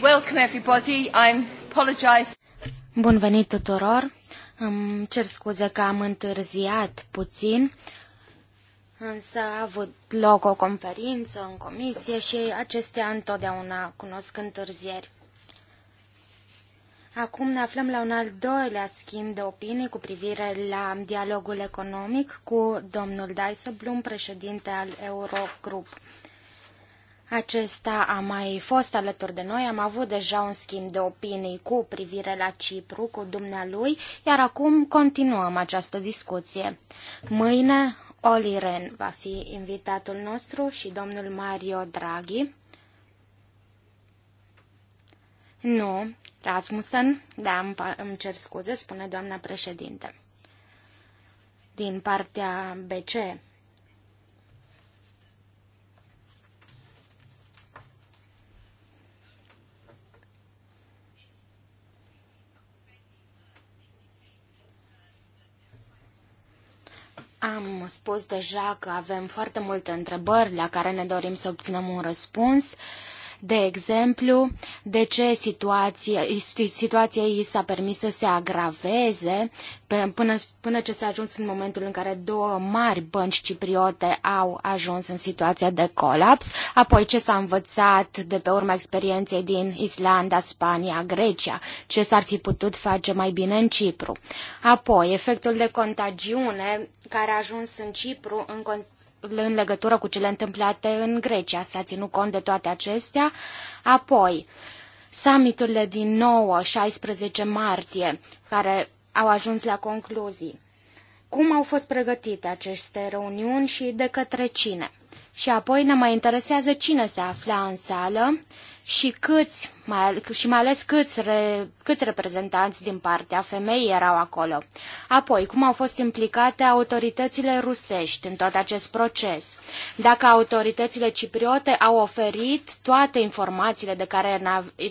welcome everybody. I'm apologize. Bun venit tuturor. Îmi cer scuze că am întârziat puțin, însă a avut loc o conferință în comisie și acestea întotdeauna cunosc întârzieri. Acum ne aflăm la un al doilea schimb de opinii cu privire la dialogul economic cu domnul Dijsselbloem, președinte al Eurogrup. Acesta a mai fost alături de noi, am avut deja un schimb de opinii cu privire la Cipru, cu dumnealui, iar acum continuăm această discuție. Mâine, Oli Ren va fi invitatul nostru și domnul Mario Draghi. Nu, Rasmussen, da, îmi, cer scuze, spune doamna președinte. Din partea BC, Am spus deja că avem foarte multe întrebări la care ne dorim să obținem un răspuns. De exemplu, de ce situația, situația i s-a permis să se agraveze până, până ce s-a ajuns în momentul în care două mari bănci cipriote au ajuns în situația de colaps, apoi ce s-a învățat de pe urma experienței din Islanda, Spania, Grecia, ce s-ar fi putut face mai bine în Cipru. Apoi, efectul de contagiune care a ajuns în Cipru în în legătură cu cele întâmplate în Grecia. S-a ținut cont de toate acestea. Apoi, summiturile din 9-16 martie, care au ajuns la concluzii. Cum au fost pregătite aceste reuniuni și de către cine? Și apoi ne mai interesează cine se afla în sală și câți, mai, și mai ales câți, re, câți reprezentanți din partea femei erau acolo. Apoi, cum au fost implicate autoritățile rusești în tot acest proces? Dacă autoritățile cipriote au oferit toate informațiile de care,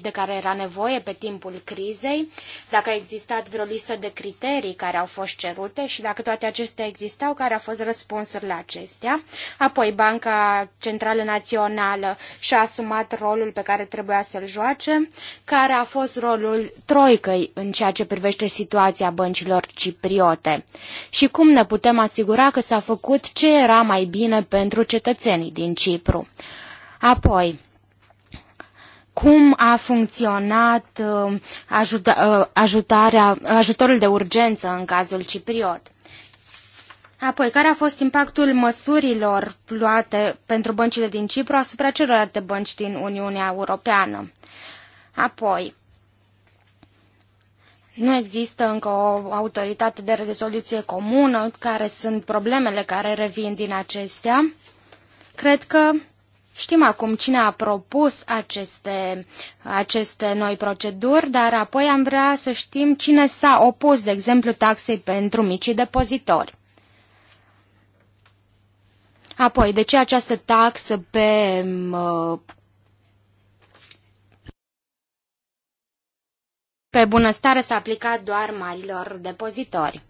de care era nevoie pe timpul crizei, dacă a existat vreo listă de criterii care au fost cerute și dacă toate acestea existau, care au fost răspunsurile la acestea. Apoi, Banca Centrală Națională și-a asumat rolul pe care care trebuia să-l joace, care a fost rolul troicăi în ceea ce privește situația băncilor cipriote și cum ne putem asigura că s-a făcut ce era mai bine pentru cetățenii din Cipru. Apoi, cum a funcționat uh, ajuta, uh, ajutarea, ajutorul de urgență în cazul cipriot. Apoi, care a fost impactul măsurilor luate pentru băncile din Cipru asupra celorlalte bănci din Uniunea Europeană? Apoi, nu există încă o autoritate de rezoluție comună, care sunt problemele care revin din acestea. Cred că știm acum cine a propus aceste, aceste noi proceduri, dar apoi am vrea să știm cine s-a opus, de exemplu, taxei pentru micii depozitori. Apoi, de ce această taxă pe uh, pe bunăstare s-a aplicat doar marilor depozitori.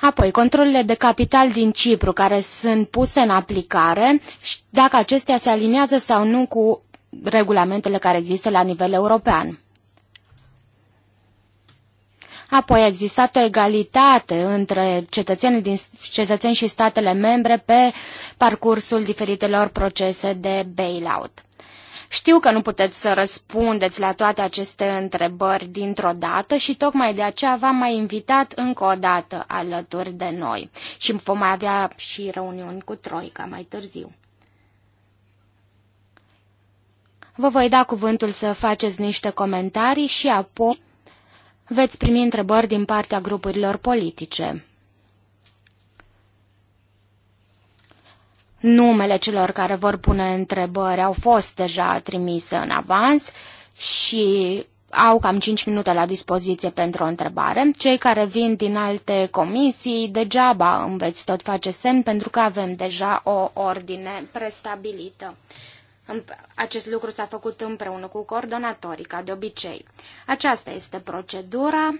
Apoi, controlele de capital din Cipru care sunt puse în aplicare și dacă acestea se aliniază sau nu cu regulamentele care există la nivel european. Apoi a existat o egalitate între cetățenii, din, cetățenii și statele membre pe parcursul diferitelor procese de bailout. Știu că nu puteți să răspundeți la toate aceste întrebări dintr-o dată și tocmai de aceea v-am mai invitat încă o dată alături de noi și vom mai avea și reuniuni cu Troica mai târziu. Vă voi da cuvântul să faceți niște comentarii și apoi veți primi întrebări din partea grupurilor politice. Numele celor care vor pune întrebări au fost deja trimise în avans și au cam 5 minute la dispoziție pentru o întrebare. Cei care vin din alte comisii, degeaba îmi veți tot face semn pentru că avem deja o ordine prestabilită. Acest lucru s-a făcut împreună cu coordonatorii, ca de obicei. Aceasta este procedura.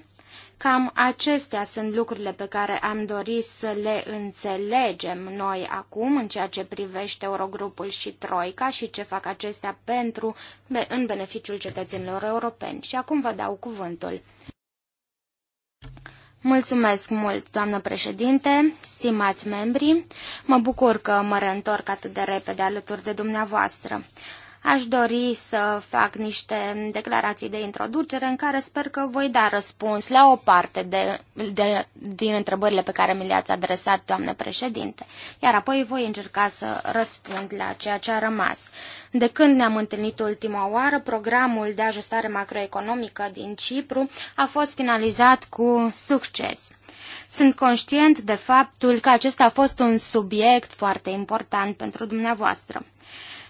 Cam acestea sunt lucrurile pe care am dorit să le înțelegem noi acum în ceea ce privește Eurogrupul și Troica și ce fac acestea pentru, în beneficiul cetățenilor europeni. Și acum vă dau cuvântul. Mulțumesc mult, doamnă președinte, stimați membri. Mă bucur că mă reîntorc atât de repede alături de dumneavoastră. Aș dori să fac niște declarații de introducere în care sper că voi da răspuns la o parte de, de, din întrebările pe care mi le-ați adresat, doamnă președinte, iar apoi voi încerca să răspund la ceea ce a rămas. De când ne-am întâlnit ultima oară, programul de ajustare macroeconomică din Cipru a fost finalizat cu succes. Sunt conștient de faptul că acesta a fost un subiect foarte important pentru dumneavoastră.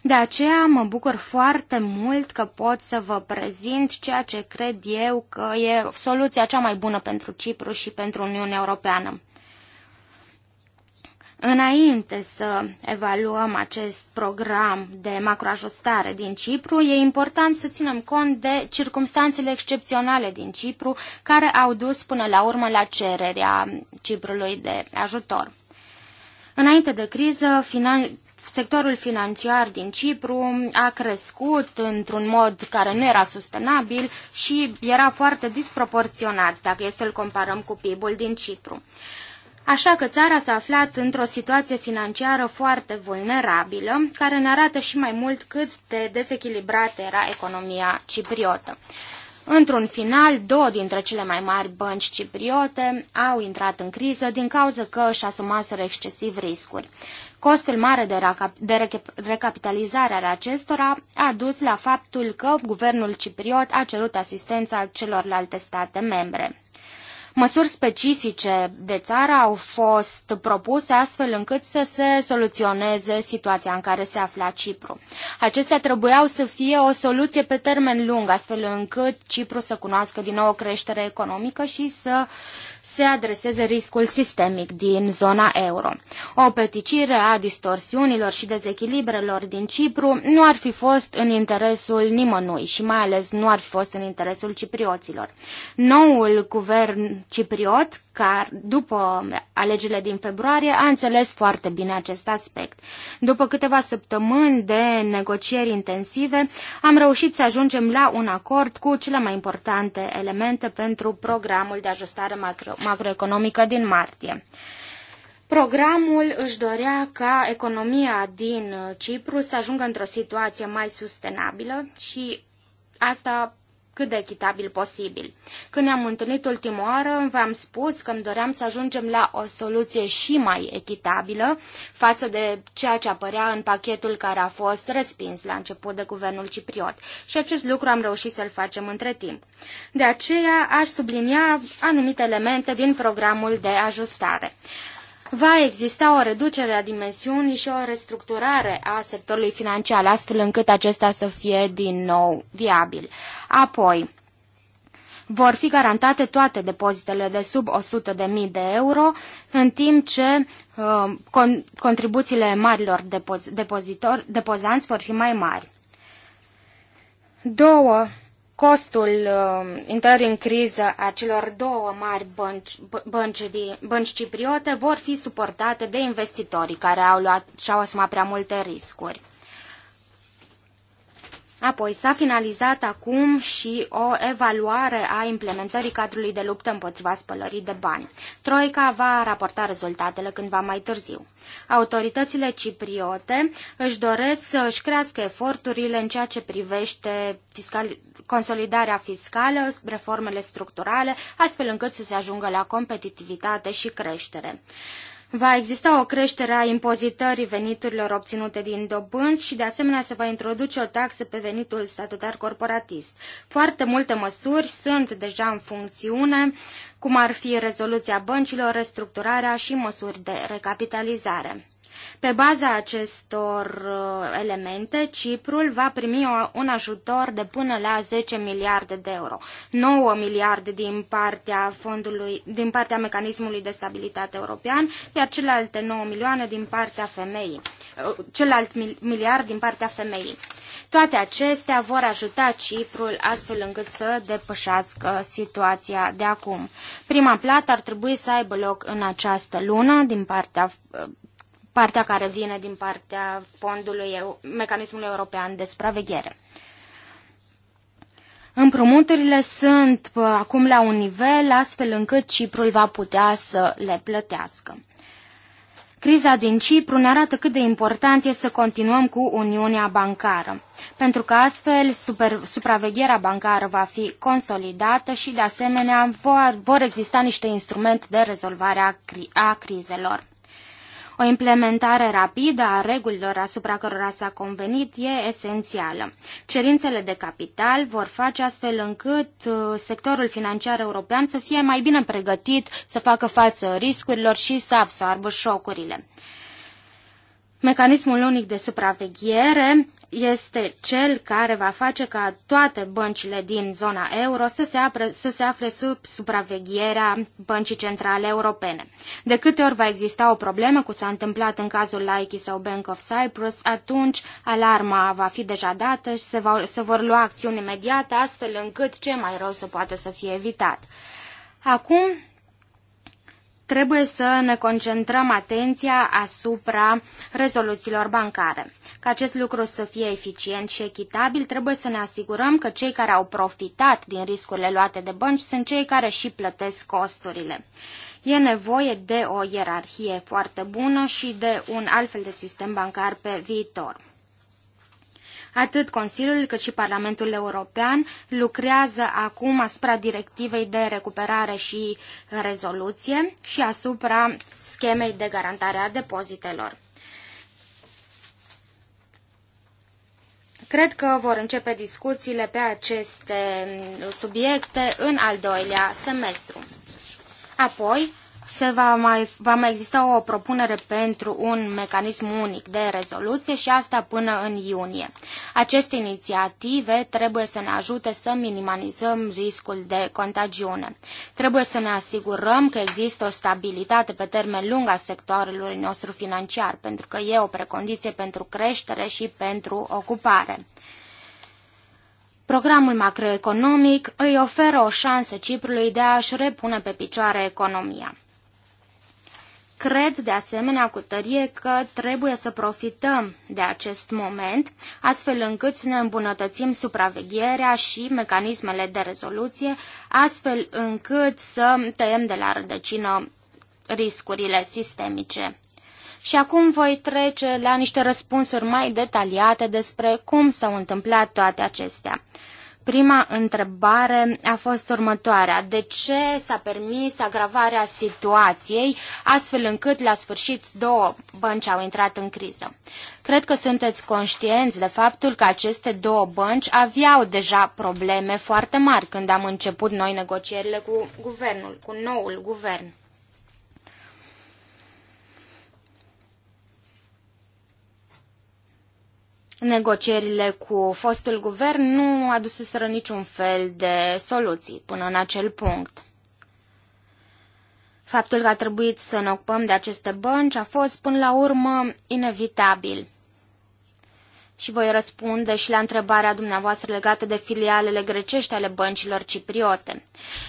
De aceea mă bucur foarte mult că pot să vă prezint ceea ce cred eu că e soluția cea mai bună pentru Cipru și pentru Uniunea Europeană. Înainte să evaluăm acest program de macroajustare din Cipru, e important să ținem cont de circumstanțele excepționale din Cipru, care au dus până la urmă la cererea Ciprului de ajutor. Înainte de criză, sectorul financiar din Cipru a crescut într-un mod care nu era sustenabil și era foarte disproporționat dacă e să-l comparăm cu PIB-ul din Cipru. Așa că țara s-a aflat într-o situație financiară foarte vulnerabilă, care ne arată și mai mult cât de dezechilibrată era economia cipriotă. Într-un final, două dintre cele mai mari bănci cipriote au intrat în criză din cauza că își asumaseră excesiv riscuri. Costul mare de, de recapitalizare al acestora a dus la faptul că guvernul cipriot a cerut asistența celorlalte state membre. Măsuri specifice de țară au fost propuse astfel încât să se soluționeze situația în care se afla Cipru. Acestea trebuiau să fie o soluție pe termen lung, astfel încât Cipru să cunoască din nou o creștere economică și să uh, se adreseze riscul sistemic din zona euro. O peticire a distorsiunilor și dezechilibrelor din Cipru nu ar fi fost în interesul nimănui și mai ales nu ar fi fost în interesul ciprioților. Noul guvern cipriot care, după alegerile din februarie, a înțeles foarte bine acest aspect. După câteva săptămâni de negocieri intensive, am reușit să ajungem la un acord cu cele mai importante elemente pentru programul de ajustare macro- macroeconomică din martie. Programul își dorea ca economia din Cipru să ajungă într-o situație mai sustenabilă și asta cât de echitabil posibil. Când ne-am întâlnit ultima oară, v-am spus că îmi doream să ajungem la o soluție și mai echitabilă față de ceea ce apărea în pachetul care a fost respins la început de guvernul cipriot. Și acest lucru am reușit să-l facem între timp. De aceea aș sublinia anumite elemente din programul de ajustare va exista o reducere a dimensiunii și o restructurare a sectorului financiar, astfel încât acesta să fie din nou viabil. Apoi, vor fi garantate toate depozitele de sub 100.000 de euro, în timp ce uh, con contribuțiile marilor depoz depozitori, depozanți vor fi mai mari. Două costul uh, intrării în criză a celor două mari bănci, bănci, bănci cipriote vor fi suportate de investitorii care au luat și-au asumat prea multe riscuri. Apoi s-a finalizat acum și o evaluare a implementării cadrului de luptă împotriva spălării de bani. Troica va raporta rezultatele cândva mai târziu. Autoritățile cipriote își doresc să își crească eforturile în ceea ce privește fiscal... consolidarea fiscală, reformele structurale, astfel încât să se ajungă la competitivitate și creștere. Va exista o creștere a impozitării veniturilor obținute din dobânzi și de asemenea se va introduce o taxă pe venitul statutar corporatist. Foarte multe măsuri sunt deja în funcțiune, cum ar fi rezoluția băncilor, restructurarea și măsuri de recapitalizare. Pe baza acestor uh, elemente, Ciprul va primi un ajutor de până la 10 miliarde de euro, 9 miliarde din partea, fondului, din partea mecanismului de stabilitate european, iar celelalte 9 milioane din partea femeii, uh, celălalt miliard din partea femeii. Toate acestea vor ajuta Ciprul astfel încât să depășească situația de acum. Prima plată ar trebui să aibă loc în această lună din partea uh, partea care vine din partea fondului mecanismului european de supraveghere. Împrumuturile sunt acum la un nivel astfel încât Ciprul va putea să le plătească. Criza din Cipru ne arată cât de important este să continuăm cu Uniunea Bancară, pentru că astfel super, supravegherea bancară va fi consolidată și, de asemenea, vor, vor exista niște instrumente de rezolvare a, cri, a crizelor. O implementare rapidă a regulilor asupra cărora s-a convenit e esențială. Cerințele de capital vor face astfel încât uh, sectorul financiar european să fie mai bine pregătit să facă față riscurilor și să absorbă șocurile. Mecanismul unic de supraveghere este cel care va face ca toate băncile din zona euro să se, apre, să se afle sub supravegherea Băncii Centrale Europene. De câte ori va exista o problemă, cum s-a întâmplat în cazul Laiki sau Bank of Cyprus, atunci alarma va fi deja dată și se, va, se vor lua acțiuni imediate, astfel încât ce mai rău să poată să fie evitat. Acum trebuie să ne concentrăm atenția asupra rezoluțiilor bancare. Ca acest lucru să fie eficient și echitabil, trebuie să ne asigurăm că cei care au profitat din riscurile luate de bănci sunt cei care și plătesc costurile. E nevoie de o ierarhie foarte bună și de un altfel de sistem bancar pe viitor. Atât Consiliul cât și Parlamentul European lucrează acum asupra directivei de recuperare și rezoluție și asupra schemei de garantare a depozitelor. Cred că vor începe discuțiile pe aceste subiecte în al doilea semestru. Apoi, se va mai, va mai exista o propunere pentru un mecanism unic de rezoluție și asta până în iunie. Aceste inițiative trebuie să ne ajute să minimalizăm riscul de contagiune. Trebuie să ne asigurăm că există o stabilitate pe termen lung a sectorului nostru financiar, pentru că e o precondiție pentru creștere și pentru ocupare. Programul macroeconomic îi oferă o șansă Ciprului de a-și repune pe picioare economia. Cred de asemenea cu tărie că trebuie să profităm de acest moment, astfel încât să ne îmbunătățim supravegherea și mecanismele de rezoluție, astfel încât să tăiem de la rădăcină riscurile sistemice. Și acum voi trece la niște răspunsuri mai detaliate despre cum s-au întâmplat toate acestea. Prima întrebare a fost următoarea. De ce s-a permis agravarea situației astfel încât la sfârșit două bănci au intrat în criză? Cred că sunteți conștienți de faptul că aceste două bănci aveau deja probleme foarte mari când am început noi negocierile cu guvernul, cu noul guvern. negocierile cu fostul guvern nu aduseseră niciun fel de soluții până în acel punct. Faptul că a trebuit să ne ocupăm de aceste bănci a fost până la urmă inevitabil și voi răspunde și la întrebarea dumneavoastră legată de filialele grecești ale băncilor cipriote.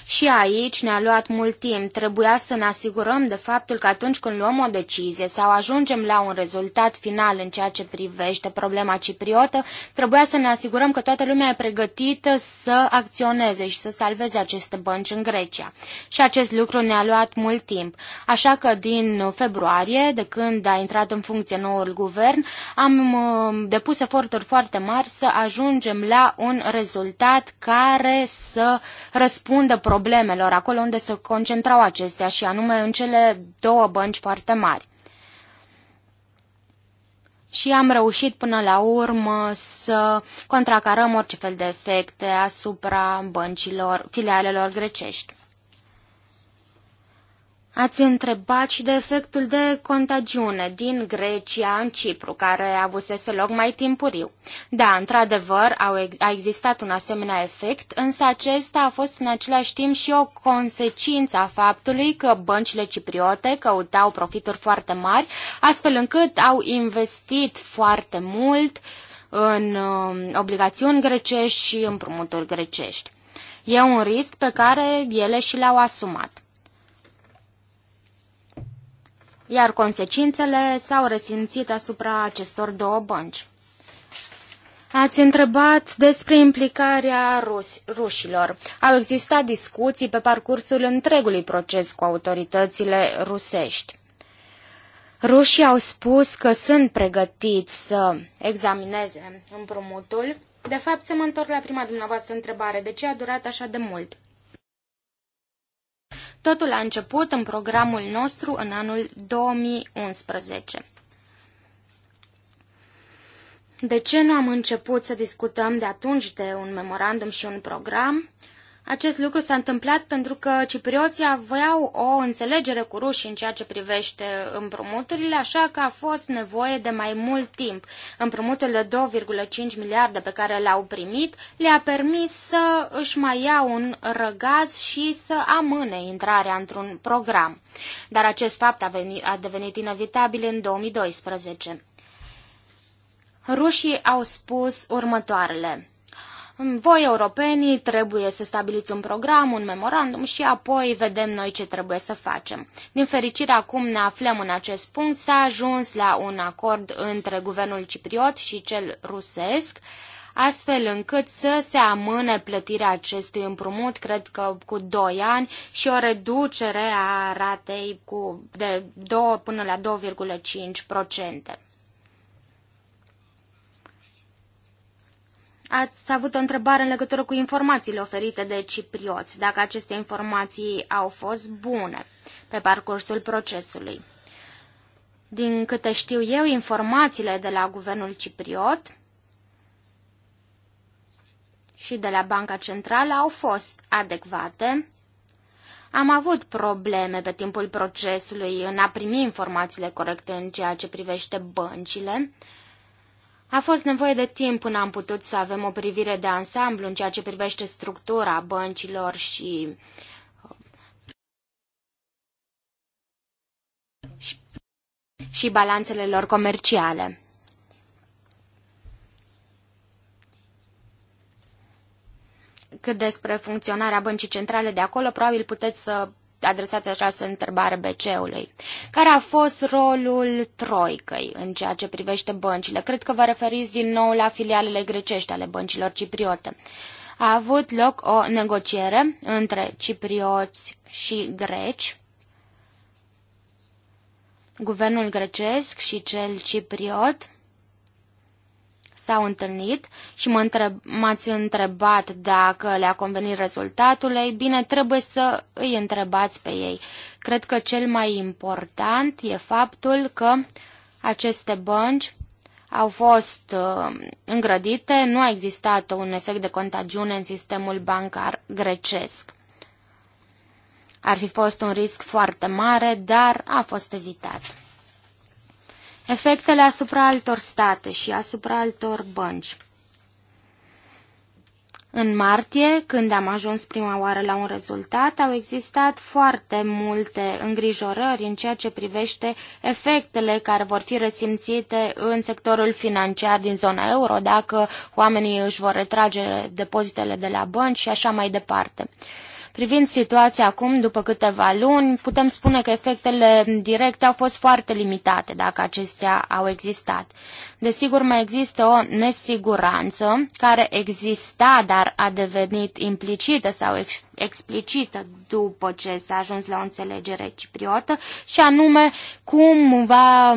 Și aici ne-a luat mult timp. Trebuia să ne asigurăm de faptul că atunci când luăm o decizie sau ajungem la un rezultat final în ceea ce privește problema cipriotă, trebuia să ne asigurăm că toată lumea e pregătită să acționeze și să salveze aceste bănci în Grecia. Și acest lucru ne-a luat mult timp. Așa că din februarie, de când a intrat în funcție noul guvern, am uh, depus eforturi foarte mari să ajungem la un rezultat care să răspundă problemelor acolo unde se concentrau acestea și anume în cele două bănci foarte mari. Și am reușit până la urmă să contracarăm orice fel de efecte asupra băncilor, filialelor grecești. Ați întrebat și de efectul de contagiune din Grecia în Cipru, care avusese loc mai timpuriu. Da, într-adevăr, a existat un asemenea efect, însă acesta a fost în același timp și o consecință a faptului că băncile cipriote căutau profituri foarte mari, astfel încât au investit foarte mult în um, obligațiuni grecești și împrumuturi grecești. E un risc pe care ele și l-au asumat iar consecințele s-au resimțit asupra acestor două bănci. Ați întrebat despre implicarea rus, rușilor. Au existat discuții pe parcursul întregului proces cu autoritățile rusești. Rușii au spus că sunt pregătiți să examineze împrumutul. De fapt, să mă întorc la prima dumneavoastră întrebare. De ce a durat așa de mult? Totul a început în programul nostru în anul 2011. De ce nu am început să discutăm de atunci de un memorandum și un program? Acest lucru s-a întâmplat pentru că ciprioții aveau o înțelegere cu rușii în ceea ce privește împrumuturile, așa că a fost nevoie de mai mult timp. Împrumutul de 2,5 miliarde pe care l-au primit le-a permis să își mai ia un răgaz și să amâne intrarea într-un program. Dar acest fapt a, venit, a devenit inevitabil în 2012. Rușii au spus următoarele voi europenii trebuie să stabiliți un program, un memorandum și apoi vedem noi ce trebuie să facem. Din fericire acum ne aflăm în acest punct, s-a ajuns la un acord între guvernul cipriot și cel rusesc, astfel încât să se amâne plătirea acestui împrumut, cred că cu 2 ani, și o reducere a ratei cu de 2 până la 2,5%. ați avut o întrebare în legătură cu informațiile oferite de ciprioți, dacă aceste informații au fost bune pe parcursul procesului. Din câte știu eu, informațiile de la guvernul cipriot și de la Banca Centrală au fost adecvate. Am avut probleme pe timpul procesului în a primi informațiile corecte în ceea ce privește băncile, a fost nevoie de timp până am putut să avem o privire de ansamblu în ceea ce privește structura băncilor și și, balanțele lor comerciale. Cât despre funcționarea băncii centrale de acolo, probabil puteți să adresați această întrebare bc ului Care a fost rolul Troicăi în ceea ce privește băncile? Cred că vă referiți din nou la filialele grecești ale băncilor cipriote. A avut loc o negociere între ciprioți și greci. Guvernul grecesc și cel cipriot s-au întâlnit și mă întreb, m-ați întrebat dacă le-a convenit rezultatul, ei bine, trebuie să îi întrebați pe ei. Cred că cel mai important e faptul că aceste bănci au fost uh, îngrădite, nu a existat un efect de contagiune în sistemul bancar grecesc. Ar fi fost un risc foarte mare, dar a fost evitat efectele asupra altor state și asupra altor bănci. În martie, când am ajuns prima oară la un rezultat, au existat foarte multe îngrijorări în ceea ce privește efectele care vor fi resimțite în sectorul financiar din zona euro, dacă oamenii își vor retrage depozitele de la bănci și așa mai departe. Privind situația acum, după câteva luni, putem spune că efectele directe au fost foarte limitate, dacă acestea au existat. Desigur, mai există o nesiguranță care exista, dar a devenit implicită sau ex- explicită după ce s-a ajuns la o înțelegere cipriotă, și anume cum va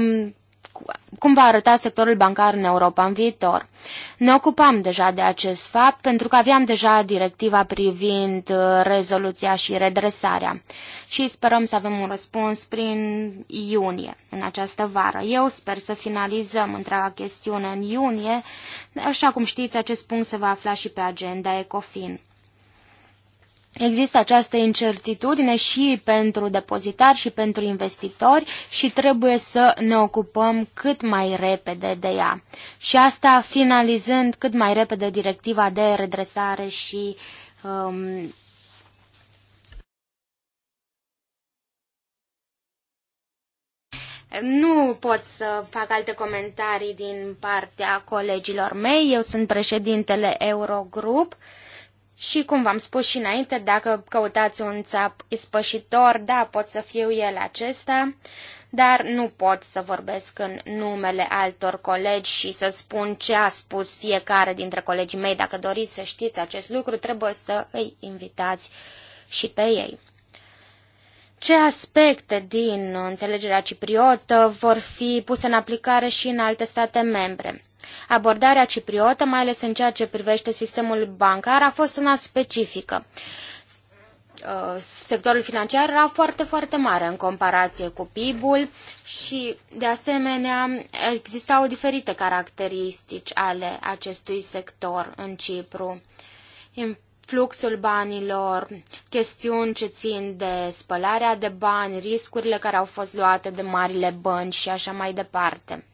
cum va arăta sectorul bancar în Europa în viitor. Ne ocupam deja de acest fapt pentru că aveam deja directiva privind uh, rezoluția și redresarea și sperăm să avem un răspuns prin iunie, în această vară. Eu sper să finalizăm întreaga chestiune în iunie. Așa cum știți, acest punct se va afla și pe agenda ECOFIN. Există această incertitudine și pentru depozitari și pentru investitori și trebuie să ne ocupăm cât mai repede de ea. Și asta finalizând cât mai repede directiva de redresare și um, Nu pot să fac alte comentarii din partea colegilor mei. Eu sunt președintele Eurogrup. Și cum v-am spus și înainte, dacă căutați un țap ispășitor, da, pot să fiu el acesta, dar nu pot să vorbesc în numele altor colegi și să spun ce a spus fiecare dintre colegii mei. Dacă doriți să știți acest lucru, trebuie să îi invitați și pe ei. Ce aspecte din înțelegerea cipriotă vor fi puse în aplicare și în alte state membre? Abordarea cipriotă, mai ales în ceea ce privește sistemul bancar, a fost una specifică. Uh, sectorul financiar era foarte, foarte mare în comparație cu PIB-ul și, de asemenea, existau diferite caracteristici ale acestui sector în Cipru fluxul banilor, chestiuni ce țin de spălarea de bani, riscurile care au fost luate de marile bănci și așa mai departe.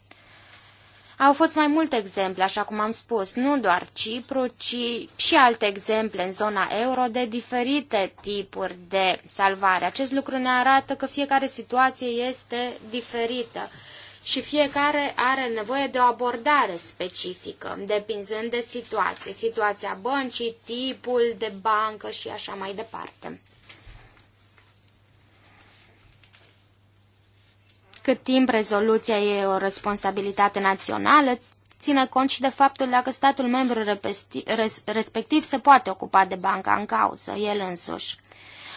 Au fost mai multe exemple, așa cum am spus, nu doar Cipru, ci și alte exemple în zona euro de diferite tipuri de salvare. Acest lucru ne arată că fiecare situație este diferită și fiecare are nevoie de o abordare specifică, depinzând de situație, situația băncii, tipul de bancă și așa mai departe. Cât timp rezoluția e o responsabilitate națională, ține cont și de faptul dacă statul membru respectiv se poate ocupa de banca în cauză, el însuși.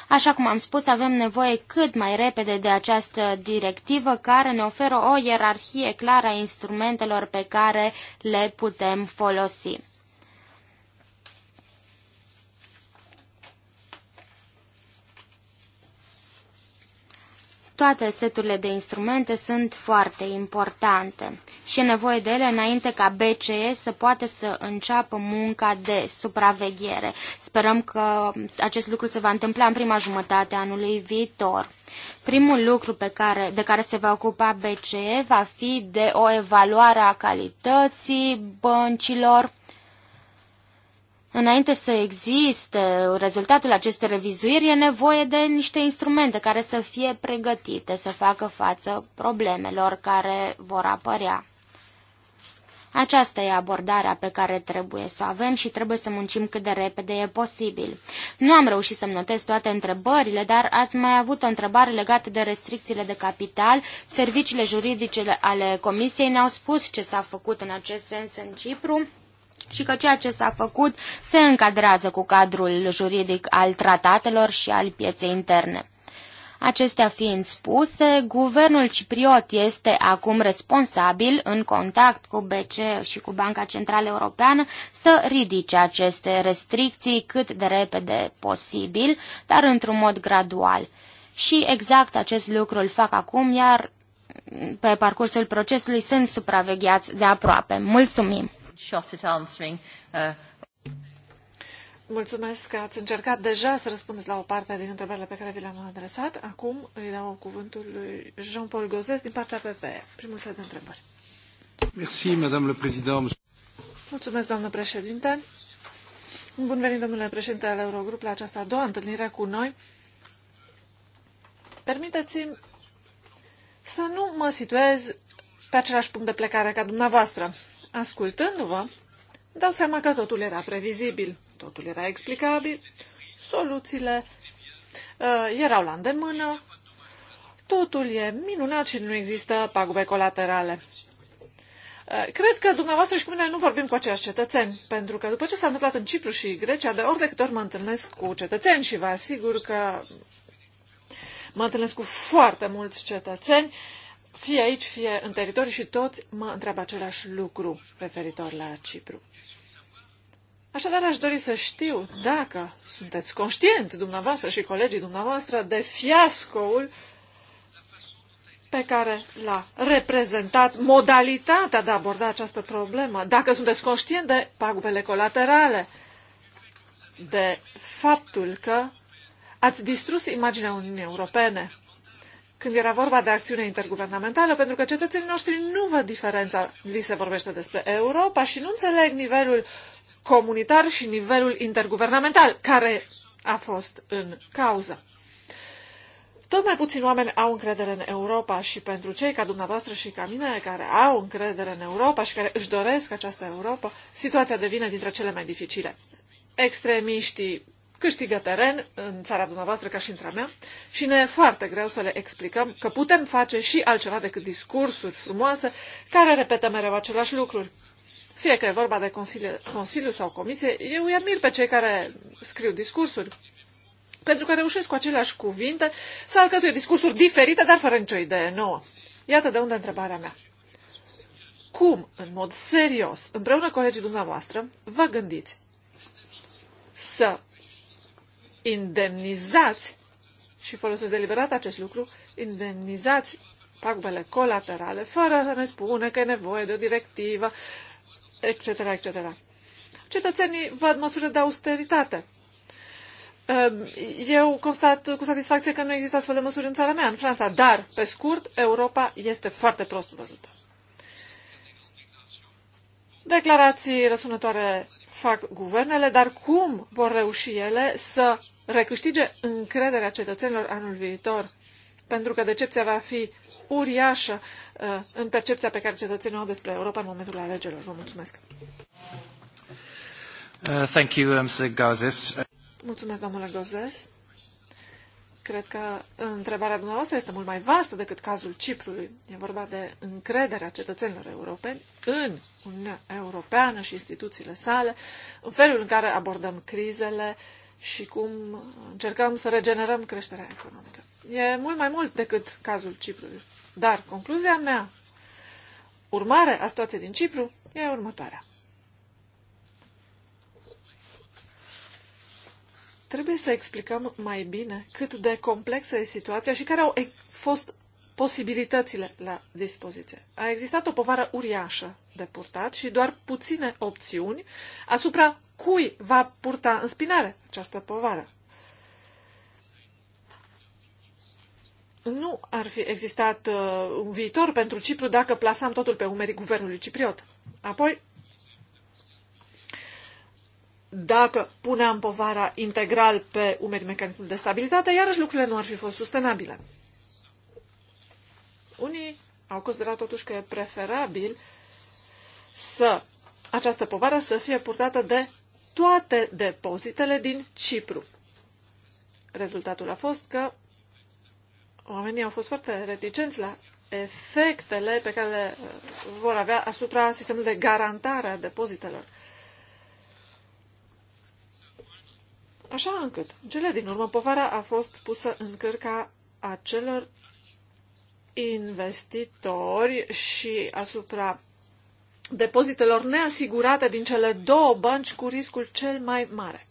Așa cum am spus, avem nevoie cât mai repede de această directivă care ne oferă o ierarhie clară a instrumentelor pe care le putem folosi. Toate seturile de instrumente sunt foarte importante și e nevoie de ele înainte ca BCE să poată să înceapă munca de supraveghere. Sperăm că acest lucru se va întâmpla în prima jumătate a anului viitor. Primul lucru pe care, de care se va ocupa BCE va fi de o evaluare a calității băncilor, Înainte să existe rezultatul acestei revizuiri, e nevoie de niște instrumente care să fie pregătite, să facă față problemelor care vor apărea. Aceasta e abordarea pe care trebuie să o avem și trebuie să muncim cât de repede e posibil. Nu am reușit să-mi notez toate întrebările, dar ați mai avut o întrebare legată de restricțiile de capital. Serviciile juridice ale Comisiei ne-au spus ce s-a făcut în acest sens în Cipru și că ceea ce s-a făcut se încadrează cu cadrul juridic al tratatelor și al pieței interne. Acestea fiind spuse, guvernul cipriot este acum responsabil, în contact cu BCE și cu Banca Centrală Europeană, să ridice aceste restricții cât de repede posibil, dar într-un mod gradual. Și exact acest lucru îl fac acum, iar pe parcursul procesului sunt supravegheați de aproape. Mulțumim! shot at answering. Uh, Mulțumesc că ați încercat deja să răspundeți la o parte din întrebările pe care vi le-am adresat. Acum îi dau cuvântul lui Jean-Paul Gozes din partea PPE. Primul set de întrebări. Merci, Madame le Président. Mulțumesc, doamnă președinte. Bun venit, domnule președinte al Eurogrup, la această a doua întâlnire cu noi. Permiteți-mi să nu mă situez pe același punct de plecare ca dumneavoastră. Ascultându-vă, dau seama că totul era previzibil, totul era explicabil, soluțiile uh, erau la îndemână, totul e minunat și nu există pagube colaterale. Uh, cred că dumneavoastră și cu mine nu vorbim cu aceiași cetățeni, pentru că după ce s-a întâmplat în Cipru și Grecia, de ori de câte ori mă întâlnesc cu cetățeni și vă asigur că mă întâlnesc cu foarte mulți cetățeni fie aici, fie în teritoriu și toți mă întreabă același lucru referitor la Cipru. Așadar, aș dori să știu dacă sunteți conștient, dumneavoastră și colegii dumneavoastră, de fiascoul pe care l-a reprezentat modalitatea de a aborda această problemă, dacă sunteți conștient de pagubele colaterale, de faptul că ați distrus imaginea Uniunii Europene când era vorba de acțiune interguvernamentală, pentru că cetățenii noștri nu văd diferența. Li se vorbește despre Europa și nu înțeleg nivelul comunitar și nivelul interguvernamental care a fost în cauză. Tot mai puțini oameni au încredere în Europa și pentru cei ca dumneavoastră și ca mine care au încredere în Europa și care își doresc această Europa, situația devine dintre cele mai dificile. Extremiștii câștigă teren în țara dumneavoastră ca și în țara mea și ne e foarte greu să le explicăm că putem face și altceva decât discursuri frumoase care repetă mereu același lucruri. Fie că e vorba de consiliu, consiliu sau comisie, eu îi admir pe cei care scriu discursuri, pentru că reușesc cu aceleași cuvinte să alcătuie discursuri diferite, dar fără nicio idee nouă. Iată de unde întrebarea mea. Cum, în mod serios, împreună cu colegii dumneavoastră, vă gândiți să indemnizați și folosesc deliberat acest lucru, indemnizați pagubele colaterale, fără să ne spune că e nevoie de o directivă, etc., etc. Cetățenii văd măsuri de austeritate. Ehm, eu constat cu satisfacție că nu există astfel de măsuri în țara mea, în Franța, dar, pe scurt, Europa este foarte prost văzută. Declarații răsunătoare fac guvernele, dar cum vor reuși ele să recâștige încrederea cetățenilor anul viitor, pentru că decepția va fi uriașă uh, în percepția pe care cetățenii o au despre Europa în momentul alegerilor. Vă mulțumesc! Uh, thank you, uh, Mr. Mulțumesc, domnule Gozes. Cred că întrebarea dumneavoastră este mult mai vastă decât cazul Ciprului. E vorba de încrederea cetățenilor europeni în Uniunea Europeană și instituțiile sale, în felul în care abordăm crizele, uh, și cum încercăm să regenerăm creșterea economică. E mult mai mult decât cazul Ciprului. Dar concluzia mea, urmare a situației din Cipru, e următoarea. Trebuie să explicăm mai bine cât de complexă e situația și care au fost posibilitățile la dispoziție. A existat o povară uriașă de purtat și doar puține opțiuni asupra cui va purta în spinare această povară. Nu ar fi existat uh, un viitor pentru Cipru dacă plasam totul pe umerii guvernului cipriot. Apoi, dacă puneam povara integral pe umerii mecanismului de stabilitate, iarăși lucrurile nu ar fi fost sustenabile. Unii au considerat totuși că e preferabil să această povară să fie purtată de toate depozitele din Cipru. Rezultatul a fost că oamenii au fost foarte reticenți la efectele pe care le uh, vor avea asupra sistemului de garantare a depozitelor. Așa încât, în cele din urmă, povara a fost pusă în cărca acelor investitori și asupra depozitelor neasigurate din cele două bănci cu riscul cel mai mare.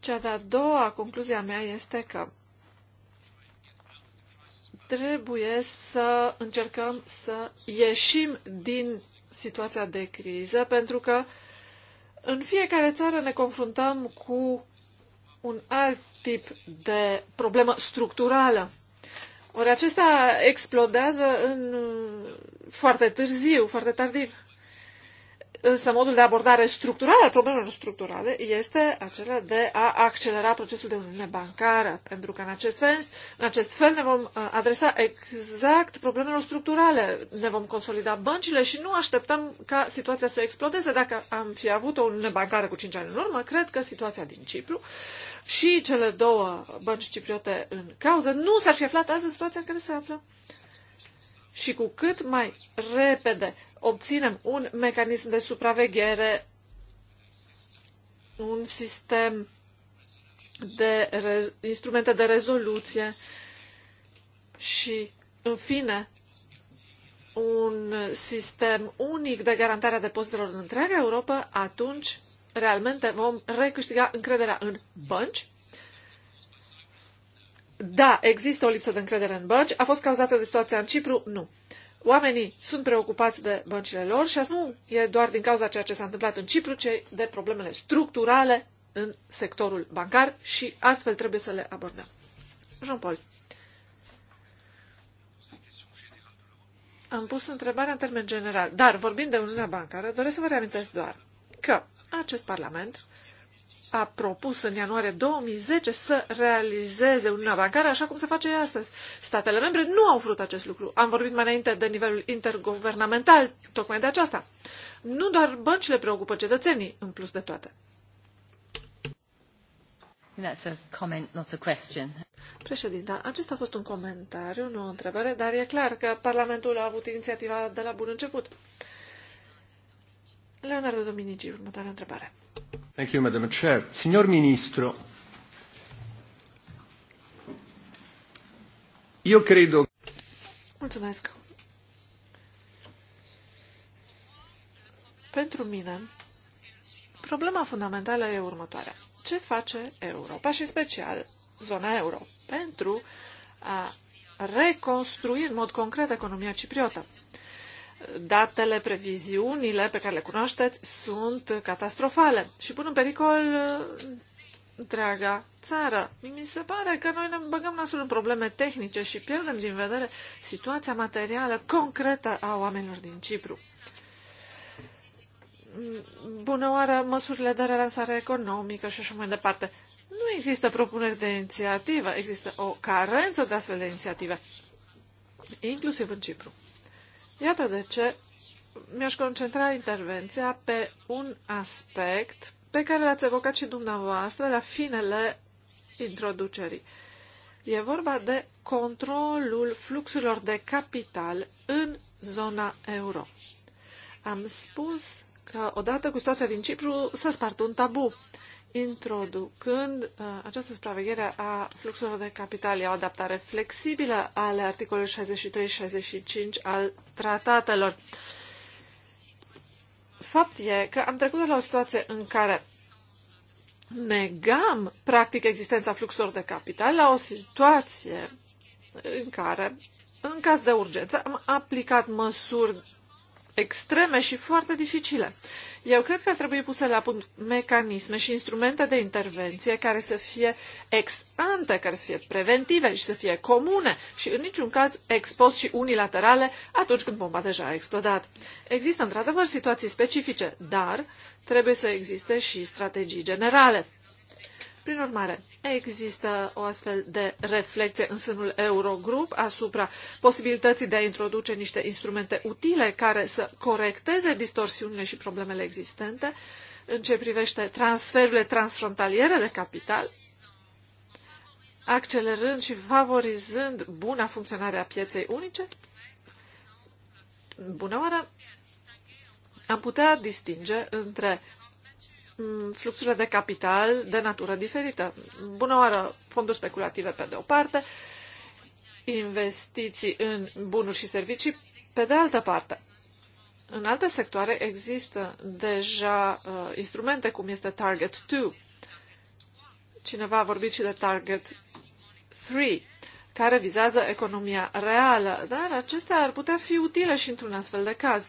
Cea de-a doua concluzia mea este că trebuie să încercăm să ieșim din situația de criză, pentru că în fiecare țară ne confruntăm cu un alt tip de problemă structurală. Ori acesta explodează în, foarte târziu, foarte tardiv. Însă modul de abordare structurală al problemelor structurale este acela de a accelera procesul de uniune bancară, pentru că în acest, sens, în acest fel ne vom uh, adresa exact problemelor structurale, ne vom consolida băncile și nu așteptăm ca situația să explodeze. Dacă am fi avut o uniune bancară cu 5 ani în urmă, cred că situația din Cipru și cele două bănci cipriote în cauză, nu s-ar fi aflat azi în situația în care se află. Și cu cât mai repede obținem un mecanism de supraveghere, un sistem de instrumente de rezoluție și, în fine, un sistem unic de garantare a depozitelor în întreaga Europa, atunci realmente vom recâștiga încrederea în bănci. Da, există o lipsă de încredere în bănci. A fost cauzată de situația în Cipru? Nu. Oamenii sunt preocupați de băncile lor și asta nu e doar din cauza ceea ce s-a întâmplat în Cipru, ci de problemele structurale în sectorul bancar și astfel trebuie să le abordăm. Jean-Paul. Am pus întrebarea în termen general, dar vorbind de Uniunea Bancară, doresc să vă reamintesc doar că acest Parlament a propus în ianuarie 2010 să realizeze Uniunea Bancară așa cum se face astăzi. Statele membre nu au vrut acest lucru. Am vorbit mai înainte de nivelul interguvernamental, tocmai de aceasta. Nu doar băncile preocupă cetățenii, în plus de toate. That's a comment, not a question. Președinta, acesta a fost un comentariu, nu o întrebare, dar e clar că Parlamentul a avut inițiativa de la bun început. Leonardo Dominici, următoarea întrebare. Thank you, Madam Chair. Signor Ministro, eu cred... Mulțumesc. Pentru mine, problema fundamentală e următoarea. Ce face Europa și special zona euro pentru a reconstrui în mod concret economia cipriotă? datele, previziunile pe care le cunoașteți sunt catastrofale și pun în pericol uh, întreaga țară. Mi se pare că noi ne băgăm nasul în probleme tehnice și pierdem din vedere situația materială concretă a oamenilor din Cipru. Bună oară, măsurile de relansare economică și așa mai departe. Nu există propuneri de inițiativă, există o carență de astfel de inițiative, inclusiv în Cipru. Iată de ce mi-aș concentra intervenția pe un aspect pe care l-ați evocat și dumneavoastră la finele introducerii. E vorba de controlul fluxurilor de capital în zona euro. Am spus că odată cu situația din Cipru s-a spart un tabu introducând uh, această supraveghere a fluxurilor de capital. E o adaptare flexibilă ale articolului 63-65 al tratatelor. Fapt e că am trecut de la o situație în care negam practic existența fluxurilor de capital la o situație în care, în caz de urgență, am aplicat măsuri extreme și foarte dificile. Eu cred că ar trebui puse la punct mecanisme și instrumente de intervenție care să fie ex ante, care să fie preventive și să fie comune și în niciun caz ex post și unilaterale atunci când bomba deja a explodat. Există într-adevăr situații specifice, dar trebuie să existe și strategii generale. Prin urmare, există o astfel de reflecție în sânul Eurogrup asupra posibilității de a introduce niște instrumente utile care să corecteze distorsiunile și problemele existente în ce privește transferurile transfrontaliere de capital, accelerând și favorizând buna funcționare a pieței unice? Bună oară! Am putea distinge între Mm, fluxurile de capital de natură diferită. Bună oară, fonduri speculative pe de o parte, investiții în bunuri și servicii pe de altă parte. În alte sectoare există deja uh, instrumente cum este Target 2. Cineva a vorbit și de Target 3, care vizează economia reală, dar acestea ar putea fi utile și într-un astfel de caz.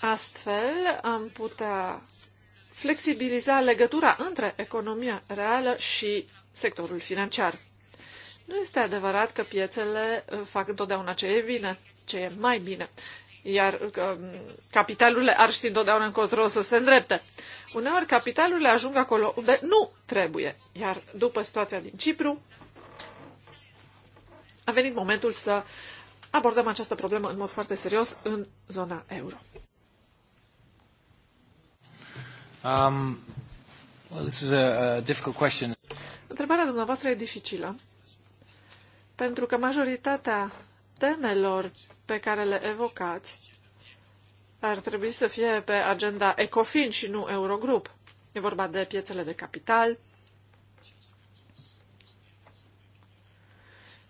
Astfel am putea flexibiliza legătura între economia reală și sectorul financiar. Nu este adevărat că piețele uh, fac întotdeauna ce e bine, ce e mai bine, iar că um, capitalurile ar ști întotdeauna încotro să se îndrepte. Uneori capitalurile ajung acolo unde nu trebuie, iar după situația din Cipru a venit momentul să abordăm această problemă în mod foarte serios în zona euro. Um, well, this is a, a difficult question. Întrebarea dumneavoastră e dificilă, pentru că majoritatea temelor pe care le evocați ar trebui să fie pe agenda ECOFIN și nu Eurogrup. E vorba de piețele de capital,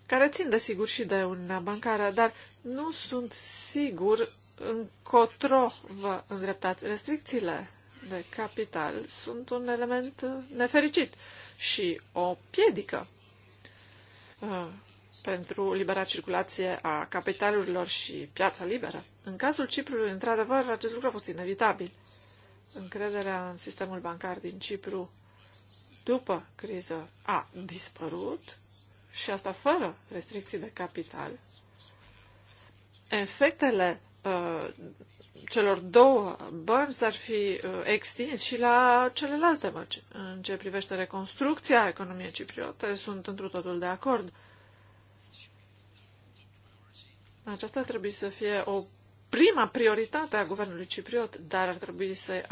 care țin desigur și de Uniunea Bancară, dar nu sunt sigur încotro vă îndreptați. Restricțiile de capital sunt un element uh, nefericit și o piedică uh, pentru libera circulație a capitalurilor și piața liberă. În cazul Ciprului, într-adevăr, acest lucru a fost inevitabil. Încrederea în sistemul bancar din Cipru după criză a dispărut și asta fără restricții de capital. Efectele Uh, celor două bănci s-ar fi uh, extins și la celelalte bănci. În ce privește reconstrucția economiei cipriote, sunt întru totul de acord. Aceasta trebuie să fie o prima prioritate a guvernului cipriot, dar ar trebui să,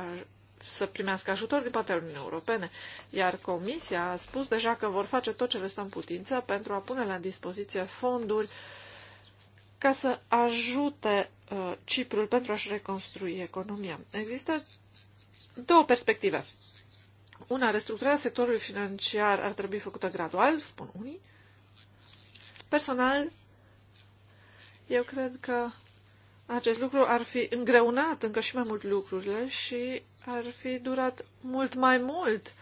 să primească ajutor din partea Uniunii Europene. Iar Comisia a spus deja că vor face tot ce le stă în putință pentru a pune la dispoziție fonduri ca să ajute Uh, Ciprul pentru a-și reconstrui economia. Există două perspective. Una, restructurarea sectorului financiar ar trebui făcută gradual, spun unii. Personal, eu cred că acest lucru ar fi îngreunat încă și mai mult lucrurile și ar fi durat mult mai mult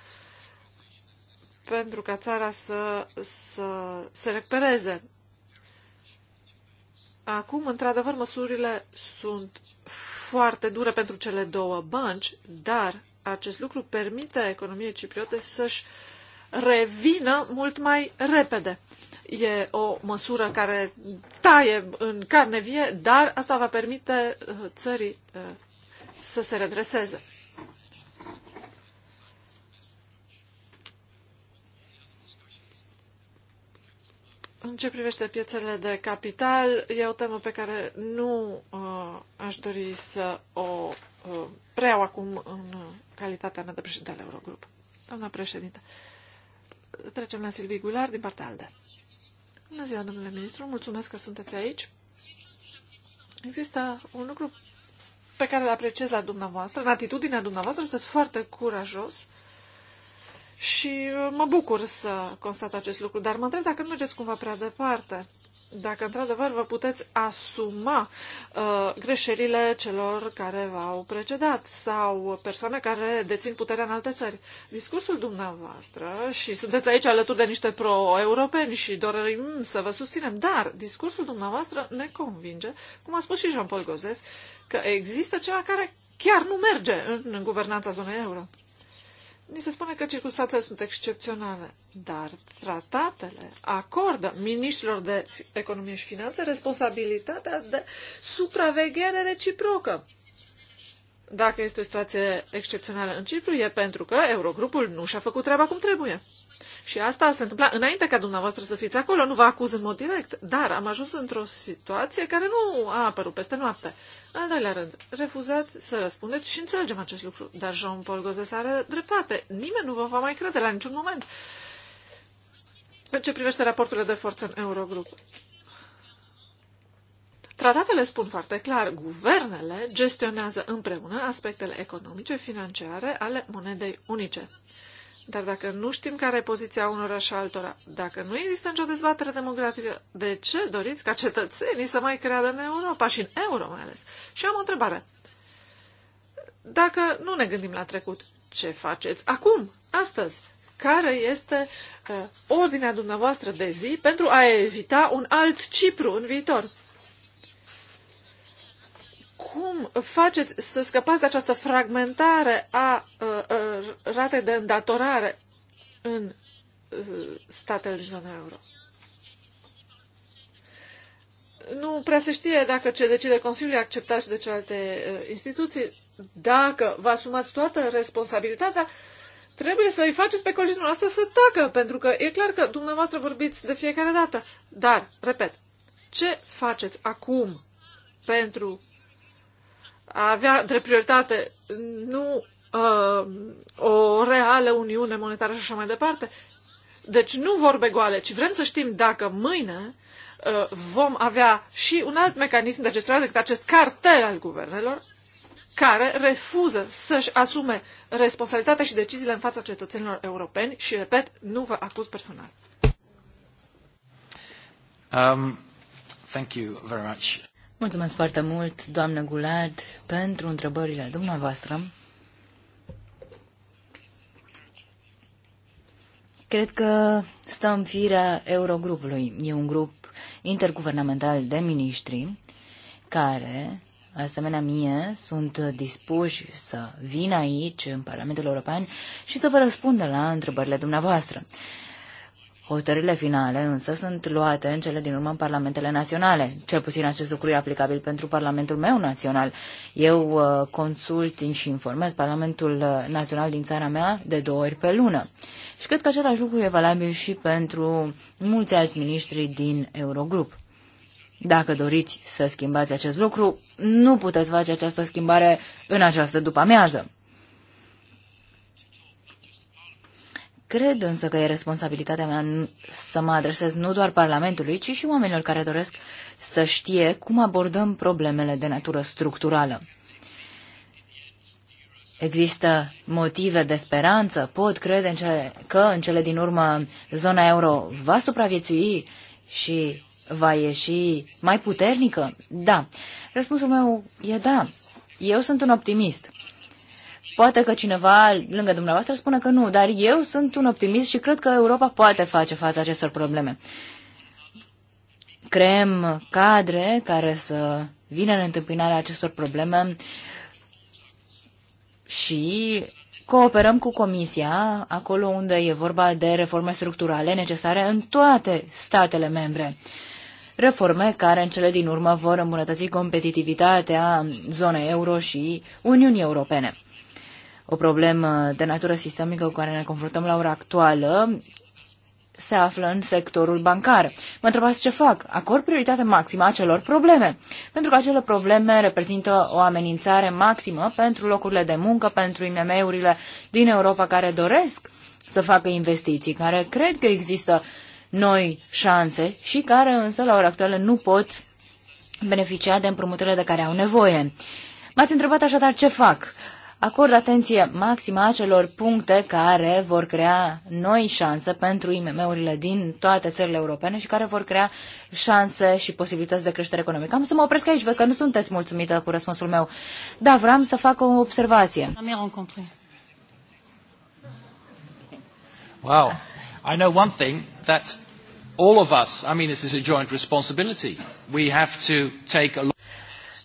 pentru ca țara să, să se repereze Acum, într-adevăr, măsurile sunt foarte dure pentru cele două bănci, dar acest lucru permite economiei cipriote să-și revină mult mai repede. E o măsură care taie în carne vie, dar asta va permite uh, țării uh, să se redreseze. În ce privește piețele de capital, e o temă pe care nu uh, aș dori să o uh, preiau acum în calitatea mea de președinte al Eurogrup. Doamna președinte, trecem la Silvii Gular din partea ALDE. Bună ziua, domnule ministru, mulțumesc că sunteți aici. Există un lucru pe care îl apreciez la dumneavoastră, în atitudinea dumneavoastră, sunteți foarte curajos uh, și uh, mă bucur să constat acest lucru, dar mă întreb dacă nu mergeți cumva prea departe. Dacă într-adevăr vă puteți asuma uh, greșelile celor care v-au precedat sau persoane care dețin puterea în alte țări. Discursul dumneavoastră, și sunteți aici alături de niște pro-europeni și dorim să vă susținem, dar discursul dumneavoastră ne convinge, cum a spus și Jean-Paul Gozes, că există ceva care chiar nu merge în, în guvernanța zonei euro. Ni se spune că circunstanțele sunt excepționale, dar tratatele acordă miniștrilor de economie și finanțe responsabilitatea de supraveghere reciprocă. Dacă este o situație excepțională în Cipru, e pentru că Eurogrupul nu și-a făcut treaba cum trebuie. Și asta se întâmpla înainte ca dumneavoastră să fiți acolo, nu vă acuz în mod direct, dar am ajuns într-o situație care nu a apărut peste noapte. În al doilea rând, refuzați să răspundeți și înțelegem acest lucru, dar Jean-Paul Gozes are dreptate. Nimeni nu vă va mai crede la niciun moment. În ce privește raporturile de forță în Eurogrup, Tratatele spun foarte clar, guvernele gestionează împreună aspectele economice, financiare ale monedei unice. Dar dacă nu știm care e poziția unora și altora, dacă nu există nicio dezbatere democratică, de ce doriți ca cetățenii să mai creadă în Europa și în euro mai ales? Și am o întrebare. Dacă nu ne gândim la trecut, ce faceți acum, astăzi? Care este uh, ordinea dumneavoastră de zi pentru a evita un alt Cipru în viitor? cum faceți să scăpați de această fragmentare a ratei de îndatorare în statele din zona euro? nu prea se știe dacă ce decide Consiliul e acceptat și de celelalte instituții. Dacă vă asumați toată responsabilitatea, trebuie să-i faceți pe colegii noastre să tacă, pentru că e clar că dumneavoastră vorbiți de fiecare dată. Dar, repet, ce faceți acum pentru a avea drept prioritate nu uh, o reală uniune monetară și așa mai departe. Deci nu vorbe goale, ci vrem să știm dacă mâine uh, vom avea și un alt mecanism de gestionare decât acest cartel al guvernelor care refuză să-și asume responsabilitatea și deciziile în fața cetățenilor europeni și, repet, nu vă acuz personal. Um, thank you very much. Mulțumesc foarte mult, doamnă Gulad, pentru întrebările dumneavoastră. Cred că stă în firea Eurogrupului. E un grup interguvernamental de miniștri care, asemenea mie, sunt dispuși să vină aici, în Parlamentul European, și să vă răspundă la întrebările dumneavoastră. Hotările finale însă sunt luate în cele din urmă în parlamentele naționale. Cel puțin acest lucru e aplicabil pentru parlamentul meu național. Eu uh, consult și informez parlamentul uh, național din țara mea de două ori pe lună. Și cred că același lucru e valabil și pentru mulți alți miniștri din Eurogrup. Dacă doriți să schimbați acest lucru, nu puteți face această schimbare în această după-amiază. Cred însă că e responsabilitatea mea să mă adresez nu doar Parlamentului, ci și oamenilor care doresc să știe cum abordăm problemele de natură structurală. Există motive de speranță, pot crede în cele, că în cele din urmă zona euro va supraviețui și va ieși mai puternică? Da. Răspunsul meu e da. Eu sunt un optimist. Poate că cineva lângă dumneavoastră spune că nu, dar eu sunt un optimist și cred că Europa poate face față acestor probleme. Creăm cadre care să vină în întâmpinarea acestor probleme și cooperăm cu Comisia acolo unde e vorba de reforme structurale necesare în toate statele membre reforme care în cele din urmă vor îmbunătăți competitivitatea zonei euro și Uniunii Europene o problemă de natură sistemică cu care ne confruntăm la ora actuală se află în sectorul bancar. Mă întrebați ce fac? Acord prioritate maximă acelor probleme, pentru că acele probleme reprezintă o amenințare maximă pentru locurile de muncă, pentru IMM-urile din Europa care doresc să facă investiții, care cred că există noi șanse și care însă la ora actuală nu pot beneficia de împrumuturile de care au nevoie. M-ați întrebat așadar ce fac acord atenție maximă acelor puncte care vor crea noi șanse pentru IMM-urile din toate țările europene și care vor crea șanse și posibilități de creștere economică. Am să mă opresc aici, văd că nu sunteți mulțumită cu răspunsul meu. Da, vreau să fac o observație. Wow. I know one thing that all of us, I mean, this is a joint responsibility. We have to take a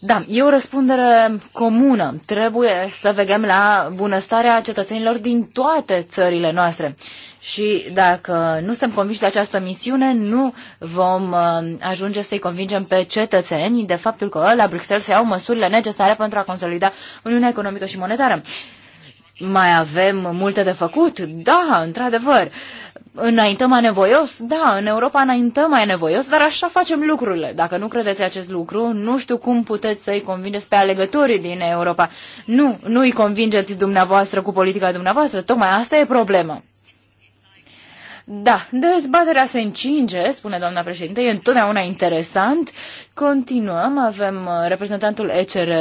da, e o răspundere comună. Trebuie să vegem la bunăstarea cetățenilor din toate țările noastre. Și dacă nu suntem convinși de această misiune, nu vom uh, ajunge să-i convingem pe cetățeni de faptul că la Bruxelles se iau măsurile necesare pentru a consolida Uniunea Economică și Monetară. Mai avem multe de făcut? Da, într-adevăr. Uh, înaintăm mai nevoios? Da, în Europa înaintăm mai nevoios, dar așa facem lucrurile. Dacă nu credeți acest lucru, nu știu cum puteți să-i convingeți pe alegătorii din Europa. Nu, nu îi convingeți dumneavoastră cu politica dumneavoastră. Tocmai asta e problema. Da, dezbaterea se încinge, spune doamna președinte, e întotdeauna interesant. Continuăm, avem uh, reprezentantul ECR.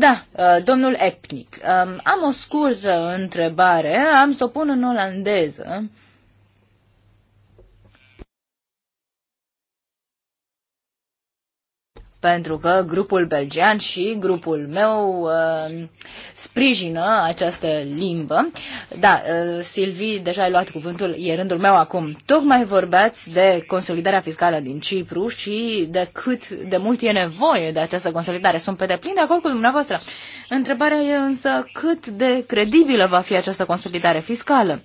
Da, uh, domnul Epnic, um, am o scurză întrebare, am să o pun în olandeză. pentru că grupul belgian și grupul meu uh, sprijină această limbă. Da, uh, Silvi, deja ai luat cuvântul, e rândul meu acum. Tocmai vorbeați de consolidarea fiscală din Cipru și de cât de mult e nevoie de această consolidare. Sunt pe deplin de acord cu dumneavoastră. Întrebarea e însă cât de credibilă va fi această consolidare fiscală.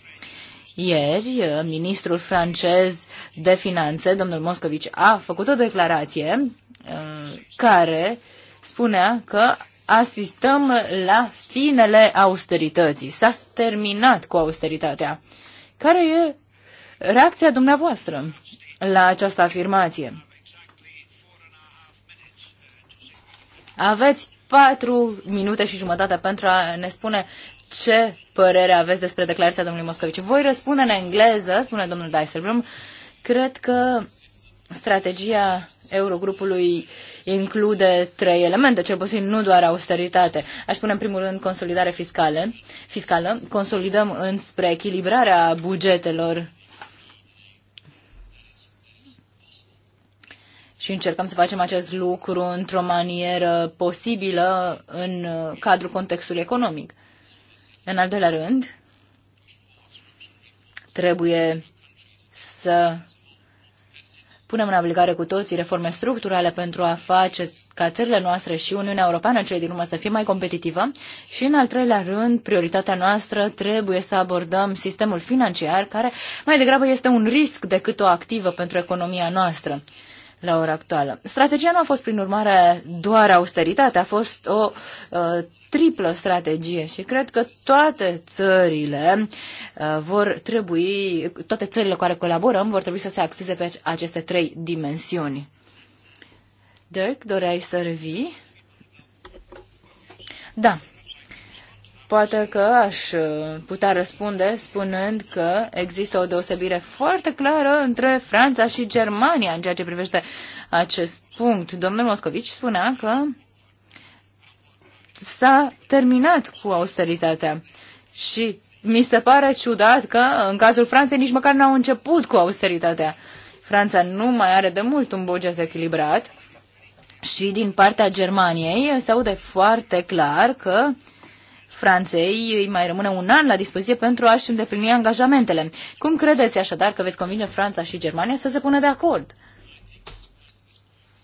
Ieri, uh, ministrul francez de finanțe, domnul Moscovici, a făcut o declarație care spunea că asistăm la finele austerității. S-a terminat cu austeritatea. Care e reacția dumneavoastră la această afirmație? Aveți patru minute și jumătate pentru a ne spune ce părere aveți despre declarația domnului Moscovici. Voi răspunde în engleză, spune domnul Dijsselbloem. Cred că strategia Eurogrupului include trei elemente, cel puțin nu doar austeritate. Aș spune în primul rând consolidare fiscale, fiscală. Consolidăm înspre echilibrarea bugetelor și încercăm să facem acest lucru într-o manieră posibilă în cadrul contextului economic. În al doilea rând, trebuie să punem în aplicare cu toții reforme structurale pentru a face ca țările noastre și Uniunea Europeană în cele din urmă să fie mai competitivă și, în al treilea rând, prioritatea noastră trebuie să abordăm sistemul financiar, care mai degrabă este un risc decât o activă pentru economia noastră la ora actuală. Strategia nu a fost, prin urmare, doar austeritate, a fost o uh, triplă strategie și cred că toate țările uh, vor trebui, toate țările cu care colaborăm vor trebui să se axeze pe aceste trei dimensiuni. Dirk, doreai să revii? Da, Poate că aș uh, putea răspunde spunând că există o deosebire foarte clară între Franța și Germania în ceea ce privește acest punct. Domnul Moscovici spunea că s-a terminat cu austeritatea și mi se pare ciudat că în cazul Franței nici măcar n-au început cu austeritatea. Franța nu mai are de mult un buget echilibrat și din partea Germaniei se aude foarte clar că uh, Franței îi mai rămâne un an la dispoziție pentru a-și îndeplini angajamentele. Cum credeți așadar că veți convinge Franța și Germania să se pună de acord?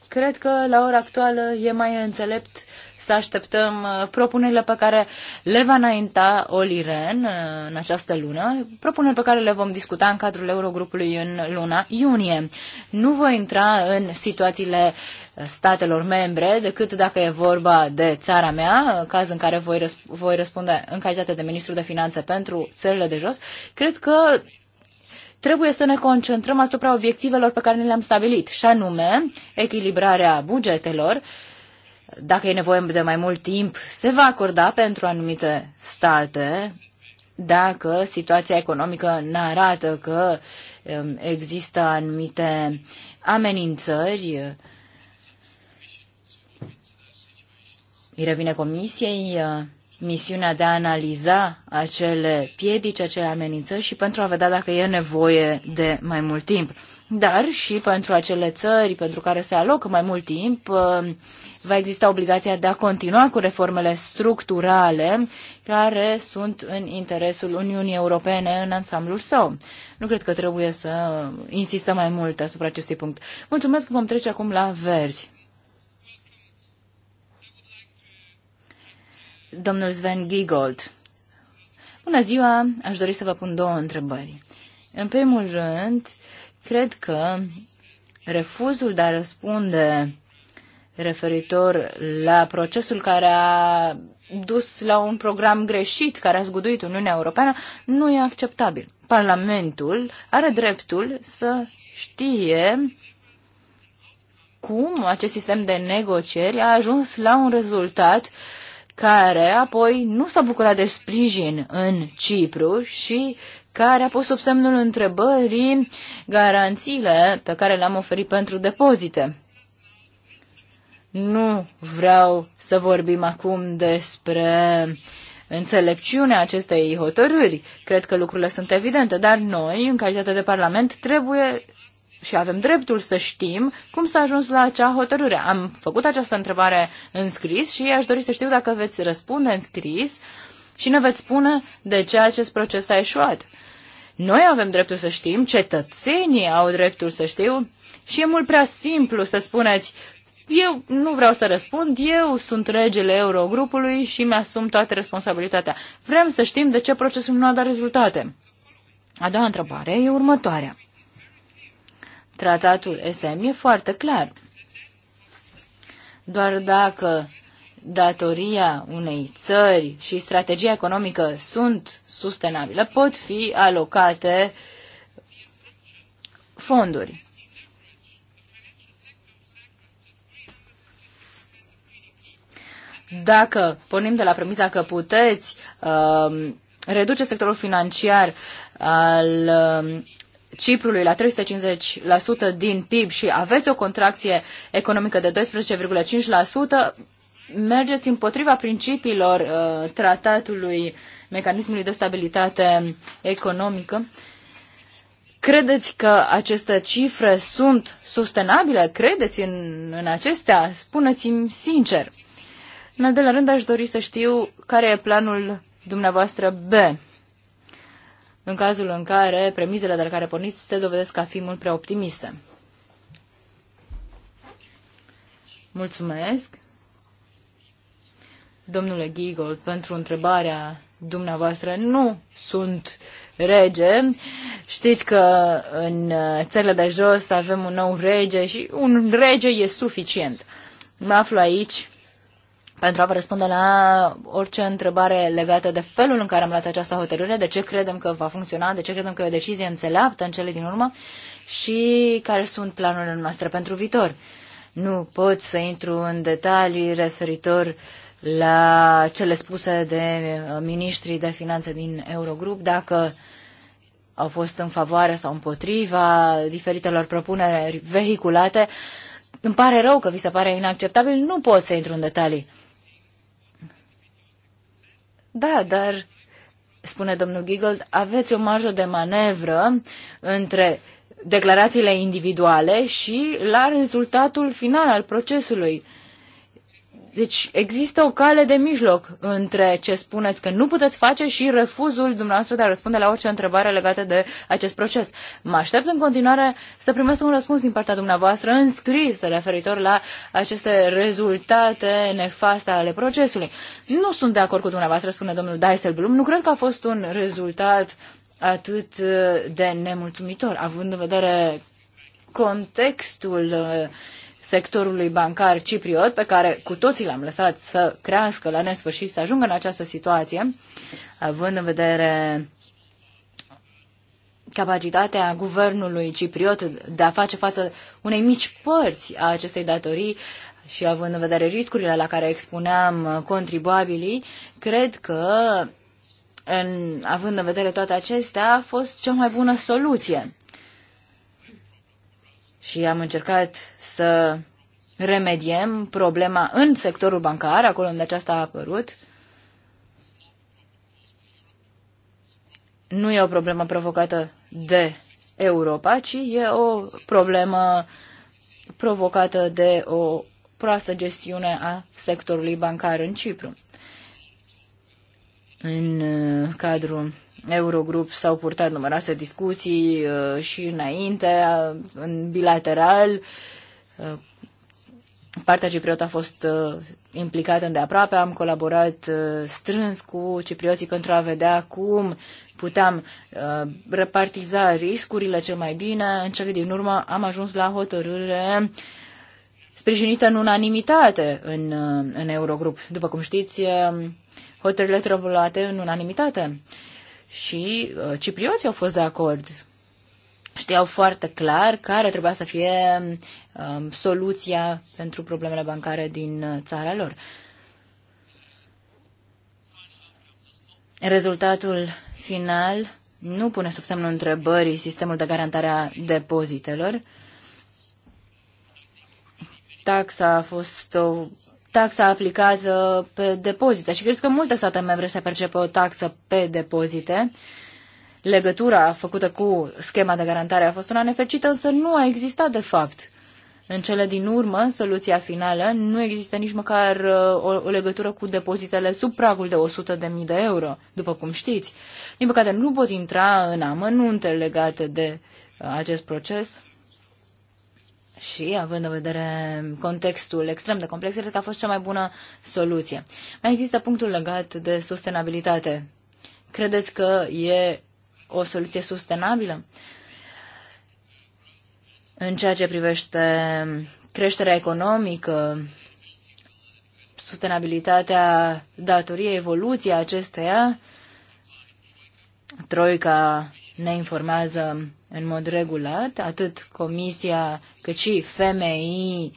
Cred că la ora actuală e mai înțelept să așteptăm uh, propunerile pe care le va înainta Oliren uh, în această lună, propuneri pe care le vom discuta în cadrul Eurogrupului în luna iunie. Nu voi intra în situațiile statelor membre decât dacă e vorba de țara mea, caz în care voi, răsp- voi răspunde în calitate de ministru de finanțe pentru țările de jos, cred că trebuie să ne concentrăm asupra obiectivelor pe care ne le-am stabilit, și anume echilibrarea bugetelor. Dacă e nevoie de mai mult timp, se va acorda pentru anumite state, dacă situația economică ne arată că um, există anumite amenințări Îi revine comisiei uh, misiunea de a analiza acele piedici, acele amenințări și pentru a vedea dacă e nevoie de mai mult timp. Dar și pentru acele țări pentru care se alocă mai mult timp, uh, va exista obligația de a continua cu reformele structurale care sunt în interesul Uniunii Europene în ansamblul său. Nu cred că trebuie să insistăm mai mult asupra acestui punct. Mulțumesc că vom trece acum la verzi. domnul Sven Giegold. Bună ziua, aș dori să vă pun două întrebări. În primul rând, cred că refuzul de a răspunde referitor la procesul care a dus la un program greșit care a zguduit Uniunea Europeană nu e acceptabil. Parlamentul are dreptul să știe cum acest sistem de negocieri a ajuns la un rezultat uh, care apoi nu s-a bucurat de sprijin în Cipru și care a pus sub semnul întrebării garanțiile pe care le-am oferit pentru depozite. Nu vreau să vorbim acum despre înțelepciunea acestei hotărâri. Cred că lucrurile sunt evidente, dar noi, în calitate de Parlament, trebuie și avem dreptul să știm cum s-a ajuns la acea hotărâre. Am făcut această întrebare în scris și aș dori să știu dacă veți răspunde în scris și ne veți spune de ce acest proces a eșuat. Noi avem dreptul să știm, cetățenii au dreptul să știu și e mult prea simplu să spuneți eu nu vreau să răspund, eu sunt regele Eurogrupului și mi-asum toată responsabilitatea. Vrem să știm de ce procesul nu a dat rezultate. A doua întrebare e următoarea. Tratatul SM e foarte clar. Doar dacă datoria unei țări și strategia economică sunt sustenabile, pot fi alocate fonduri. Dacă pornim de la premisa că puteți uh, reduce sectorul financiar al uh, Ciprului la 350% din PIB și aveți o contracție economică de 12,5%, mergeți împotriva principiilor uh, tratatului mecanismului de stabilitate economică. Credeți că aceste cifre sunt sustenabile? Credeți în, în acestea? Spuneți-mi sincer. În al doilea rând, aș dori să știu care e planul dumneavoastră B în cazul în care premizele de la care porniți se dovedesc a fi mult prea optimiste. Mulțumesc, domnule Giggold, pentru întrebarea dumneavoastră. Nu sunt rege. Știți că în țările de jos avem un nou rege și un rege e suficient. Mă aflu aici pentru a vă răspunde la orice întrebare legată de felul în care am luat această hotărâre, de ce credem că va funcționa, de ce credem că e o decizie înțeleaptă în cele din urmă și care sunt planurile noastre pentru viitor. Nu pot să intru în detalii referitor la cele spuse de ministrii de finanțe din Eurogrup, dacă au fost în favoare sau împotriva diferitelor propuneri vehiculate. Îmi pare rău că vi se pare inacceptabil, nu pot să intru în detalii. Da, dar, spune domnul Giggold, aveți o marjă de manevră între declarațiile individuale și la rezultatul final al procesului. Deci există o cale de mijloc între ce spuneți că nu puteți face și refuzul dumneavoastră de a răspunde la orice întrebare legată de acest proces. Mă aștept în continuare să primesc un răspuns din partea dumneavoastră înscris referitor la aceste rezultate nefaste ale procesului. Nu sunt de acord cu dumneavoastră, spune domnul Blum. Nu cred că a fost un rezultat atât de nemulțumitor, având în vedere contextul uh, sectorului bancar cipriot, pe care cu toții l-am lăsat să crească la nesfârșit, să ajungă în această situație, având în vedere capacitatea guvernului cipriot de a face față unei mici părți a acestei datorii și având în vedere riscurile la care expuneam contribuabilii, cred că, în, având în vedere toate acestea, a fost cea mai bună soluție și am încercat să remediem problema în sectorul bancar, acolo unde aceasta a apărut. Nu e o problemă provocată de Europa, ci e o problemă provocată de o proastă gestiune a sectorului bancar în Cipru. În uh, cadrul Eurogrup s-au purtat numeroase discuții uh, și înainte, uh, în bilateral. Uh, partea cipriotă a fost implicată îndeaproape, am colaborat strâns cu ciprioții pentru a vedea cum puteam repartiza riscurile cel mai bine. În cele din urmă am ajuns la hotărâre sprijinită în unanimitate în, în Eurogrup. După cum știți, hotărârile trebuie luate în unanimitate și uh, ciprioții au fost de acord. Știau foarte clar care trebuia să fie uh, soluția pentru problemele bancare din uh, țara lor. Rezultatul final nu pune sub semnul întrebării sistemul de garantare a depozitelor. Taxa a fost o taxa aplicată uh, pe depozite și cred că multe state membre se percepe o taxă pe depozite. Legătura făcută cu schema de garantare a fost una nefericită, însă nu a existat de fapt. În cele din urmă, soluția finală, nu există nici măcar uh, o, o legătură cu depozitele sub pragul de 100.000 de euro, după cum știți. Din păcate, nu pot intra în amănunte legate de uh, acest proces, și având în vedere contextul extrem de complex, cred că a fost cea mai bună soluție. Mai există punctul legat de sustenabilitate. Credeți că e o soluție sustenabilă? În ceea ce privește creșterea economică, sustenabilitatea datoriei, evoluția acesteia, Troica ne informează în mod regulat, atât Comisia cât și FMI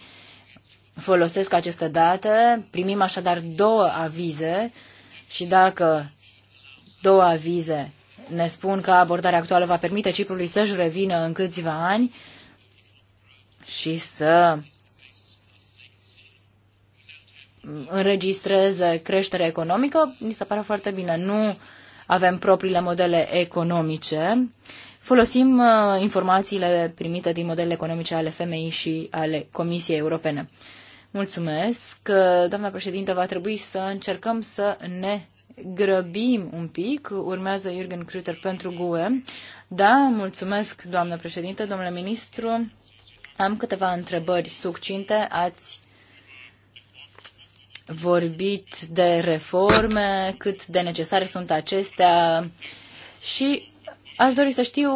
folosesc aceste date, primim așadar două avize și dacă două avize ne spun că abordarea actuală va permite Ciprului să-și revină în câțiva ani și să înregistreze creștere economică, mi se pare foarte bine. Nu avem propriile modele economice folosim uh, informațiile primite din modelele economice ale FMI și ale Comisiei Europene. Mulțumesc. Uh, doamna președintă, va trebui să încercăm să ne grăbim un pic. Urmează Jürgen Krüter pentru GUE. Da, mulțumesc, doamnă președintă, domnule ministru. Am câteva întrebări succinte. Ați vorbit de reforme, cât de necesare sunt acestea și Aș dori să știu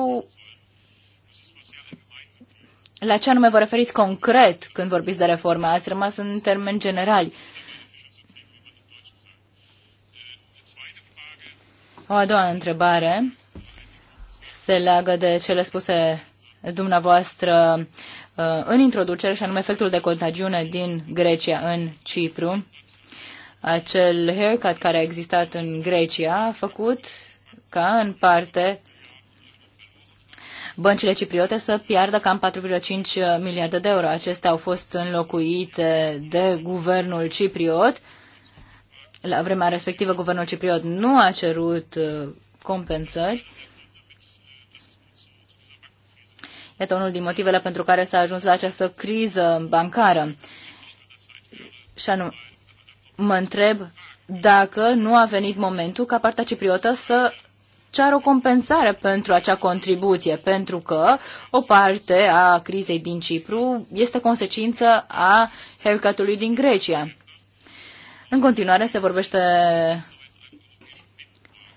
la ce anume vă referiți concret când vorbiți de reforme. Ați rămas în termeni generali. O a doua întrebare se leagă de cele spuse dumneavoastră uh, în introducere și anume efectul de contagiune din Grecia în Cipru. Acel haircut care a existat în Grecia a făcut ca în parte băncile cipriote să piardă cam 4,5 uh, miliarde de euro. Acestea au fost înlocuite de guvernul cipriot. La vremea respectivă, guvernul cipriot nu a cerut uh, compensări. Iată unul din motivele pentru care s-a ajuns la această criză bancară. Și anum, mă întreb dacă nu a venit momentul ca partea cipriotă să cer o compensare pentru acea contribuție, pentru că o parte a crizei din Cipru este consecință a haircut din Grecia. În continuare se vorbește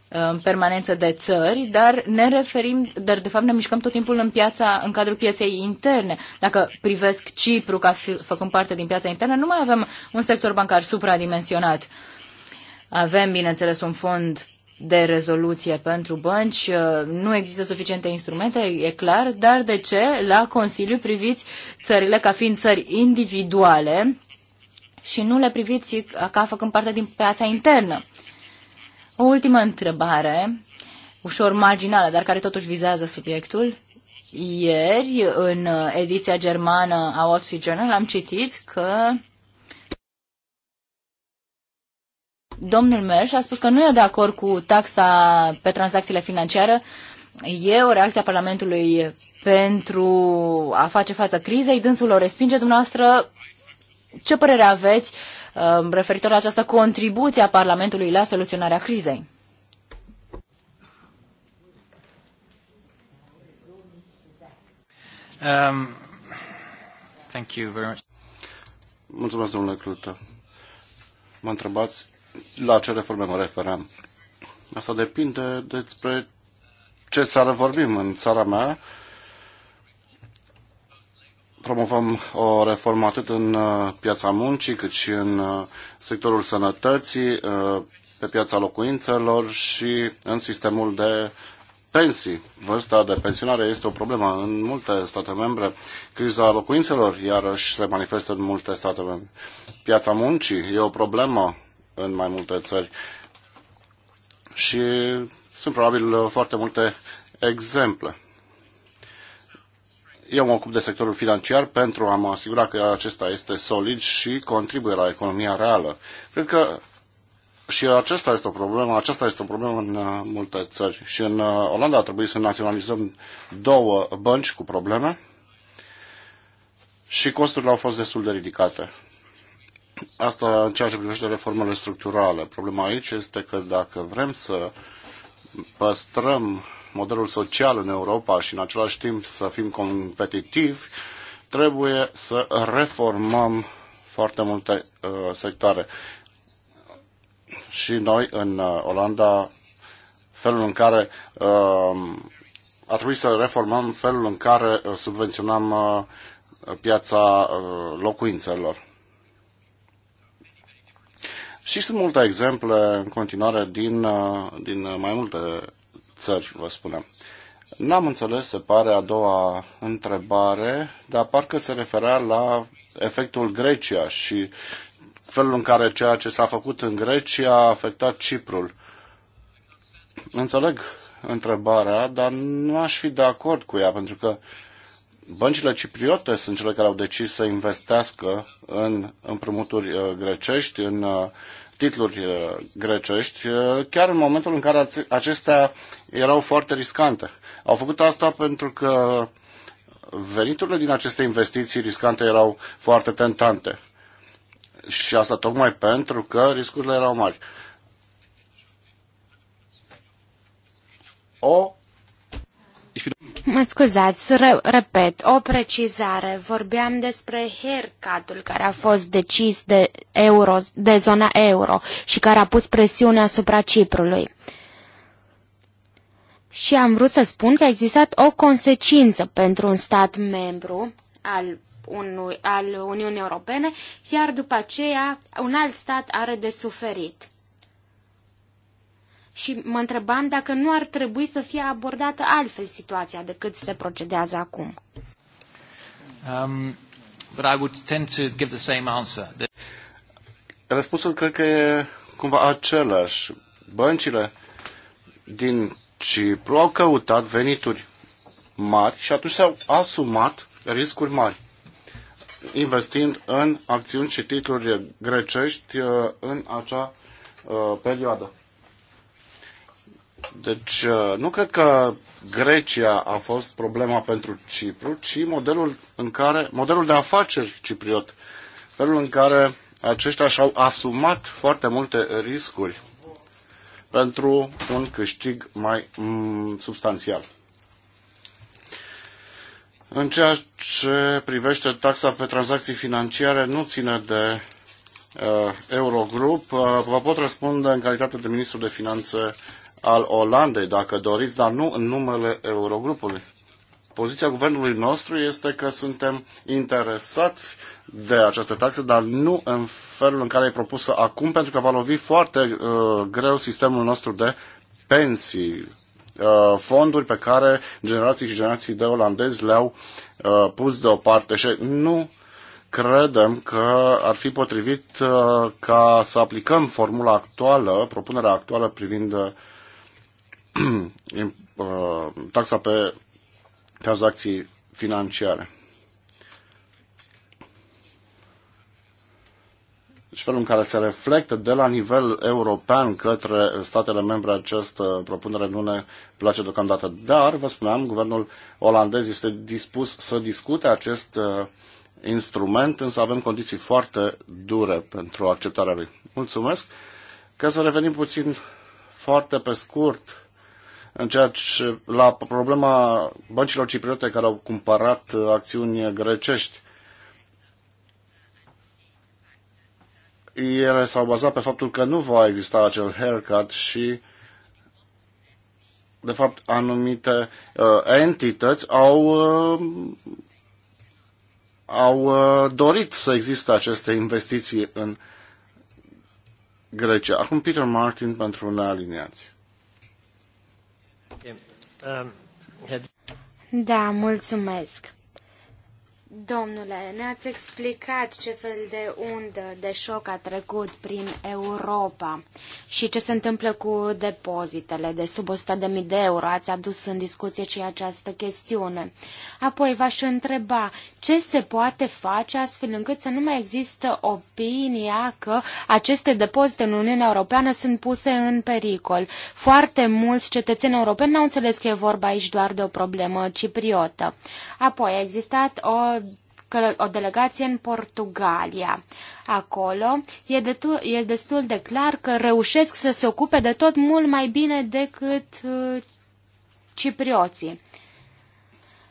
în um, permanență de țări, dar ne referim, dar de fapt ne mișcăm tot timpul în piața, în cadrul pieței interne. Dacă privesc Cipru ca fi, făcând parte din piața internă, nu mai avem un sector bancar supradimensionat. Avem, bineînțeles, un fond de rezoluție pentru bănci. Uh, nu există suficiente instrumente, e clar, dar de ce la Consiliu priviți țările ca fiind țări individuale și nu le priviți ca făcând parte din piața internă? O ultimă întrebare, ușor marginală, dar care totuși vizează subiectul. Ieri, în uh, ediția germană a Wall Street Journal, am citit că domnul Merș a spus că nu e de acord cu taxa pe tranzacțiile financiare. E o reacție a Parlamentului pentru a face față crizei. Dânsul o respinge. Dumneavoastră, ce părere aveți um, referitor la această contribuție a Parlamentului la soluționarea crizei? Um, thank you very much. Mulțumesc, domnule Clută. Mă întrebați la ce reforme mă referam. Asta depinde despre ce țară vorbim. În țara mea promovăm o reformă atât în uh, piața muncii, cât și în uh, sectorul sănătății, uh, pe piața locuințelor și în sistemul de pensii. Vârsta de pensionare este o problemă în multe state membre. Criza locuințelor iarăși se manifestă în multe state membre. Piața muncii e o problemă în mai multe țări. Și sunt probabil uh, foarte multe exemple. Eu mă ocup de sectorul financiar pentru a mă asigura că acesta este solid și contribuie la economia reală. Cred că și aceasta este o problemă, aceasta este o problemă în uh, multe țări. Și în uh, Olanda a trebuit să naționalizăm două bănci cu probleme și costurile au fost destul de ridicate. Asta în ceea ce privește reformele structurale. Problema aici este că dacă vrem să păstrăm modelul social în Europa și în același timp să fim competitivi, trebuie să reformăm foarte multe uh, sectoare. Și noi în uh, Olanda, felul în care uh, a trebuit să reformăm felul în care uh, subvenționăm uh, piața uh, locuințelor. Și sunt multe exemple în continuare din, uh, din uh, mai multe țări, vă spunem. N-am înțeles, se pare, a doua întrebare, dar parcă se referea la efectul Grecia și felul în care ceea ce s-a făcut în Grecia a afectat Ciprul. Înțeleg întrebarea, dar nu aș fi de acord cu ea, pentru că uh, Băncile cipriote sunt cele care au decis să investească în împrumuturi uh, grecești, în uh, titluri uh, grecești, chiar în momentul în care acestea erau foarte riscante. Au făcut asta pentru că veniturile din aceste investiții riscante erau foarte tentante. Și asta tocmai pentru că riscurile erau mari. O Mă scuzați, re- repet, o precizare. Vorbeam despre haircut care a fost decis de, euro, de zona euro și care a pus presiune asupra Ciprului. Și am vrut să spun că a existat o consecință pentru un stat membru al, unui, al Uniunii Europene, iar după aceea un alt stat are de suferit și mă întrebam dacă nu ar trebui să fie abordată altfel situația decât se procedează acum. Um, but I would tend to give the same answer. Răspunsul cred că e cumva același. Băncile din Cipru au căutat venituri mari și atunci s-au asumat riscuri mari, investind în acțiuni și titluri grecești uh, în acea uh, perioadă. Deci uh, nu cred că Grecia a fost problema pentru Cipru, ci modelul, în care, modelul de afaceri cipriot, felul în care aceștia și-au asumat foarte multe riscuri pentru un câștig mai mm, substanțial. În ceea ce privește taxa pe tranzacții financiare, nu ține de uh, Eurogrup. Uh, vă pot răspunde în calitate de ministru de finanțe al Olandei, dacă doriți, dar nu în numele Eurogrupului. Poziția guvernului nostru este că suntem interesați de această taxă, dar nu în felul în care e propusă acum, pentru că va lovi foarte uh, greu sistemul nostru de pensii, uh, fonduri pe care generații și generații de olandezi le-au uh, pus deoparte și nu credem că ar fi potrivit uh, ca să aplicăm formula actuală, propunerea actuală privind uh, Uh, taxa pe tranzacții financiare. și deci felul în care se reflectă de la nivel european către statele membre această propunere nu ne place deocamdată. Dar, vă spuneam, guvernul olandez este dispus să discute acest uh, instrument, însă avem condiții foarte dure pentru acceptarea lui. Mulțumesc! Ca să revenim puțin foarte pe scurt în ceea ce, la problema băncilor cipriote care au cumpărat uh, acțiuni grecești, ele s-au bazat pe faptul că nu va exista acel haircut și de fapt anumite uh, entități au uh, au uh, dorit să existe aceste investiții în Grecia. Acum Peter Martin pentru nealiniați. Um, da, mulțumesc. Domnule, ne-ați explicat ce fel de undă de șoc a trecut prin Europa și ce se întâmplă cu depozitele de sub 100.000 de euro. Ați adus în discuție și această chestiune. Apoi v-aș întreba ce se poate face astfel încât să nu mai există opinia că aceste depozite în Uniunea Europeană sunt puse în pericol. Foarte mulți cetățeni europeni n-au înțeles că e vorba aici doar de o problemă cipriotă. Apoi a existat o o delegație în Portugalia. Acolo e, tu, e destul de clar că reușesc să se ocupe de tot mult mai bine decât uh, ciprioții.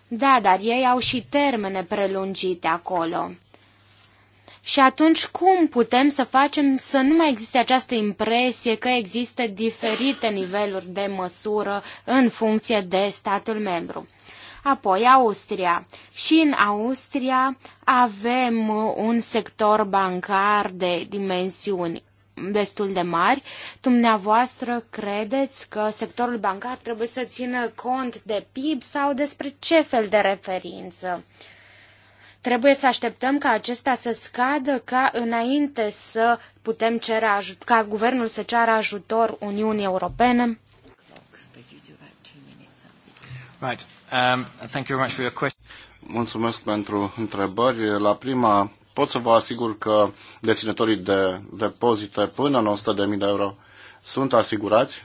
Da, dar ei au și termene prelungite acolo. Și atunci cum putem să facem să nu mai existe această impresie că există diferite niveluri de măsură în funcție de statul membru? Apoi Austria. Și în Austria avem un sector bancar de dimensiuni destul de mari. Dumneavoastră credeți că sectorul bancar trebuie să țină cont de PIB sau despre ce fel de referință? Trebuie să așteptăm ca acesta să scadă ca înainte să putem cere ca guvernul să ceară ajutor Uniunii Europene? Right. Um, thank you very much for your question. Mulțumesc pentru întrebări. La prima, pot să vă asigur că deținătorii de depozite până în 100.000 de euro sunt asigurați.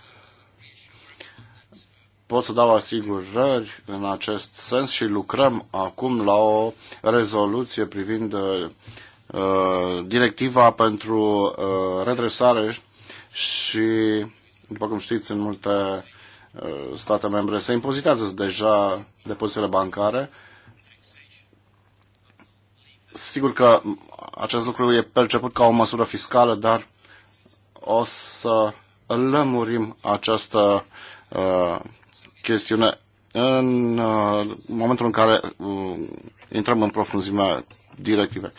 Pot să dau asigurări în acest sens și lucrăm acum la o rezoluție privind uh, directiva pentru uh, redresare și, după cum știți, în multe Uh, state membre se impozitează deja depozitele bancare. Sigur că acest lucru e perceput ca o măsură fiscală, dar o să lămurim această uh, chestiune în uh, momentul în care uh, intrăm în profunzimea directivei.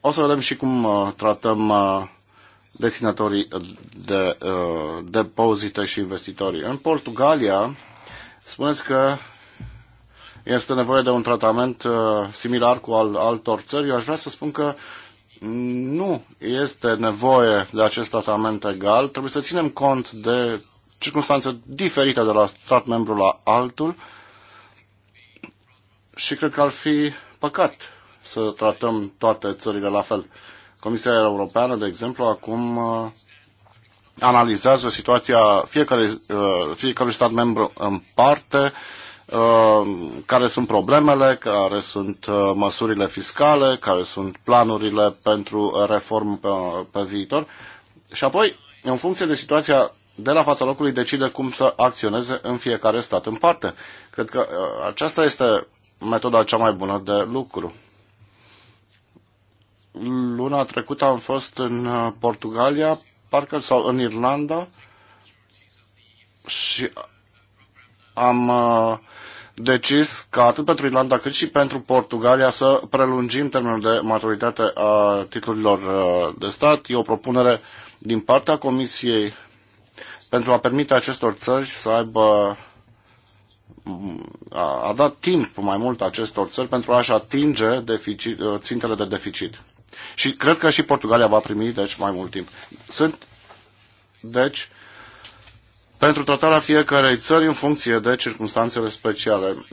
O să vedem și cum uh, tratăm uh, deținătorii de uh, depozite și investitorii. În Portugalia, spuneți că este nevoie de un tratament uh, similar cu al altor țări. Eu aș vrea să spun că nu este nevoie de acest tratament egal. Trebuie să ținem cont de circunstanțe diferite de la stat membru la altul și cred că ar fi păcat să tratăm toate țările la fel. Comisia Europeană, de exemplu, acum uh, analizează situația fiecare, uh, fiecare stat membru în parte, uh, care sunt problemele, care sunt măsurile fiscale, care sunt planurile pentru reformă pe, pe viitor și apoi, în funcție de situația de la fața locului, decide cum să acționeze în fiecare stat în parte. Cred că aceasta este metoda cea mai bună de lucru. Luna trecută am fost în uh, Portugalia, parcă sau în Irlanda și am uh, decis ca atât pentru Irlanda cât și pentru Portugalia să prelungim termenul de maturitate a titlurilor uh, de stat. E o propunere din partea Comisiei pentru a permite acestor țări să aibă mm, a, a dat timp mai mult acestor țări pentru a-și atinge deficit, țintele de deficit. Și cred că și Portugalia va primi, deci, mai mult timp. Sunt, deci, pentru tratarea fiecarei țări în funcție de circunstanțele speciale.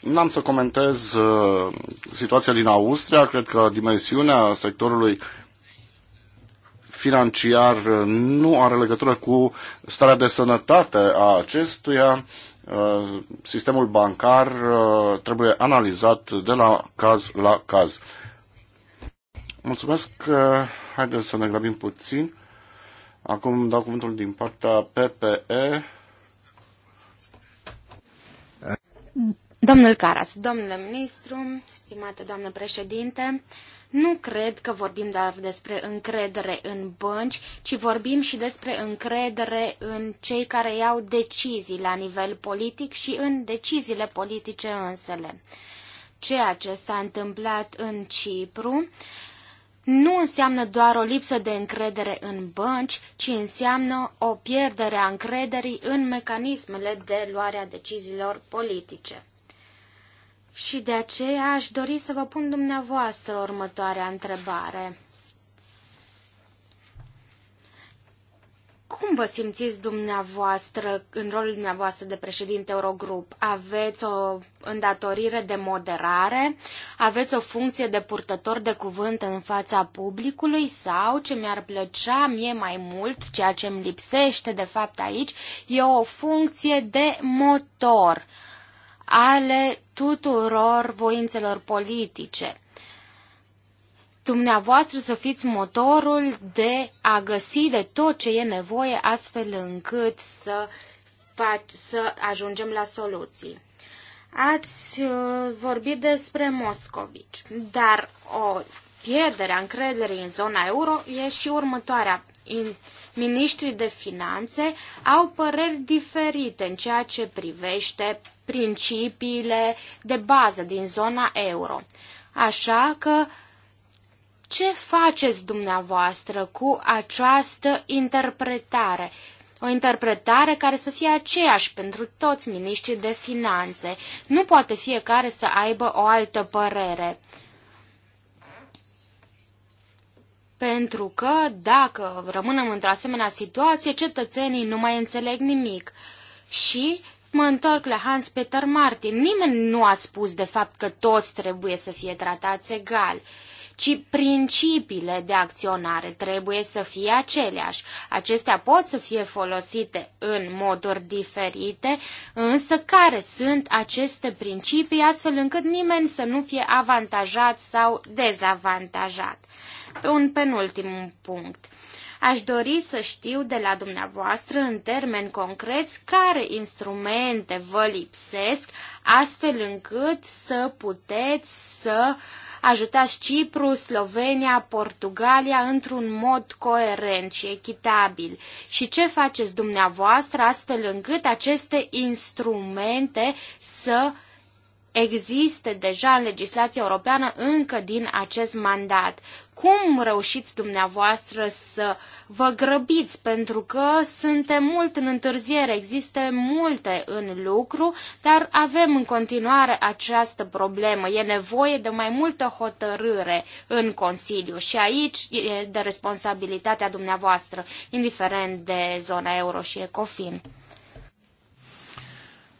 N-am să comentez uh, situația din Austria, cred că dimensiunea sectorului financiar uh, nu are legătură cu starea de sănătate a acestuia. Uh, sistemul bancar uh, trebuie analizat de la caz la caz. Mulțumesc. Haideți să ne grăbim puțin. Acum dau cuvântul din partea PPE. Domnul Caras, domnule ministru, stimată doamnă președinte, nu cred că vorbim doar despre încredere în bănci, ci vorbim și despre încredere în cei care iau decizii la nivel politic și în deciziile politice însele. Ceea ce s-a întâmplat în Cipru nu înseamnă doar o lipsă de încredere în bănci, ci înseamnă o pierdere a încrederii în mecanismele de luare a deciziilor politice. Și de aceea aș dori să vă pun dumneavoastră următoarea întrebare. Cum vă simțiți dumneavoastră în rolul dumneavoastră de președinte Eurogrup? Aveți o îndatorire de moderare? Aveți o funcție de purtător de cuvânt în fața publicului? Sau, ce mi-ar plăcea mie mai mult, ceea ce îmi lipsește de fapt aici, e o funcție de motor ale tuturor voințelor politice dumneavoastră să fiți motorul de a găsi de tot ce e nevoie astfel încât să, să ajungem la soluții. Ați uh, vorbit despre Moscovici, dar o pierdere a încrederii în zona euro e și următoarea. Ministrii de finanțe au păreri diferite în ceea ce privește principiile de bază din zona euro. Așa că ce faceți dumneavoastră cu această interpretare? O interpretare care să fie aceeași pentru toți miniștrii de finanțe. Nu poate fiecare să aibă o altă părere. Pentru că, dacă rămânem într-o asemenea situație, cetățenii nu mai înțeleg nimic. Și mă întorc la Hans Peter Martin. Nimeni nu a spus, de fapt, că toți trebuie să fie tratați egal ci principiile de acționare trebuie să fie aceleași. Acestea pot să fie folosite în moduri diferite, însă care sunt aceste principii astfel încât nimeni să nu fie avantajat sau dezavantajat. Pe un penultim punct. Aș dori să știu de la dumneavoastră, în termeni concreți, care instrumente vă lipsesc, astfel încât să puteți să uh, ajutați Cipru, Slovenia, Portugalia într-un mod coerent și echitabil? Și ce faceți dumneavoastră astfel încât aceste instrumente să existe deja în legislația europeană încă din acest mandat? Cum reușiți dumneavoastră să uh, Vă grăbiți pentru că suntem mult în întârziere, există multe în lucru, dar avem în continuare această problemă. E nevoie de mai multă hotărâre în Consiliu și aici e de responsabilitatea dumneavoastră, indiferent de zona euro și ECOFIN.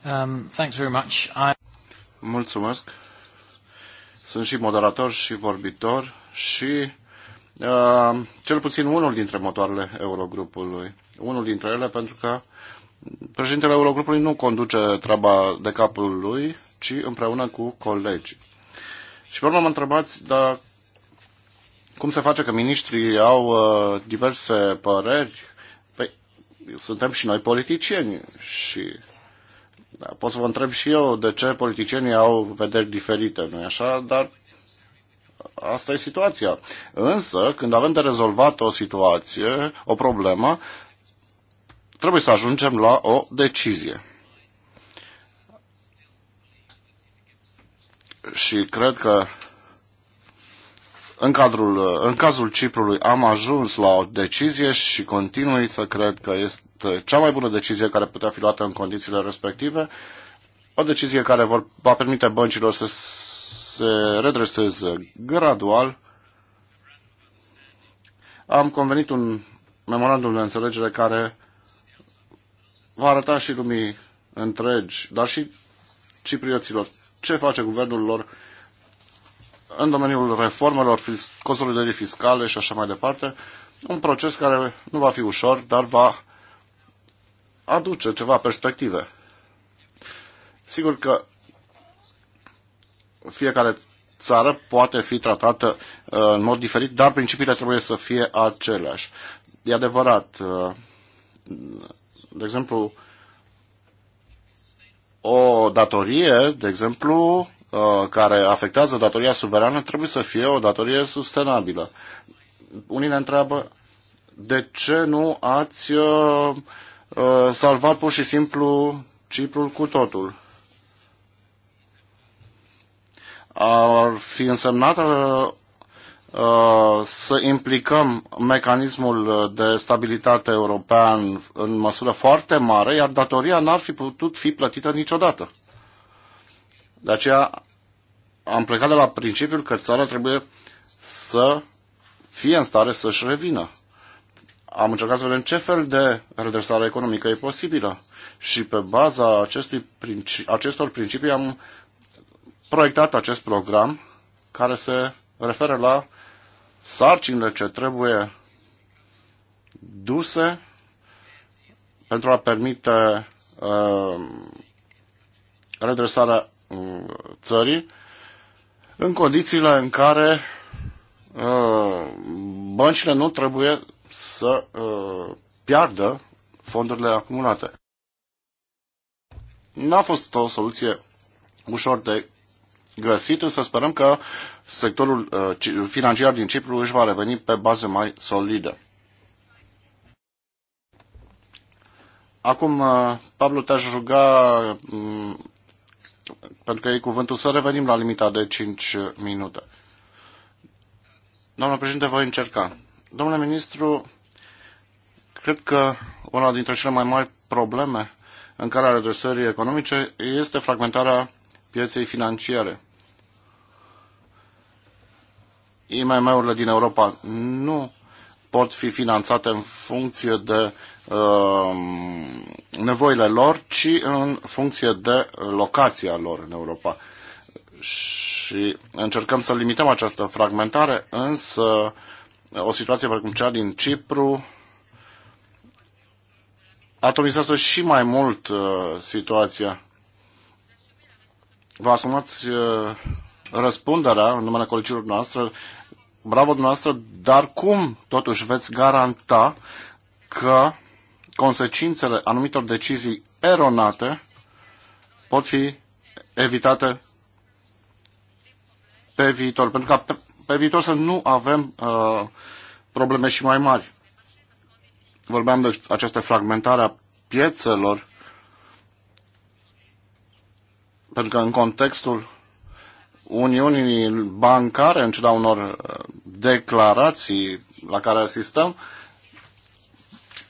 Um, thanks very much. I... Mulțumesc. Sunt și moderator și vorbitor și Uh, cel puțin unul dintre motoarele Eurogrupului. Unul dintre ele pentru că președintele Eurogrupului nu conduce treaba de capul lui, ci împreună cu colegii. Și pe mă întrebați dar cum se face că miniștrii au uh, diverse păreri? Păi, suntem și noi politicieni și da, pot să vă întreb și eu de ce politicienii au vederi diferite, nu așa? Dar asta e situația. Însă, când avem de rezolvat o situație, o problemă, trebuie să ajungem la o decizie. Și cred că în, cadrul, în cazul Ciprului am ajuns la o decizie și continui să cred că este cea mai bună decizie care putea fi luată în condițiile respective, o decizie care vor, va permite băncilor să se redreseze gradual. Am convenit un memorandum de înțelegere care va arăta și lumii întregi, dar și ciprioților, ce face guvernul lor în domeniul reformelor, consolidării fiscale și așa mai departe. Un proces care nu va fi ușor, dar va aduce ceva perspective. Sigur că fiecare țară poate fi tratată uh, în mod diferit, dar principiile trebuie să fie aceleași. E adevărat, uh, de exemplu, o datorie, de exemplu, uh, care afectează datoria suverană trebuie să fie o datorie sustenabilă. Unii ne întreabă de ce nu ați salvat pur și simplu Ciprul cu totul. ar fi însemnat uh, să implicăm mecanismul de stabilitate european în măsură foarte mare, iar datoria n-ar fi putut fi plătită niciodată. De aceea am plecat de la principiul că țara trebuie să fie în stare să-și revină. Am încercat să vedem ce fel de redresare economică e posibilă și pe baza acestui acestor principii am proiectat acest program care se referă la sarcinile ce trebuie duse pentru a permite uh, redresarea uh, țării în condițiile în care uh, băncile nu trebuie să uh, piardă fondurile acumulate. N-a fost o soluție ușor de găsit, însă sperăm că sectorul uh, financiar din Cipru își va reveni pe baze mai solide. Acum, uh, Pablo, te-aș ruga, mm, pentru că e cuvântul, să revenim la limita de 5 minute. Doamna președinte, voi încerca. Domnule ministru, cred că una dintre cele mai mari probleme în care are economice este fragmentarea pieței financiare. IMM-urile din Europa nu pot fi finanțate în funcție de uh, nevoile lor, ci în funcție de locația lor în Europa. Și încercăm să limităm această fragmentare, însă o situație precum cea din Cipru atomizează și mai mult uh, situația. Vă asumați uh, răspunderea în numele colegilor noastre bravo dumneavoastră, dar cum totuși veți garanta că consecințele anumitor decizii eronate pot fi evitate pe viitor, pentru că pe, pe viitor să nu avem uh, probleme și mai mari. Vorbeam de această fragmentare a piețelor, pentru că în contextul Uniunii Bancare, în ciuda unor uh, declarații la care asistăm,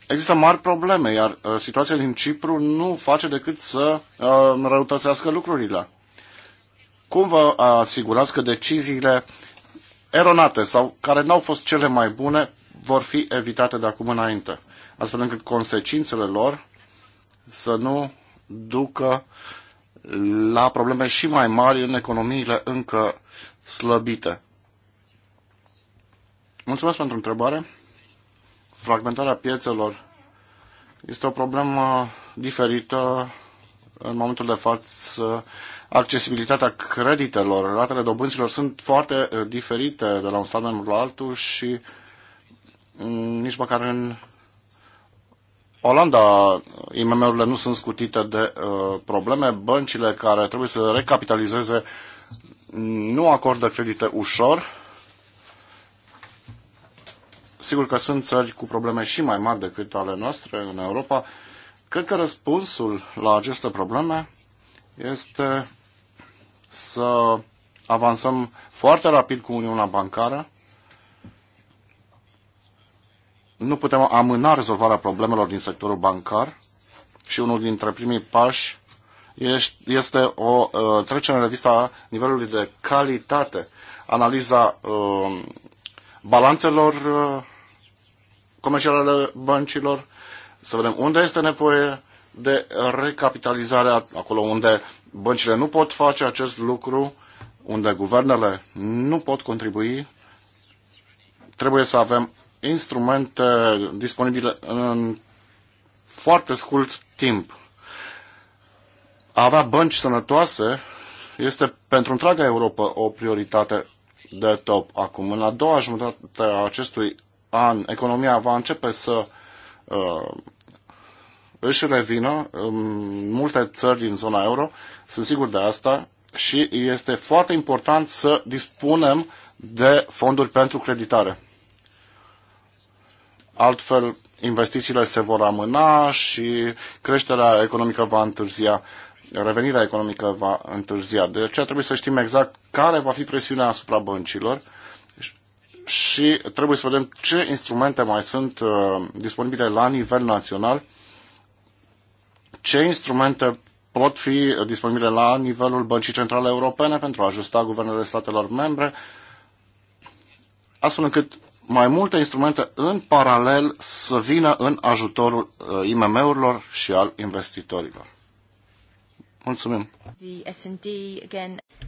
există mari probleme, iar uh, situația din Cipru nu face decât să uh, răutățească lucrurile. Cum vă asigurați că deciziile eronate sau care n-au fost cele mai bune vor fi evitate de acum înainte, astfel încât consecințele lor să nu ducă uh, la probleme și mai mari în economiile încă slăbite. Mulțumesc pentru întrebare. Fragmentarea piețelor este o problemă diferită în momentul de față. Accesibilitatea creditelor, ratele dobânzilor sunt foarte eh, diferite de la un stat membru la altul și mm, nici măcar în Olanda, IMM-urile nu sunt scutite de uh, probleme. Băncile care trebuie să recapitalizeze nu acordă credite ușor. Sigur că sunt țări cu probleme și mai mari decât ale noastre în Europa. Cred că răspunsul la aceste probleme este să avansăm foarte rapid cu Uniunea Bancară, nu putem amâna rezolvarea problemelor din sectorul bancar și unul dintre primii pași este o uh, trecere în revista nivelului de calitate, analiza uh, balanțelor uh, comerciale ale băncilor, să vedem unde este nevoie de recapitalizare, acolo unde băncile nu pot face acest lucru, unde guvernele nu pot contribui, trebuie să avem instrumente disponibile în foarte scurt timp. A avea bănci sănătoase este pentru întreaga Europa o prioritate de top acum. În a doua jumătate a acestui an, economia va începe să uh, își revină în multe țări din zona euro, sunt sigur de asta, și este foarte important să dispunem de fonduri pentru creditare. Altfel, investițiile se vor amâna și creșterea economică va întârzia, revenirea economică va întârzia. De deci, aceea trebuie să știm exact care va fi presiunea asupra băncilor și trebuie să vedem ce instrumente mai sunt uh, disponibile la nivel național, ce instrumente pot fi disponibile la nivelul Băncii Centrale Europene pentru a ajusta guvernele statelor membre, astfel încât mai multe instrumente în paralel să vină în ajutorul uh, IMM-urilor și al investitorilor. Mulțumim.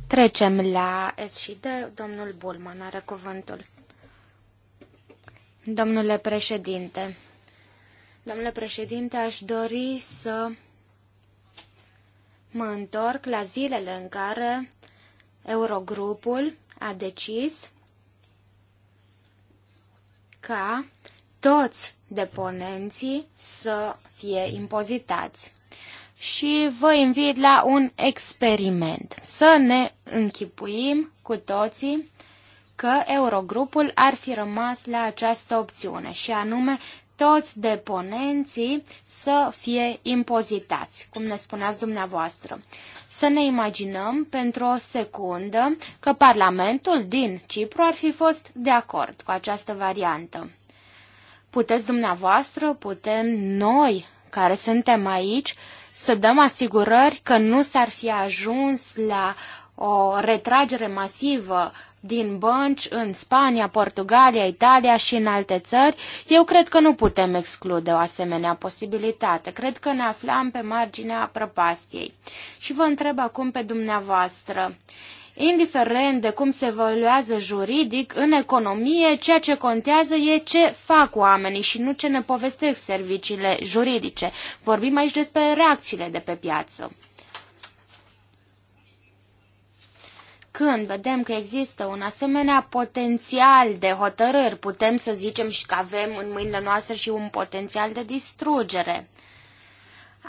Trecem la S&D, Domnul Bulman are cuvântul. Domnule președinte, domnule președinte, aș dori să mă întorc la zilele în care Eurogrupul a decis ca toți deponenții să fie impozitați. Și vă invit la un experiment. Să ne închipuim cu toții că Eurogrupul ar fi rămas la această opțiune, și anume toți deponenții să fie impozitați, cum ne spuneați dumneavoastră. Să ne imaginăm pentru o secundă că Parlamentul din Cipru ar fi fost de acord cu această variantă. Puteți dumneavoastră, putem noi, care suntem aici, să dăm asigurări că nu s-ar fi ajuns la o retragere masivă din bănci în Spania, Portugalia, Italia și în alte țări, eu cred că nu putem exclude o asemenea posibilitate. Cred că ne aflam pe marginea prăpastiei. Și vă întreb acum pe dumneavoastră indiferent de cum se evoluează juridic, în economie, ceea ce contează e ce fac oamenii și nu ce ne povestesc serviciile juridice. Vorbim aici despre reacțiile de pe piață. Când vedem că există un asemenea potențial de hotărâri, putem să zicem și că avem în mâinile noastre și un potențial de distrugere.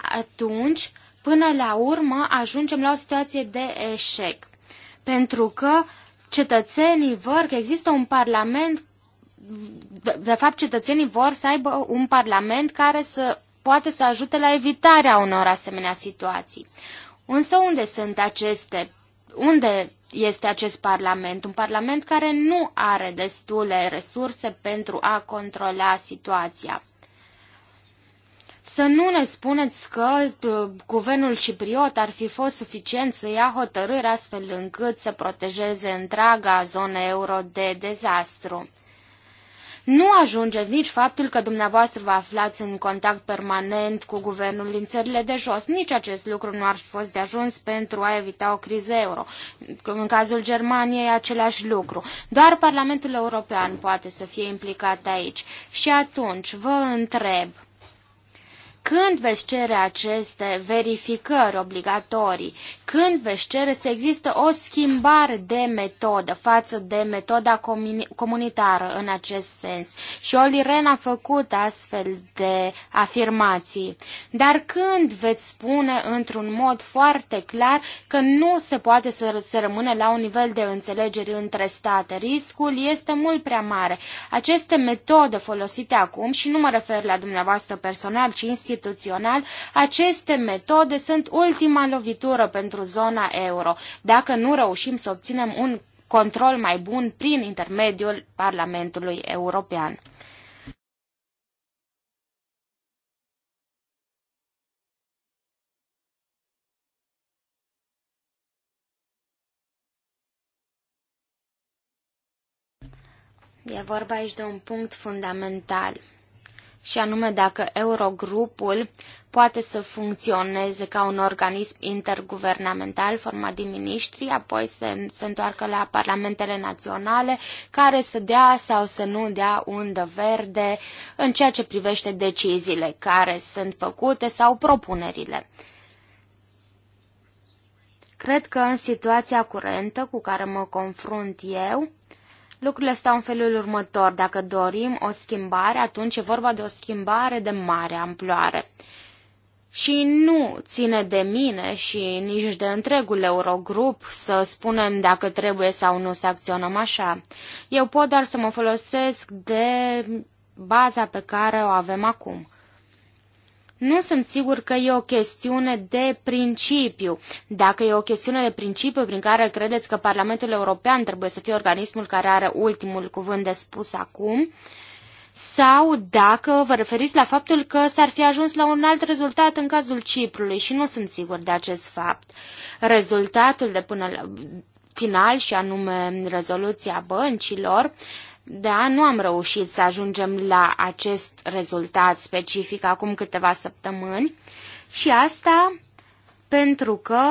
Atunci, până la urmă, ajungem la o situație de eșec. Pentru că cetățenii vor că există un parlament, de fapt cetățenii vor să aibă un parlament care să poate să ajute la evitarea unor asemenea situații. Însă unde sunt aceste unde este acest Parlament? Un Parlament care nu are destule resurse pentru a controla situația. Să nu ne spuneți că uh, guvernul cipriot ar fi fost suficient să ia hotărâri astfel încât să protejeze întreaga zonă euro de dezastru. Nu ajunge nici faptul că dumneavoastră vă aflați în contact permanent cu guvernul din țările de jos. Nici acest lucru nu ar fi fost de ajuns pentru a evita o criză euro. În cazul Germaniei, același lucru. Doar Parlamentul European poate să fie implicat aici. Și atunci, vă întreb, când veți cere aceste verificări obligatorii? Când veți cere să există o schimbare de metodă față de metoda comunitară în acest sens? Și Oliren a făcut astfel de afirmații. Dar când veți spune într-un mod foarte clar că nu se poate să se rămâne la un nivel de înțelegere între state? Riscul este mult prea mare. Aceste metode folosite acum, și nu mă refer la dumneavoastră personal, ci instituții, instituțional, aceste metode sunt ultima lovitură pentru zona euro, dacă nu reușim să obținem un control mai bun prin intermediul Parlamentului European. E vorba aici de un punct fundamental și anume dacă Eurogrupul poate să funcționeze ca un organism interguvernamental format din miniștri, apoi se, se întoarcă la parlamentele naționale care să dea sau să nu dea undă verde în ceea ce privește deciziile care sunt făcute sau propunerile. Cred că în situația curentă cu care mă confrunt eu, Lucrurile stau în felul următor. Dacă dorim o schimbare, atunci e vorba de o schimbare de mare amploare. Și nu ține de mine și nici de întregul Eurogrup să spunem dacă trebuie sau nu să acționăm așa. Eu pot doar să mă folosesc de baza pe care o avem acum. Nu sunt sigur că e o chestiune de principiu. Dacă e o chestiune de principiu prin care credeți că Parlamentul European trebuie să fie organismul care are ultimul cuvânt de spus acum, sau dacă vă referiți la faptul că s-ar fi ajuns la un alt rezultat în cazul Ciprului și nu sunt sigur de acest fapt. Rezultatul de până la final și anume rezoluția băncilor da, nu am reușit să ajungem la acest rezultat specific acum câteva săptămâni și asta pentru că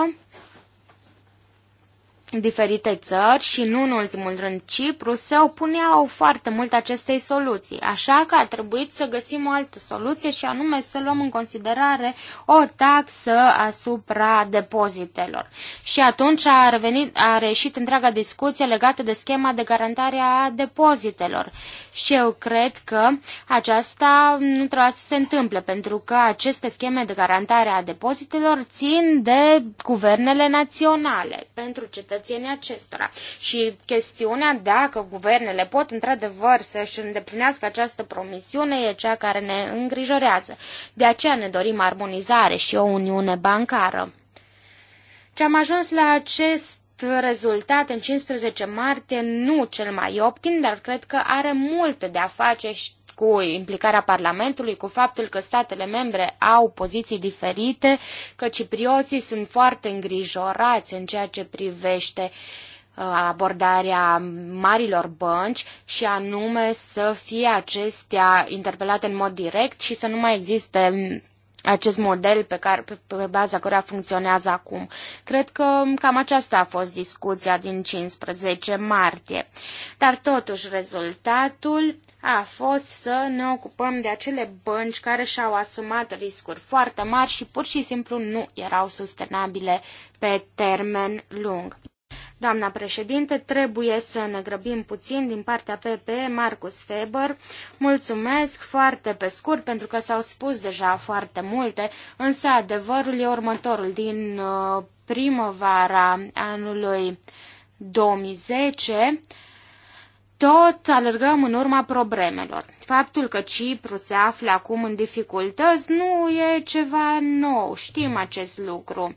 diferite țări și nu în ultimul rând Cipru se opuneau foarte mult acestei soluții, așa că a trebuit să găsim o altă soluție și anume să luăm în considerare o taxă asupra depozitelor. Și atunci a, revenit, a reșit întreaga discuție legată de schema de garantare a depozitelor. Și eu cred că aceasta nu trebuie să se întâmple, pentru că aceste scheme de garantare a depozitelor țin de guvernele naționale pentru cetățenii cetățenii acestora. Și chestiunea dacă guvernele pot într-adevăr să-și îndeplinească această promisiune e cea care ne îngrijorează. De aceea ne dorim armonizare și o uniune bancară. Ce am ajuns la acest rezultat în 15 martie nu cel mai optim, dar cred că are mult de a face și cu implicarea Parlamentului, cu faptul că statele membre au poziții diferite, că ciprioții sunt foarte îngrijorați în ceea ce privește uh, abordarea marilor bănci și anume să fie acestea interpelate în mod direct și să nu mai existe acest model pe, care, pe, pe baza căruia funcționează acum. Cred că cam aceasta a fost discuția din 15 martie. Dar totuși rezultatul a fost să ne ocupăm de acele bănci care și-au asumat riscuri foarte mari și pur și simplu nu erau sustenabile pe termen lung. Doamna președinte, trebuie să ne grăbim puțin din partea PPE, Marcus Feber. Mulțumesc foarte pe scurt pentru că s-au spus deja foarte multe, însă adevărul e următorul. Din uh, primăvara anului 2010, tot alergăm în urma problemelor. Faptul că Cipru se află acum în dificultăți nu e ceva nou, știm acest lucru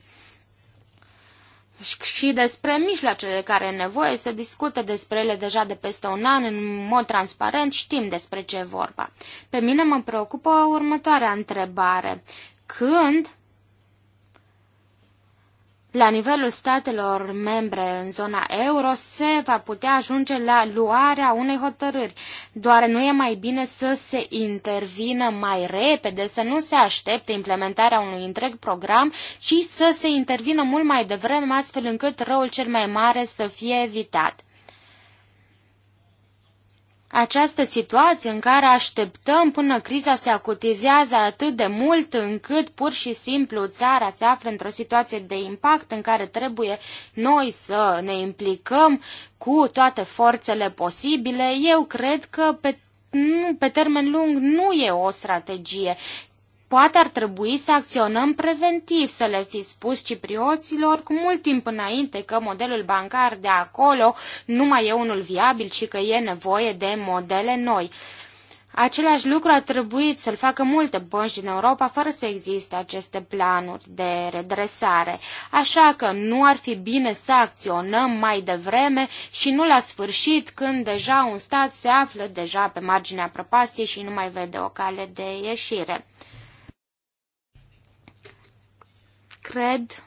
și despre mijloacele care e nevoie, se discută despre ele deja de peste un an în mod transparent, știm despre ce e vorba. Pe mine mă preocupă următoarea întrebare. Când la nivelul statelor membre în zona euro se va putea ajunge la luarea unei hotărâri. Doar nu e mai bine să se intervină mai repede, să nu se aștepte implementarea unui întreg program, ci să se intervină mult mai devreme, astfel încât răul cel mai mare să fie evitat această situație în care așteptăm până criza se acutizează atât de mult încât pur și simplu țara se află într-o situație de impact în care trebuie noi să ne implicăm cu toate forțele posibile, eu cred că pe pe termen lung nu e o strategie, Poate ar trebui să acționăm preventiv, să le fi spus ciprioților cu mult timp înainte că modelul bancar de acolo nu mai e unul viabil, ci că e nevoie de modele noi. Același lucru a trebuit să-l facă multe bănci din Europa fără să existe aceste planuri de redresare, așa că nu ar fi bine să acționăm mai devreme și nu la sfârșit când deja un stat se află deja pe marginea prăpastiei și nu mai vede o cale de ieșire. Cred...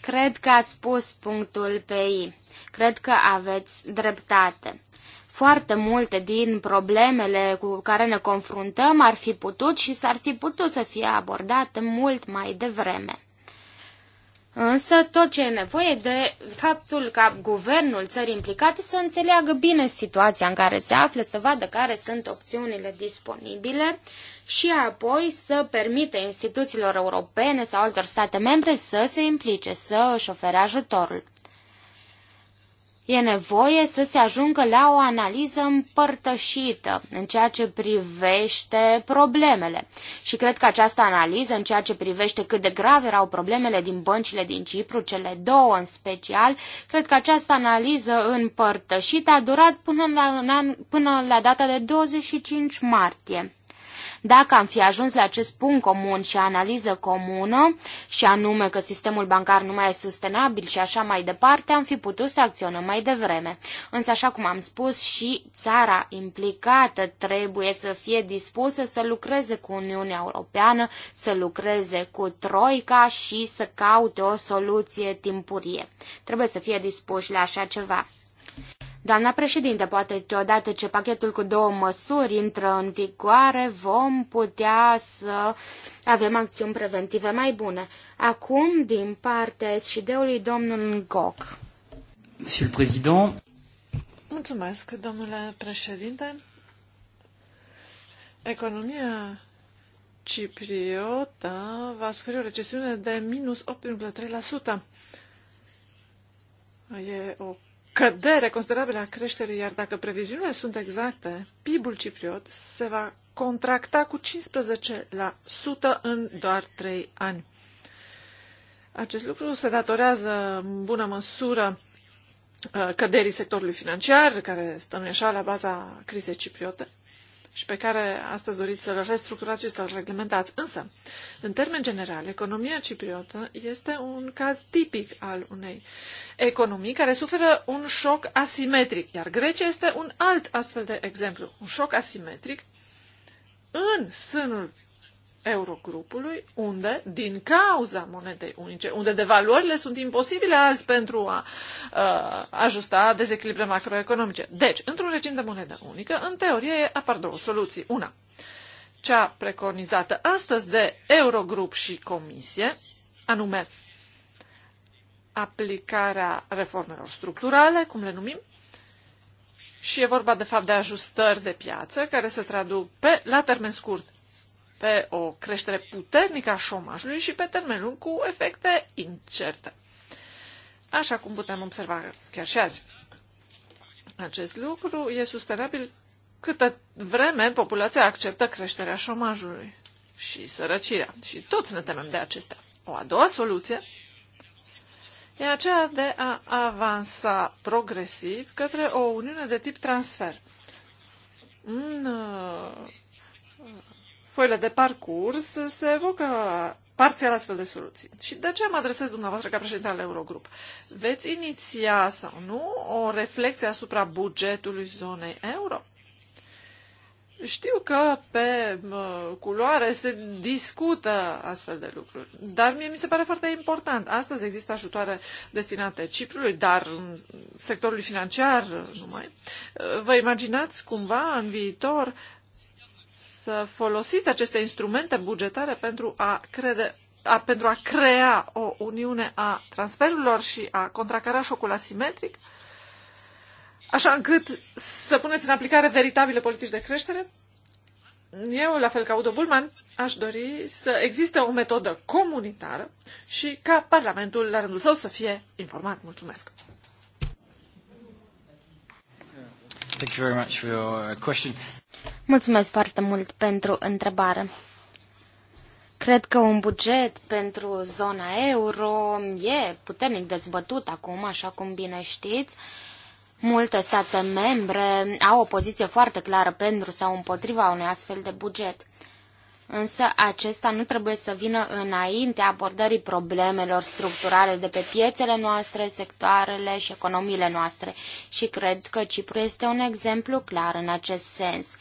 Cred că ați pus punctul pe I. Cred că aveți dreptate. Foarte multe din problemele cu care ne confruntăm ar fi putut și s-ar fi putut să fie abordate mult mai devreme. Însă tot ce e nevoie de faptul ca guvernul țării implicate să înțeleagă bine situația în care se află, să vadă care sunt opțiunile disponibile și apoi să permită instituțiilor europene sau altor state membre să se implice, să își ofere ajutorul. E nevoie să se ajungă la o analiză împărtășită în ceea ce privește problemele. Și cred că această analiză în ceea ce privește cât de grave erau problemele din băncile din Cipru, cele două în special, cred că această analiză împărtășită a durat până la, până la data de 25 martie. Dacă am fi ajuns la acest punct comun și analiză comună, și anume că sistemul bancar nu mai e sustenabil și așa mai departe, am fi putut să acționăm mai devreme. Însă, așa cum am spus, și țara implicată trebuie să fie dispusă să lucreze cu Uniunea Europeană, să lucreze cu Troica și să caute o soluție timpurie. Trebuie să fie dispuși la așa ceva. Doamna președinte, poate că odată ce pachetul cu două măsuri intră în vigoare, vom putea să avem acțiuni preventive mai bune. Acum, din partea SCD-ului, domnul Ngoc. Monsieur le Mulțumesc, domnule președinte. Economia Cipriotă va suferi o recesiune de minus 8,3%. E o cădere considerabilă a creșterii, iar dacă previziunile sunt exacte, PIB-ul cipriot se va contracta cu 15% în doar 3 ani. Acest lucru se datorează în bună măsură uh, căderii sectorului financiar, care așa la baza crizei cipriote, și pe care astăzi doriți să-l restructurați și să-l reglementați. Însă, în termen general, economia cipriotă este un caz tipic al unei economii care suferă un șoc asimetric, iar Grecia este un alt astfel de exemplu. Un șoc asimetric în sânul Eurogrupului, unde, din cauza monedei unice, unde devaluările sunt imposibile azi pentru a uh, ajusta dezechilibre macroeconomice. Deci, într-un regim de monedă unică, în teorie apar două soluții. Una, cea preconizată astăzi de Eurogrup și Comisie, anume aplicarea reformelor structurale, cum le numim, și e vorba de fapt de ajustări de piață care se traduc pe, la termen scurt pe o creștere puternică a șomajului și pe termen lung cu efecte incerte. Așa cum putem observa chiar și azi. Acest lucru e sustenabil câtă vreme populația acceptă creșterea șomajului și sărăcirea. Și toți ne temem de acestea. O a doua soluție e aceea de a avansa progresiv către o uniune de tip transfer. În uh, foile de parcurs se evocă parțial astfel de soluții. Și de ce mă adresez dumneavoastră ca președinte al Eurogrup? Veți iniția sau nu o reflexie asupra bugetului zonei euro? Știu că pe culoare se discută astfel de lucruri, dar mie mi se pare foarte important. Astăzi există ajutoare destinate Ciprului, dar sectorului financiar numai. Vă imaginați cumva în viitor să folosiți aceste instrumente bugetare pentru a, crede, a, pentru a crea o uniune a transferurilor și a contracara șocul asimetric, așa încât să puneți în aplicare veritabile politici de creștere? Eu, la fel ca Udo Bulman, aș dori să existe o metodă comunitară și ca Parlamentul, la rândul său, să fie informat. Mulțumesc! Thank you very much for your uh, question. Mulțumesc foarte mult pentru întrebare. Cred că un buget pentru zona euro e puternic dezbătut acum, așa cum bine știți. Multe state membre au o poziție foarte clară pentru sau împotriva unui astfel de buget însă acesta nu trebuie să vină înaintea abordării problemelor structurale de pe piețele noastre, sectoarele și economiile noastre. Și cred că Cipru este un exemplu clar în acest sens.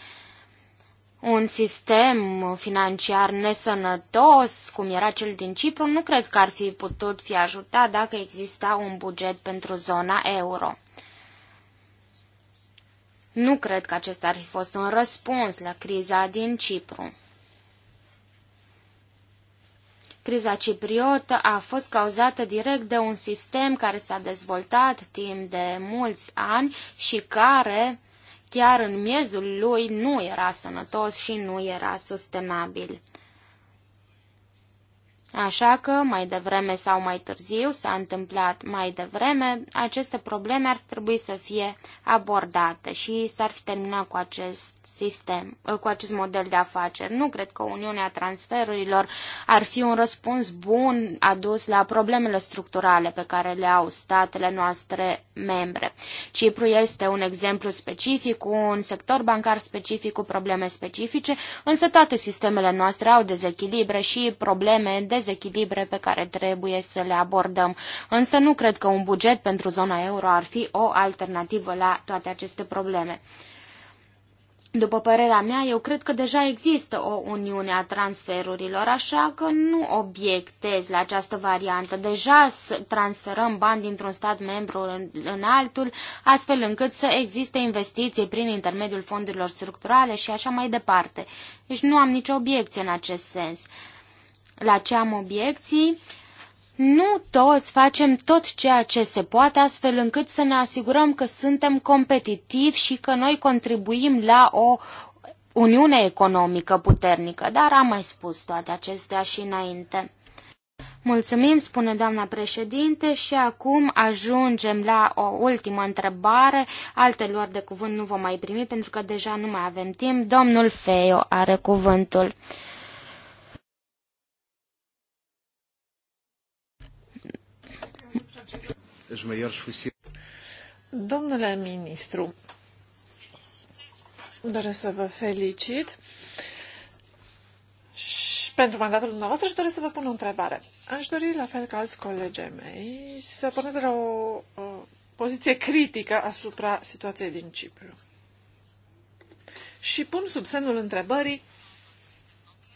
Un sistem financiar nesănătos, cum era cel din Cipru, nu cred că ar fi putut fi ajutat dacă exista un buget pentru zona euro. Nu cred că acesta ar fi fost un răspuns la criza din Cipru. Criza cipriotă a fost cauzată direct de un sistem care s-a dezvoltat timp de mulți ani și care, chiar în miezul lui, nu era sănătos și nu era sustenabil. Așa că, mai devreme sau mai târziu, s-a întâmplat mai devreme, aceste probleme ar trebui să fie abordate și s-ar fi terminat cu acest sistem, cu acest model de afaceri. Nu cred că Uniunea Transferurilor ar fi un răspuns bun adus la problemele structurale pe care le au statele noastre membre. Cipru este un exemplu specific, un sector bancar specific, cu probleme specifice, însă toate sistemele noastre au dezechilibre și probleme de dezechilibre pe care trebuie să le abordăm. Însă nu cred că un buget pentru zona euro ar fi o alternativă la toate aceste probleme. După părerea mea, eu cred că deja există o uniune a transferurilor, așa că nu obiectez la această variantă. Deja transferăm bani dintr-un stat membru în altul, astfel încât să existe investiții prin intermediul fondurilor structurale și așa mai departe. Deci nu am nicio obiecție în acest sens la ce am obiecții, nu toți facem tot ceea ce se poate astfel încât să ne asigurăm că suntem competitivi și că noi contribuim la o uniune economică puternică, dar am mai spus toate acestea și înainte. Mulțumim, spune doamna președinte, și acum ajungem la o ultimă întrebare. Alte luări de cuvânt nu vom mai primi pentru că deja nu mai avem timp. Domnul Feio are cuvântul. Domnule ministru, doresc să vă felicit și pentru mandatul dumneavoastră și doresc să vă pun o întrebare. Aș dori, la fel ca alți colegi mei, să puneți la o, o poziție critică asupra situației din Cipru. Și pun sub semnul întrebării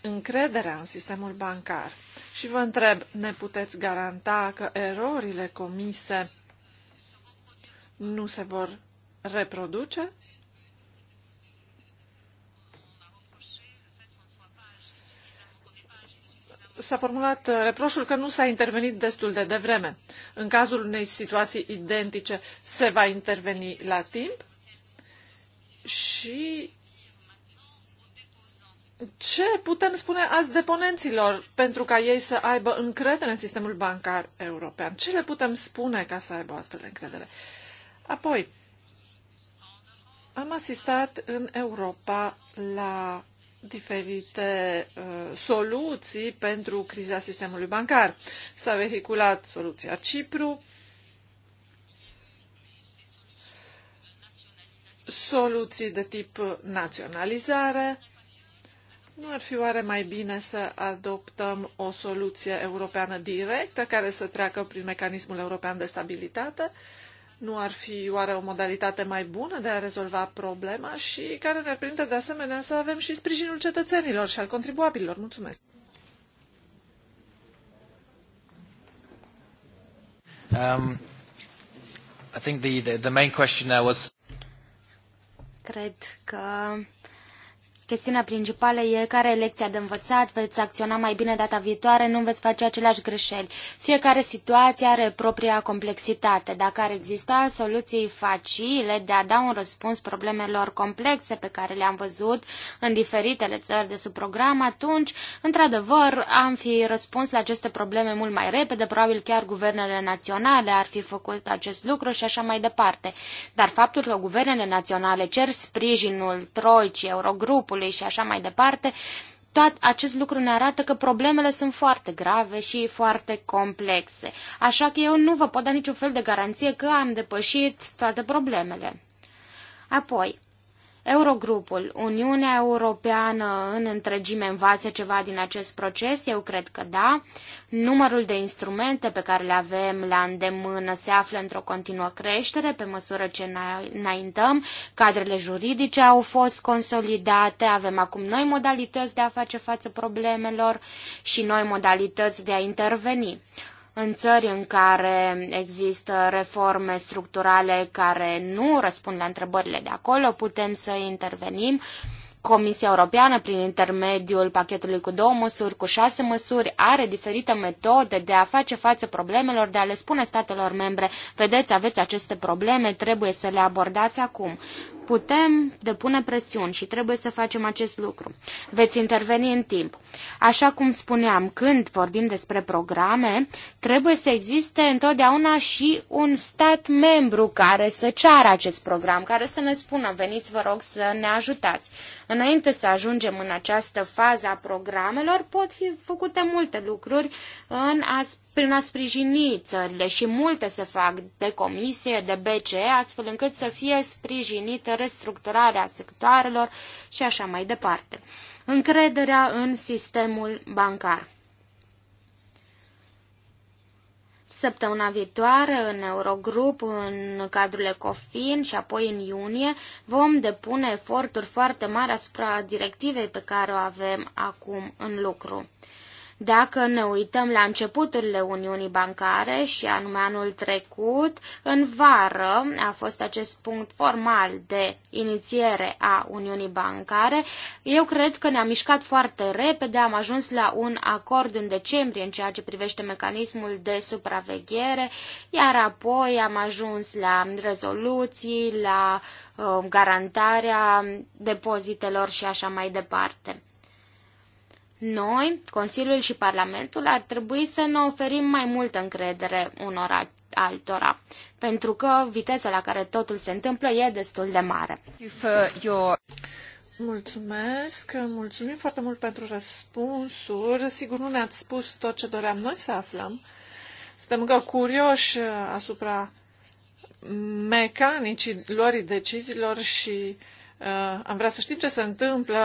încrederea în sistemul bancar. Și vă întreb, ne puteți garanta că erorile comise nu se vor reproduce? S-a formulat uh, reproșul că nu s-a intervenit destul de devreme. În cazul unei situații identice, se va interveni la timp? Și ce putem spune azi deponenților pentru ca ei să aibă încredere în sistemul bancar european? Ce le putem spune ca să aibă astfel de încredere? Apoi, am asistat în Europa la diferite uh, soluții pentru criza sistemului bancar. S-a vehiculat soluția Cipru, soluții de tip naționalizare, nu ar fi oare mai bine să adoptăm o soluție europeană directă care să treacă prin mecanismul european de stabilitate? Nu ar fi oare o modalitate mai bună de a rezolva problema și care ne-ar permite de asemenea să avem și sprijinul cetățenilor și al contribuabililor? Mulțumesc! Um, I think the, the, the main question there was... Cred că Chestiunea principală e care e lecția de învățat, veți acționa mai bine data viitoare, nu veți face aceleași greșeli. Fiecare situație are propria complexitate. Dacă ar exista soluții facile de a da un răspuns problemelor complexe pe care le-am văzut în diferitele țări de sub program, atunci, într-adevăr, am fi răspuns la aceste probleme mult mai repede, probabil chiar guvernele naționale ar fi făcut acest lucru și așa mai departe. Dar faptul că guvernele naționale cer sprijinul Troicii, Eurogrupului, mediului și așa mai departe, tot acest lucru ne arată că problemele sunt foarte grave și foarte complexe. Așa că eu nu vă pot da niciun fel de garanție că am depășit toate problemele. Apoi, Eurogrupul, Uniunea Europeană în întregime învață ceva din acest proces? Eu cred că da. Numărul de instrumente pe care le avem la îndemână se află într-o continuă creștere pe măsură ce înaintăm. Cadrele juridice au fost consolidate, avem acum noi modalități de a face față problemelor și noi modalități de a interveni în țări în care există reforme structurale care nu răspund la întrebările de acolo, putem să intervenim. Comisia Europeană, prin intermediul pachetului cu două măsuri, cu șase măsuri, are diferite metode de a face față problemelor, de a le spune statelor membre, vedeți, aveți aceste probleme, trebuie să le abordați acum putem depune presiuni și trebuie să facem acest lucru. Veți interveni în timp. Așa cum spuneam, când vorbim despre programe, trebuie să existe întotdeauna și un stat membru care să ceară acest program, care să ne spună, veniți vă rog să ne ajutați. Înainte să ajungem în această fază a programelor, pot fi făcute multe lucruri în aspect prin a sprijini țările și multe se fac de comisie, de BCE, astfel încât să fie sprijinită restructurarea sectoarelor și așa mai departe. Încrederea în sistemul bancar. Săptămâna viitoare, în Eurogrup, în cadrul ECOFIN și apoi în iunie, vom depune eforturi foarte mari asupra directivei pe care o avem acum în lucru. Dacă ne uităm la începuturile Uniunii Bancare și anume anul trecut, în vară a fost acest punct formal de inițiere a Uniunii Bancare, eu cred că ne-am mișcat foarte repede, am ajuns la un acord în decembrie în ceea ce privește mecanismul de supraveghere, iar apoi am ajuns la rezoluții, la uh, garantarea depozitelor și așa mai departe. Noi, Consiliul și Parlamentul, ar trebui să ne oferim mai multă încredere unora altora, pentru că viteza la care totul se întâmplă e destul de mare. Mulțumesc, mulțumim foarte mult pentru răspunsuri. Sigur, nu ne-ați spus tot ce doream noi să aflăm. Suntem încă curioși uh, asupra mecanicii luării deciziilor și uh, Uh, am vrea să știm ce se întâmplă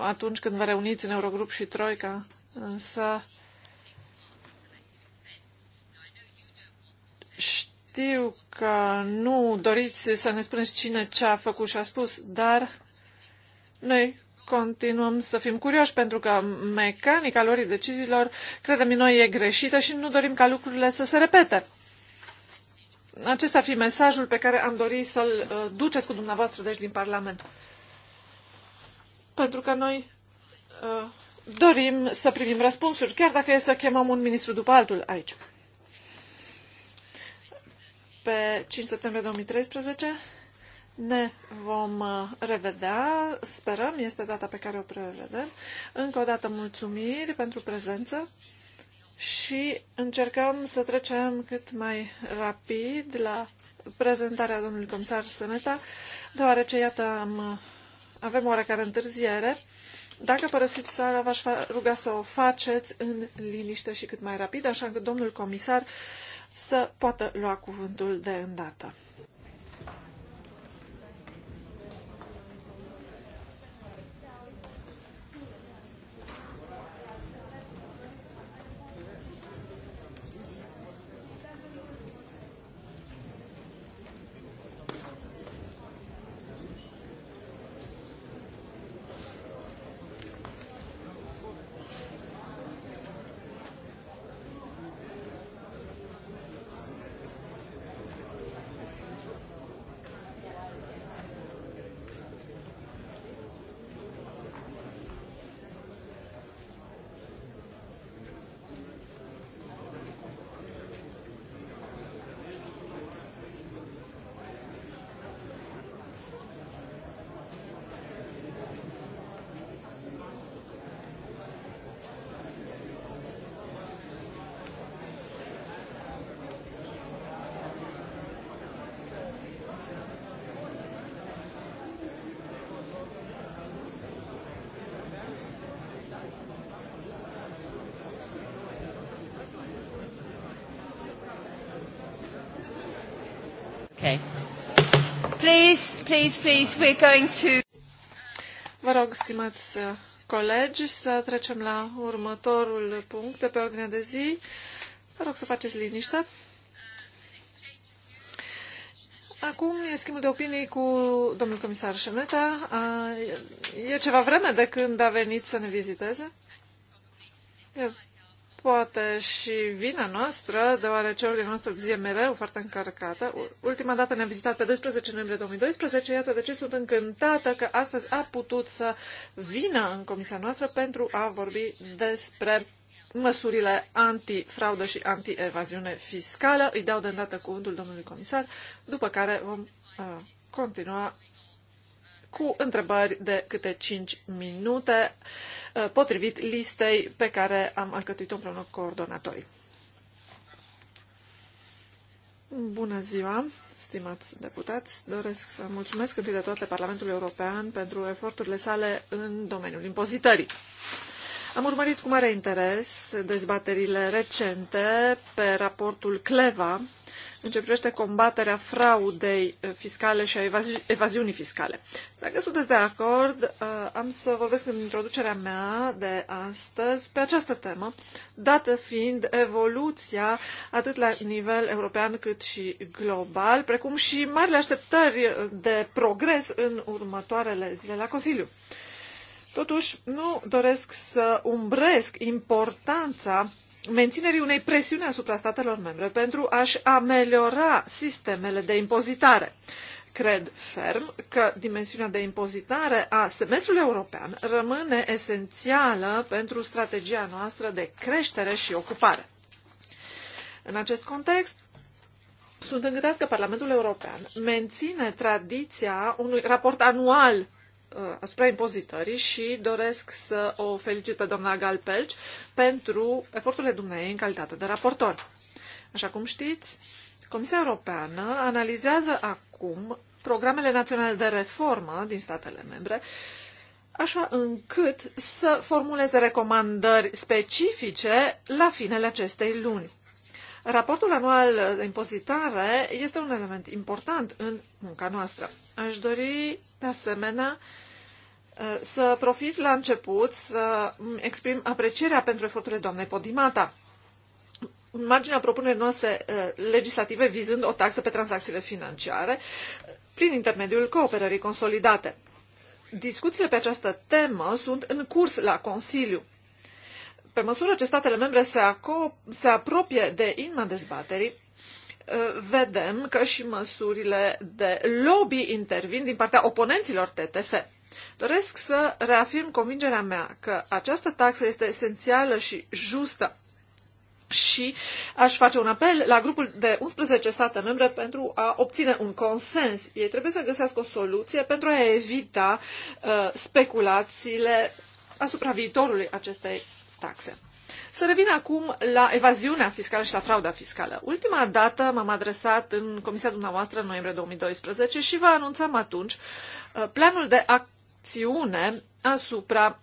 atunci când vă reuniți în Eurogrup și Troica, însă știu că nu doriți să ne spuneți cine ce a făcut și a spus, dar noi continuăm să fim curioși pentru că mecanica lor deciziilor, credem noi, e greșită și nu dorim ca lucrurile să se repete acesta ar fi mesajul pe care am dorit să-l uh, duceți cu dumneavoastră, deci, din Parlament. Pentru că noi uh, dorim să primim răspunsuri, chiar dacă e să chemăm un ministru după altul aici. Pe 5 septembrie 2013 ne vom uh, revedea, sperăm, este data pe care o prevedem. Încă o dată mulțumiri pentru prezență și încercăm să trecem cât mai rapid la prezentarea domnului comisar Săneta, deoarece, iată, am, avem oarecare întârziere. Dacă părăsiți sala, v-aș ruga să o faceți în liniște și cât mai rapid, așa încât domnul comisar să poată lua cuvântul de îndată. Please, please, please, we're going to... Vă rog, stimați uh, colegi, să trecem la următorul punct de pe ordinea de zi. Vă rog să faceți liniște. Acum e schimbul de opinii cu domnul comisar Șemeta. E ceva vreme de când a venit să ne viziteze? E poate și vina noastră, deoarece ordinea noastră zi e mereu foarte încărcată. Ultima dată ne-am vizitat pe 12 noiembrie 2012, iată de ce sunt încântată că astăzi a putut să vină în comisia noastră pentru a vorbi despre măsurile antifraudă și anti-evaziune fiscală. Îi dau de îndată cuvântul domnului comisar, după care vom uh, continua cu întrebări de câte 5 minute, uh, potrivit listei pe care am alcătuit-o împreună cu coordonatorii. Bună ziua, stimați deputați! Doresc să mulțumesc întâi de toate Parlamentului European pentru eforturile sale în domeniul impozitării. Am urmărit cu mare interes dezbaterile recente pe raportul Cleva în ce privește combaterea fraudei eh, fiscale și a evazi- evaziunii fiscale. Dacă sunteți de acord, eh, am să vorbesc în introducerea mea de astăzi pe această temă, dată fiind evoluția atât la nivel european cât și global, precum și marile așteptări de progres în următoarele zile la Consiliu. Totuși, nu doresc să umbresc importanța menținerii unei presiuni asupra statelor membre pentru a-și ameliora sistemele de impozitare. Cred ferm că dimensiunea de impozitare a semestrului european rămâne esențială pentru strategia noastră de creștere și ocupare. În acest context, sunt îngrijorat că Parlamentul European menține tradiția unui raport anual Uh, asupra impozitării și doresc să o felicit pe doamna Pelci pentru eforturile dumneei în calitate de raportor. Așa cum știți, Comisia Europeană analizează acum programele naționale de reformă din statele membre, așa încât să formuleze recomandări specifice la finele acestei luni. Raportul anual de impozitare este un element important în munca noastră. Aș dori, de asemenea, să profit la început să exprim aprecierea pentru eforturile doamnei Podimata. În marginea propunerii noastre uh, legislative vizând o taxă pe tranzacțiile financiare prin intermediul cooperării consolidate. Discuțiile pe această temă sunt în curs la Consiliu. Pe măsură ce statele membre se, se apropie de inima dezbaterii, uh, vedem că și măsurile de lobby intervin din partea oponenților TTF. Doresc să reafirm convingerea mea că această taxă este esențială și justă și aș face un apel la grupul de 11 state membre pentru a obține un consens. Ei trebuie să găsească o soluție pentru a evita uh, speculațiile asupra viitorului acestei taxe. Să revin acum la evaziunea fiscală și la frauda fiscală. Ultima dată m-am adresat în comisia dumneavoastră în noiembrie 2012 și vă anunțam atunci uh, planul de a acțiune asupra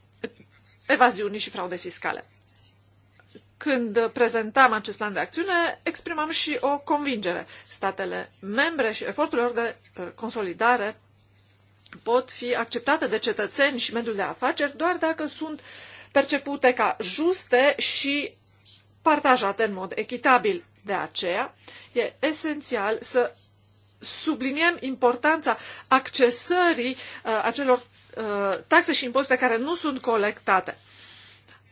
evaziunii și fraude fiscale. Când prezentam acest plan de acțiune, exprimam și o convingere. Statele membre și eforturile lor de uh, consolidare pot fi acceptate de cetățeni și mediul de afaceri doar dacă sunt percepute ca juste și partajate în mod echitabil. De aceea, e esențial să subliniem importanța accesării uh, acelor uh, taxe și impozite care nu sunt colectate.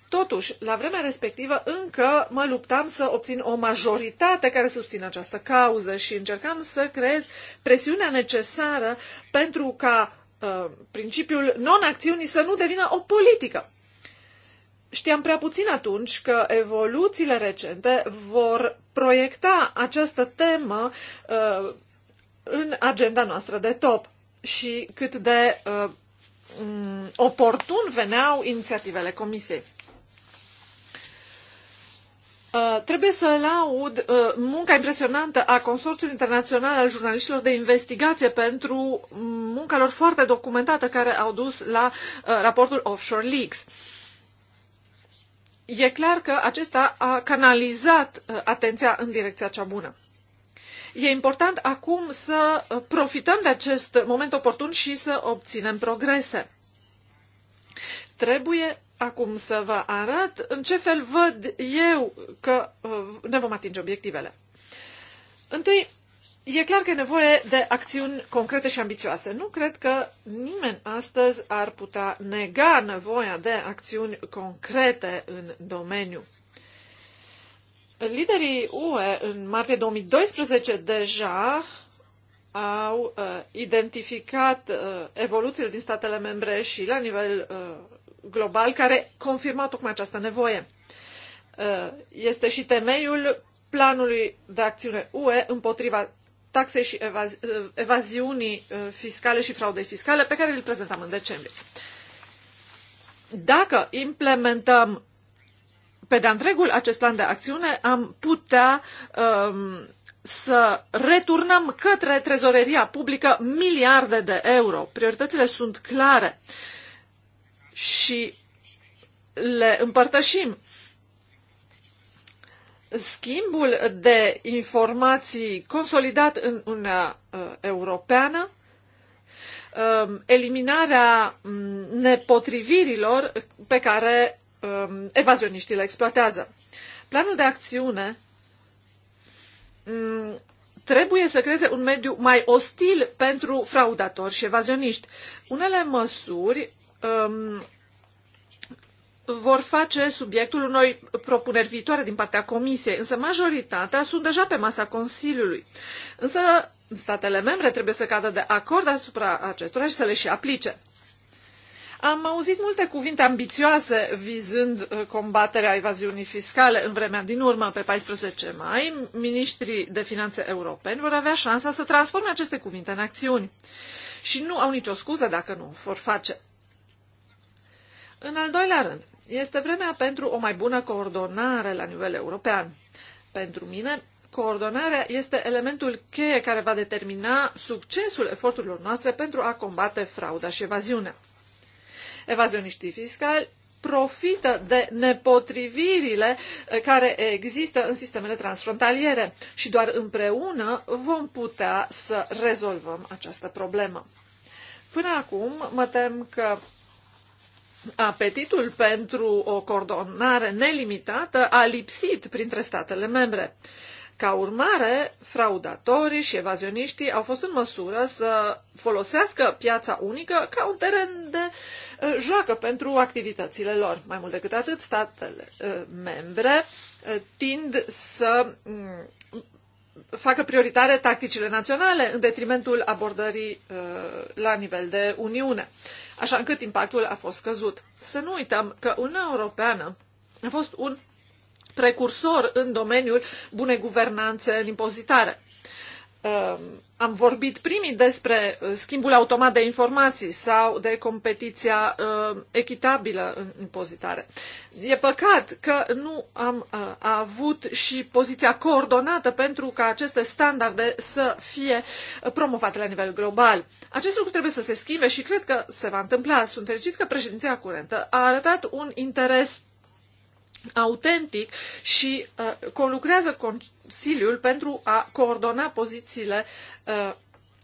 Totuși, la vremea respectivă, încă mă luptam să obțin o majoritate care susține această cauză și încercam să creez presiunea necesară pentru ca uh, principiul non-acțiunii să nu devină o politică. Știam prea puțin atunci că evoluțiile recente vor proiecta această temă uh, în agenda noastră de top și cât de uh, mm, oportun veneau inițiativele Comisiei. Uh, trebuie să laud uh, munca impresionantă a Consorțiului Internațional al Jurnaliștilor de Investigație pentru munca lor foarte documentată care au dus la uh, raportul Offshore Leaks. E clar că acesta a canalizat uh, atenția în direcția cea bună. E important acum să profităm de acest moment oportun și să obținem progrese. Trebuie acum să vă arăt în ce fel văd eu că uh, ne vom atinge obiectivele. Întâi, E clar că e nevoie de acțiuni concrete și ambițioase. Nu cred că nimeni astăzi ar putea nega nevoia de acțiuni concrete în domeniu. Liderii UE în martie 2012 deja au uh, identificat uh, evoluțiile din statele membre și la nivel uh, global care confirma tocmai această nevoie. Uh, este și temeiul planului de acțiune UE împotriva taxei și evazi- uh, evaziunii uh, fiscale și fraudei fiscale pe care îl prezentam în decembrie. Dacă implementăm pe de întregul acest plan de acțiune, am putea um, să returnăm către trezoreria publică miliarde de euro. Prioritățile sunt clare și le împărtășim. Schimbul de informații consolidat în Uniunea uh, Europeană, um, eliminarea mm, nepotrivirilor pe care um, evazioniștii le exploatează. Planul de acțiune um, trebuie să creeze un mediu mai ostil pentru fraudatori și evazioniști. Unele măsuri um, vor face subiectul unor propuneri viitoare din partea Comisiei, însă majoritatea sunt deja pe masa Consiliului. Însă statele membre trebuie să cadă de acord asupra acestora și să le și aplice. Am auzit multe cuvinte ambițioase vizând uh, combaterea evaziunii fiscale în vremea din urmă, pe 14 mai. Ministrii de finanțe europeni vor avea șansa să transforme aceste cuvinte în acțiuni. Și nu au nicio scuză dacă nu vor face. În al doilea rând, este vremea pentru o mai bună coordonare la nivel european. Pentru mine, coordonarea este elementul cheie care va determina succesul eforturilor noastre pentru a combate frauda și evaziunea evazioniștii fiscali profită de nepotrivirile eh, care există în sistemele transfrontaliere și doar împreună vom putea să rezolvăm această problemă. Până acum, mă tem că apetitul pentru o coordonare nelimitată a lipsit printre statele membre. Ca urmare, fraudatorii și evazioniștii au fost în măsură să folosească piața unică ca un teren de uh, joacă pentru activitățile lor. Mai mult decât atât, statele uh, membre uh, tind să mm, facă prioritare tacticile naționale în detrimentul abordării la nivel de Uniune, așa încât impactul a fost scăzut. Să nu uităm că Uniunea Europeană a fost un precursor în domeniul bunei guvernanțe în impozitare. Ehm, am vorbit primii despre uh, schimbul automat de informații sau de competiția ehm, echitabilă în impozitare. E păcat că nu am uh, avut și poziția coordonată pentru ca aceste standarde să fie uh, promovate la nivel global. Acest lucru trebuie să se schimbe și cred că se va întâmpla. Sunt fericit că președinția curentă a arătat un interes autentic și uh, conlucrează Consiliul pentru a coordona pozițiile uh,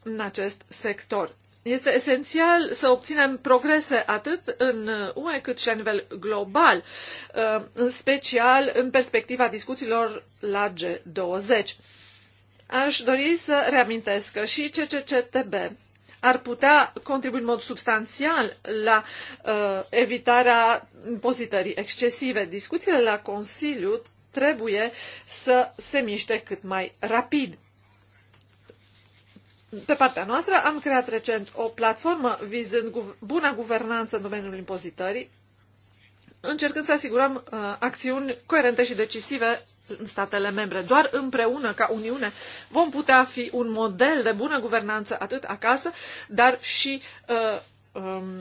în acest sector. Este esențial să obținem progrese atât în uh, UE cât și la nivel global, uh, în special în perspectiva discuțiilor la G20. Aș dori să reamintesc că și CCCTB ar putea contribui în mod substanțial la uh, evitarea impozitării excesive. Discuțiile la Consiliu trebuie să se miște cât mai rapid. Pe partea noastră am creat recent o platformă vizând guv- buna guvernanță în domeniul impozitării, încercând să asigurăm uh, acțiuni coerente și decisive în statele membre. Doar împreună, ca Uniune, vom putea fi un model de bună guvernanță atât acasă, dar și uh, um,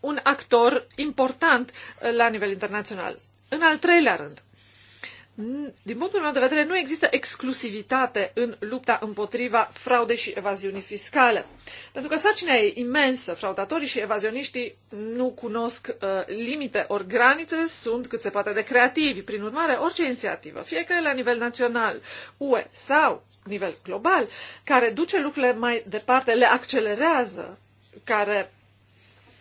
un actor important uh, la nivel internațional. În al treilea rând, din punctul meu de vedere, nu există exclusivitate în lupta împotriva fraudei și evaziunii fiscale. Pentru că sarcina e imensă. Fraudatorii și evazioniștii nu cunosc uh, limite ori granițe, sunt cât se poate de creativi. Prin urmare, orice inițiativă, fie că e la nivel național, UE sau nivel global, care duce lucrurile mai departe, le accelerează, care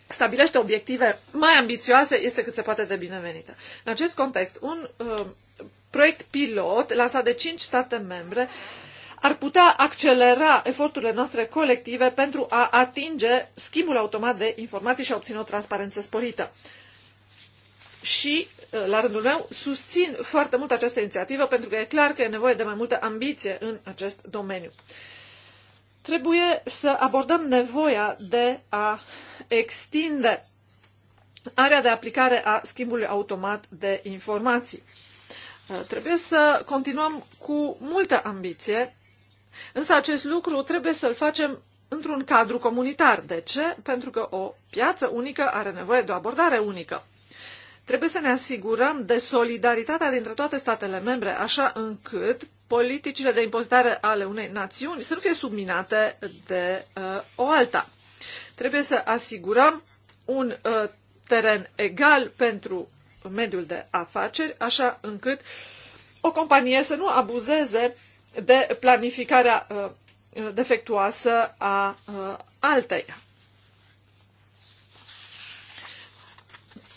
stabilește obiective mai ambițioase, este cât se poate de binevenită. În acest context, un uh, proiect pilot lansat de cinci state membre ar putea accelera eforturile noastre colective pentru a atinge schimbul automat de informații și a obține o transparență sporită. Și, eh, la rândul meu, susțin foarte mult această inițiativă pentru că e clar că e nevoie de mai multă ambiție în acest domeniu. Trebuie să abordăm nevoia de a extinde area de aplicare a schimbului automat de informații. Uh, trebuie să continuăm cu multă ambiție, însă acest lucru trebuie să-l facem într-un cadru comunitar. De ce? Pentru că o piață unică are nevoie de o abordare unică. Trebuie să ne asigurăm de solidaritatea dintre toate statele membre, așa încât politicile de impozitare ale unei națiuni să nu fie subminate de uh, o alta. Trebuie să asigurăm un uh, teren egal pentru mediul de afaceri, așa încât o companie să nu abuzeze de planificarea uh, defectuoasă a uh, alteia.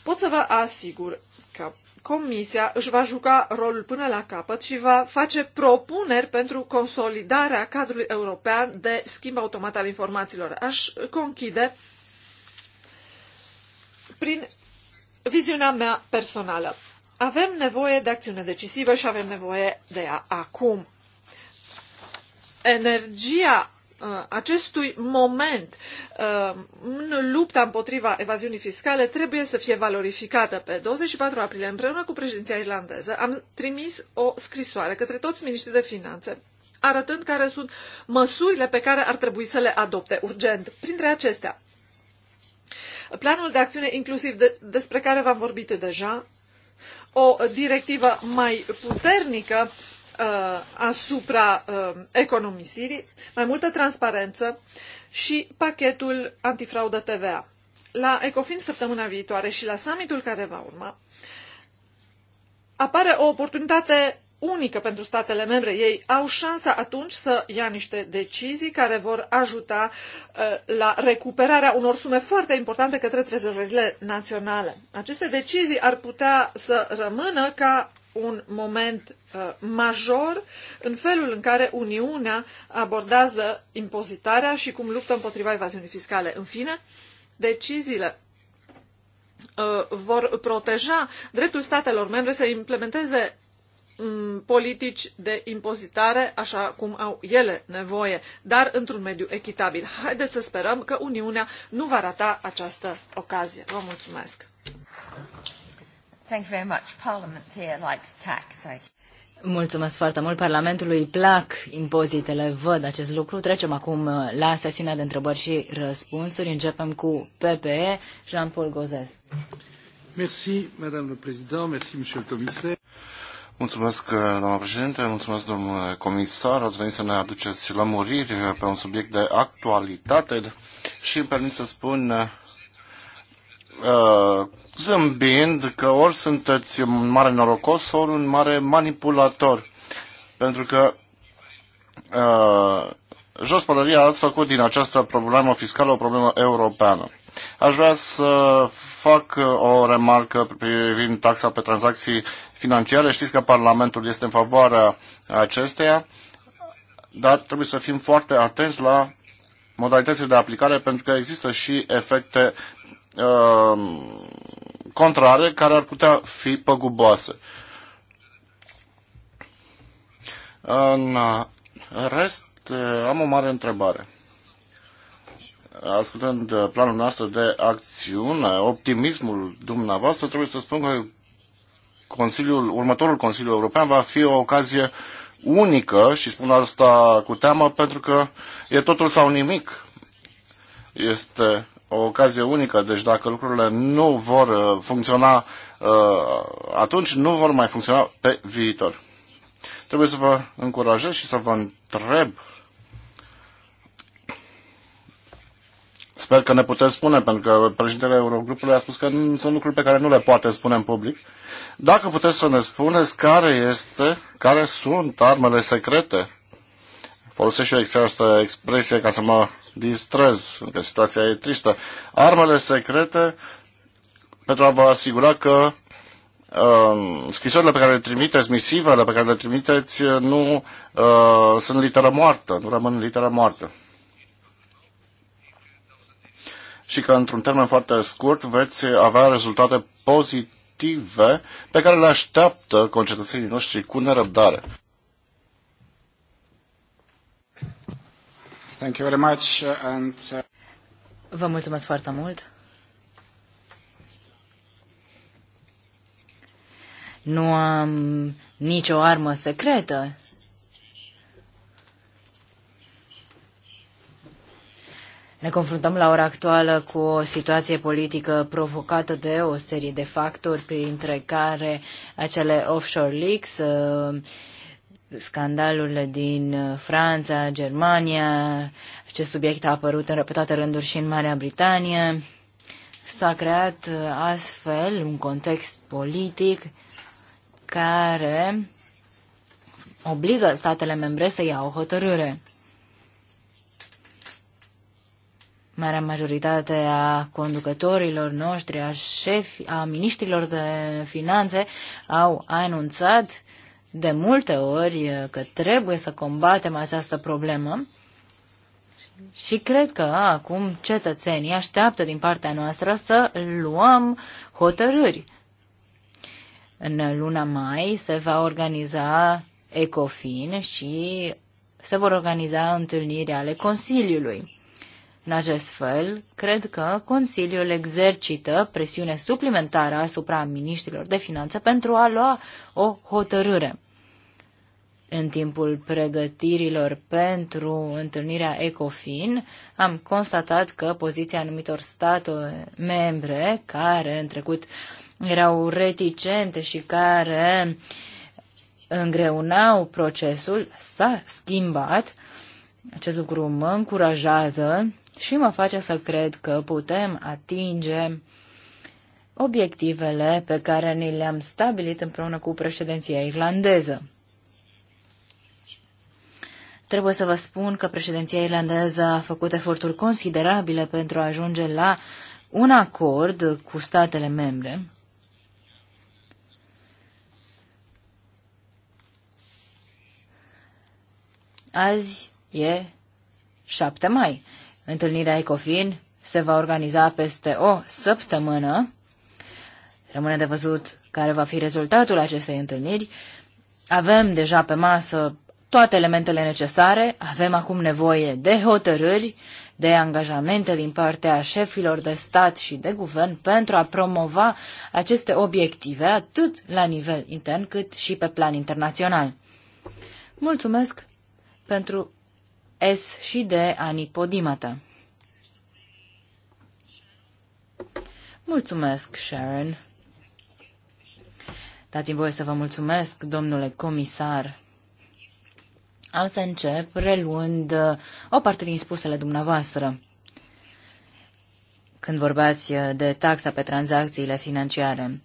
Pot să vă asigur că Comisia își va juca rolul până la capăt și va face propuneri pentru consolidarea cadrului european de schimb automat al informațiilor. Aș conchide prin viziunea mea personală. Avem nevoie de acțiune decisivă și avem nevoie de ea acum. Energia uh, acestui moment uh, în lupta împotriva evaziunii fiscale trebuie să fie valorificată. Pe 24 aprilie, împreună cu președinția irlandeză, am trimis o scrisoare către toți miniștrii de finanțe arătând care sunt măsurile pe care ar trebui să le adopte urgent. Printre acestea, planul de acțiune inclusiv de, despre care v-am vorbit deja, o directivă mai puternică uh, asupra uh, economisirii, mai multă transparență și pachetul antifraudă TVA. La Ecofin săptămâna viitoare și la summitul care va urma, apare o oportunitate unică pentru statele membre. Ei au șansa atunci să ia niște decizii care vor ajuta uh, la recuperarea unor sume foarte importante către trezorile naționale. Aceste decizii ar putea să rămână ca un moment uh, major în felul în care Uniunea abordează impozitarea și cum luptă împotriva evaziunii fiscale. În fine, deciziile uh, vor proteja dreptul statelor membre să implementeze Mm, politici de impozitare așa cum au ele nevoie, dar într-un mediu echitabil. Haideți să sperăm că Uniunea nu va rata această ocazie. Vă mulțumesc! Thank you very much. Parliament here likes tax. Mulțumesc foarte mult. Parlamentului îi plac impozitele, văd acest lucru. Trecem acum uh, la sesiunea de întrebări și răspunsuri. Începem cu PPE, Jean-Paul Gozes. Merci, Madame le Président, merci, Monsieur le Commissaire. Mulțumesc, eh, doamna președinte, mulțumesc, domnule comisar, ați venit să ne aduceți la muriri eh, pe un subiect de actualitate și îmi permit să spun eh, zâmbind că ori sunteți un mare norocos, ori un mare manipulator. Pentru că uh, jos pălăria ați făcut din această problemă fiscală o problemă europeană. Aș vrea să fac uh, o remarcă privind taxa pe tranzacții financiare. Știți că Parlamentul este în favoarea acesteia, dar trebuie să fim foarte atenți la modalitățile de aplicare pentru că există și efecte uh, contrare care ar putea fi păguboase. În rest, uh, am o mare întrebare ascultând uh, planul nostru de acțiune, optimismul dumneavoastră, trebuie să spun că Consiliul, următorul Consiliu European va fi o ocazie unică și spun asta cu teamă pentru că e totul sau nimic. Este o ocazie unică, deci dacă lucrurile nu vor uh, funcționa uh, atunci, nu vor mai funcționa pe viitor. Trebuie să vă încurajez și să vă întreb Sper că ne puteți spune, pentru că președintele Eurogrupului a spus că sunt lucruri pe care nu le poate spune în public. Dacă puteți să ne spuneți care, este, care sunt armele secrete, folosesc și eu această expresie ca să mă distrez, că situația e tristă, armele secrete pentru a vă asigura că uh, scrisorile pe care le trimiteți, misivele pe care le trimiteți, nu uh, sunt literă moartă, nu rămân literă moartă și că într-un termen foarte scurt veți avea rezultate pozitive pe care le așteaptă concetățenii noștri cu nerăbdare. Thank you very much uh, and... Uh, Vă mulțumesc foarte mult. Nu am nicio armă secretă. Ne confruntăm la ora actuală cu o situație politică provocată de o serie de factori, printre care acele offshore leaks, uh, scandalurile din uh, Franța, Germania, acest subiect a apărut în repetate rânduri și în Marea Britanie. S-a creat uh, astfel un context politic care obligă statele membre să ia o hotărâre. marea majoritate a conducătorilor noștri, a șefi, a miniștrilor de finanțe au anunțat de multe ori că trebuie să combatem această problemă și cred că acum cetățenii așteaptă din partea noastră să luăm hotărâri. În luna mai se va organiza ECOFIN și se vor organiza întâlniri ale Consiliului. În acest fel, cred că Consiliul exercită presiune suplimentară asupra ministrilor de finanțe pentru a lua o hotărâre. În timpul pregătirilor pentru întâlnirea ECOFIN, am constatat că poziția anumitor state membre, care în trecut erau reticente și care îngreunau procesul, s-a schimbat. Acest lucru mă încurajează și mă face să cred că putem atinge obiectivele pe care ni le-am stabilit împreună cu președinția irlandeză. Trebuie să vă spun că președinția irlandeză a făcut eforturi considerabile pentru a ajunge la un acord cu statele membre. Azi e 7 mai Întâlnirea ECOFIN se va organiza peste o săptămână. Rămâne de văzut care va fi rezultatul acestei întâlniri. Avem deja pe masă toate elementele necesare, avem acum nevoie de hotărâri, de angajamente din partea șefilor de stat și de guvern pentru a promova aceste obiective atât la nivel intern cât și pe plan internațional. Mulțumesc pentru S și de Ani Podimata. Mulțumesc, Sharon. Dați-mi voie să vă mulțumesc, domnule comisar. Am să încep reluând uh, o parte din spusele dumneavoastră. Când vorbeați uh, de taxa pe tranzacțiile financiare,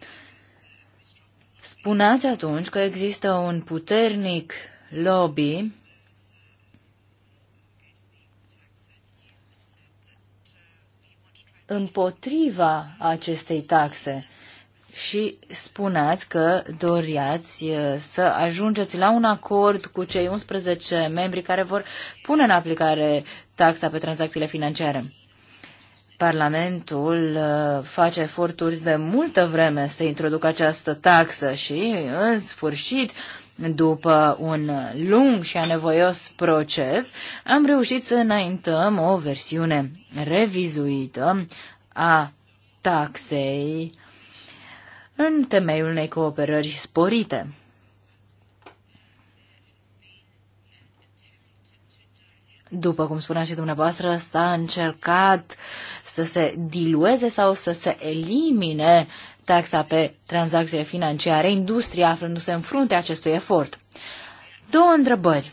spuneați atunci că există un puternic lobby împotriva acestei taxe și spuneați că doriați uh, să ajungeți la un acord cu cei 11 membri care vor pune în aplicare taxa pe tranzacțiile financiare. Parlamentul uh, face eforturi de multă vreme să introducă această taxă și, în sfârșit, după un lung și anevoios proces, am reușit să înaintăm o versiune revizuită a taxei în temeiul unei cooperări sporite. După cum spunea și dumneavoastră, s-a încercat să se dilueze sau să se elimine taxa pe tranzacțiile financiare, industria aflându-se în frunte acestui efort. Două întrebări.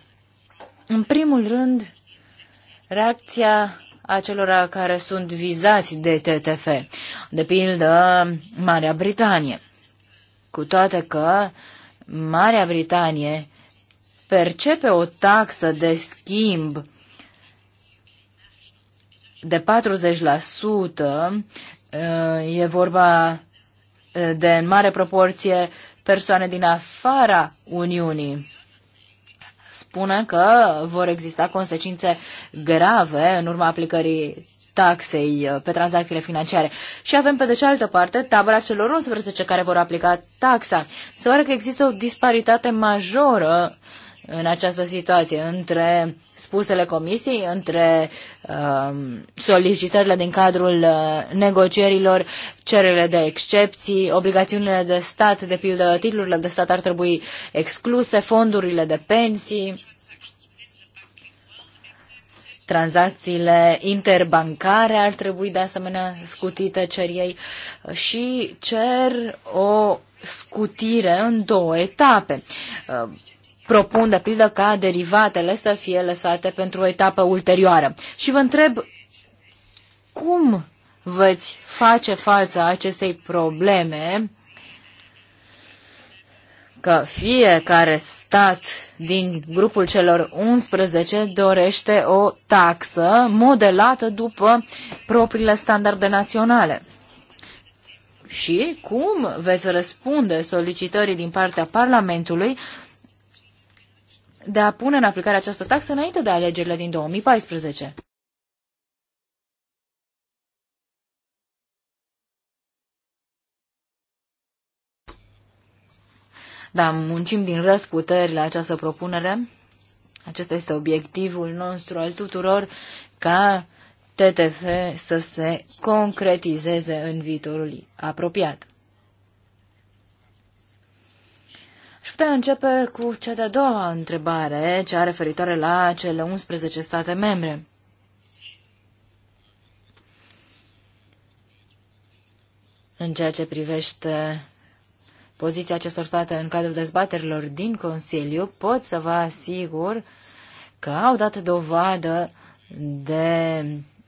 În primul rând, reacția acelora care sunt vizați de TTF, de pildă Marea Britanie. Cu toate că Marea Britanie percepe o taxă de schimb de 40%, e vorba de în mare proporție persoane din afara Uniunii. Spune că vor exista consecințe grave în urma aplicării taxei uh, pe tranzacțiile financiare. Și avem pe de cealaltă parte tabăra celor 11 care vor aplica taxa. Se pare că există o disparitate majoră uh, în această situație între spusele comisiei, între uh, solicitările din cadrul uh, negocierilor, cererile de excepții, obligațiunile de stat, de pildă titlurile de stat ar trebui excluse, fondurile de pensii, tranzacțiile interbancare ar trebui de asemenea scutite ceriei și cer o scutire în două etape. Uh, propun, de pildă, ca derivatele să fie lăsate pentru o etapă ulterioară. Și vă întreb cum veți face față acestei probleme că fiecare stat din grupul celor 11 dorește o taxă modelată după propriile standarde naționale. Și cum veți răspunde solicitării din partea Parlamentului de a pune în aplicare această taxă înainte de alegerile din 2014. Da, muncim din răsputeri la această propunere. Acesta este obiectivul nostru al tuturor, ca TTF să se concretizeze în viitorul apropiat. Și putem începe cu cea de-a doua întrebare, cea referitoare la cele 11 state membre. În ceea ce privește poziția acestor state în cadrul dezbaterilor din Consiliu, pot să vă asigur că au dat dovadă de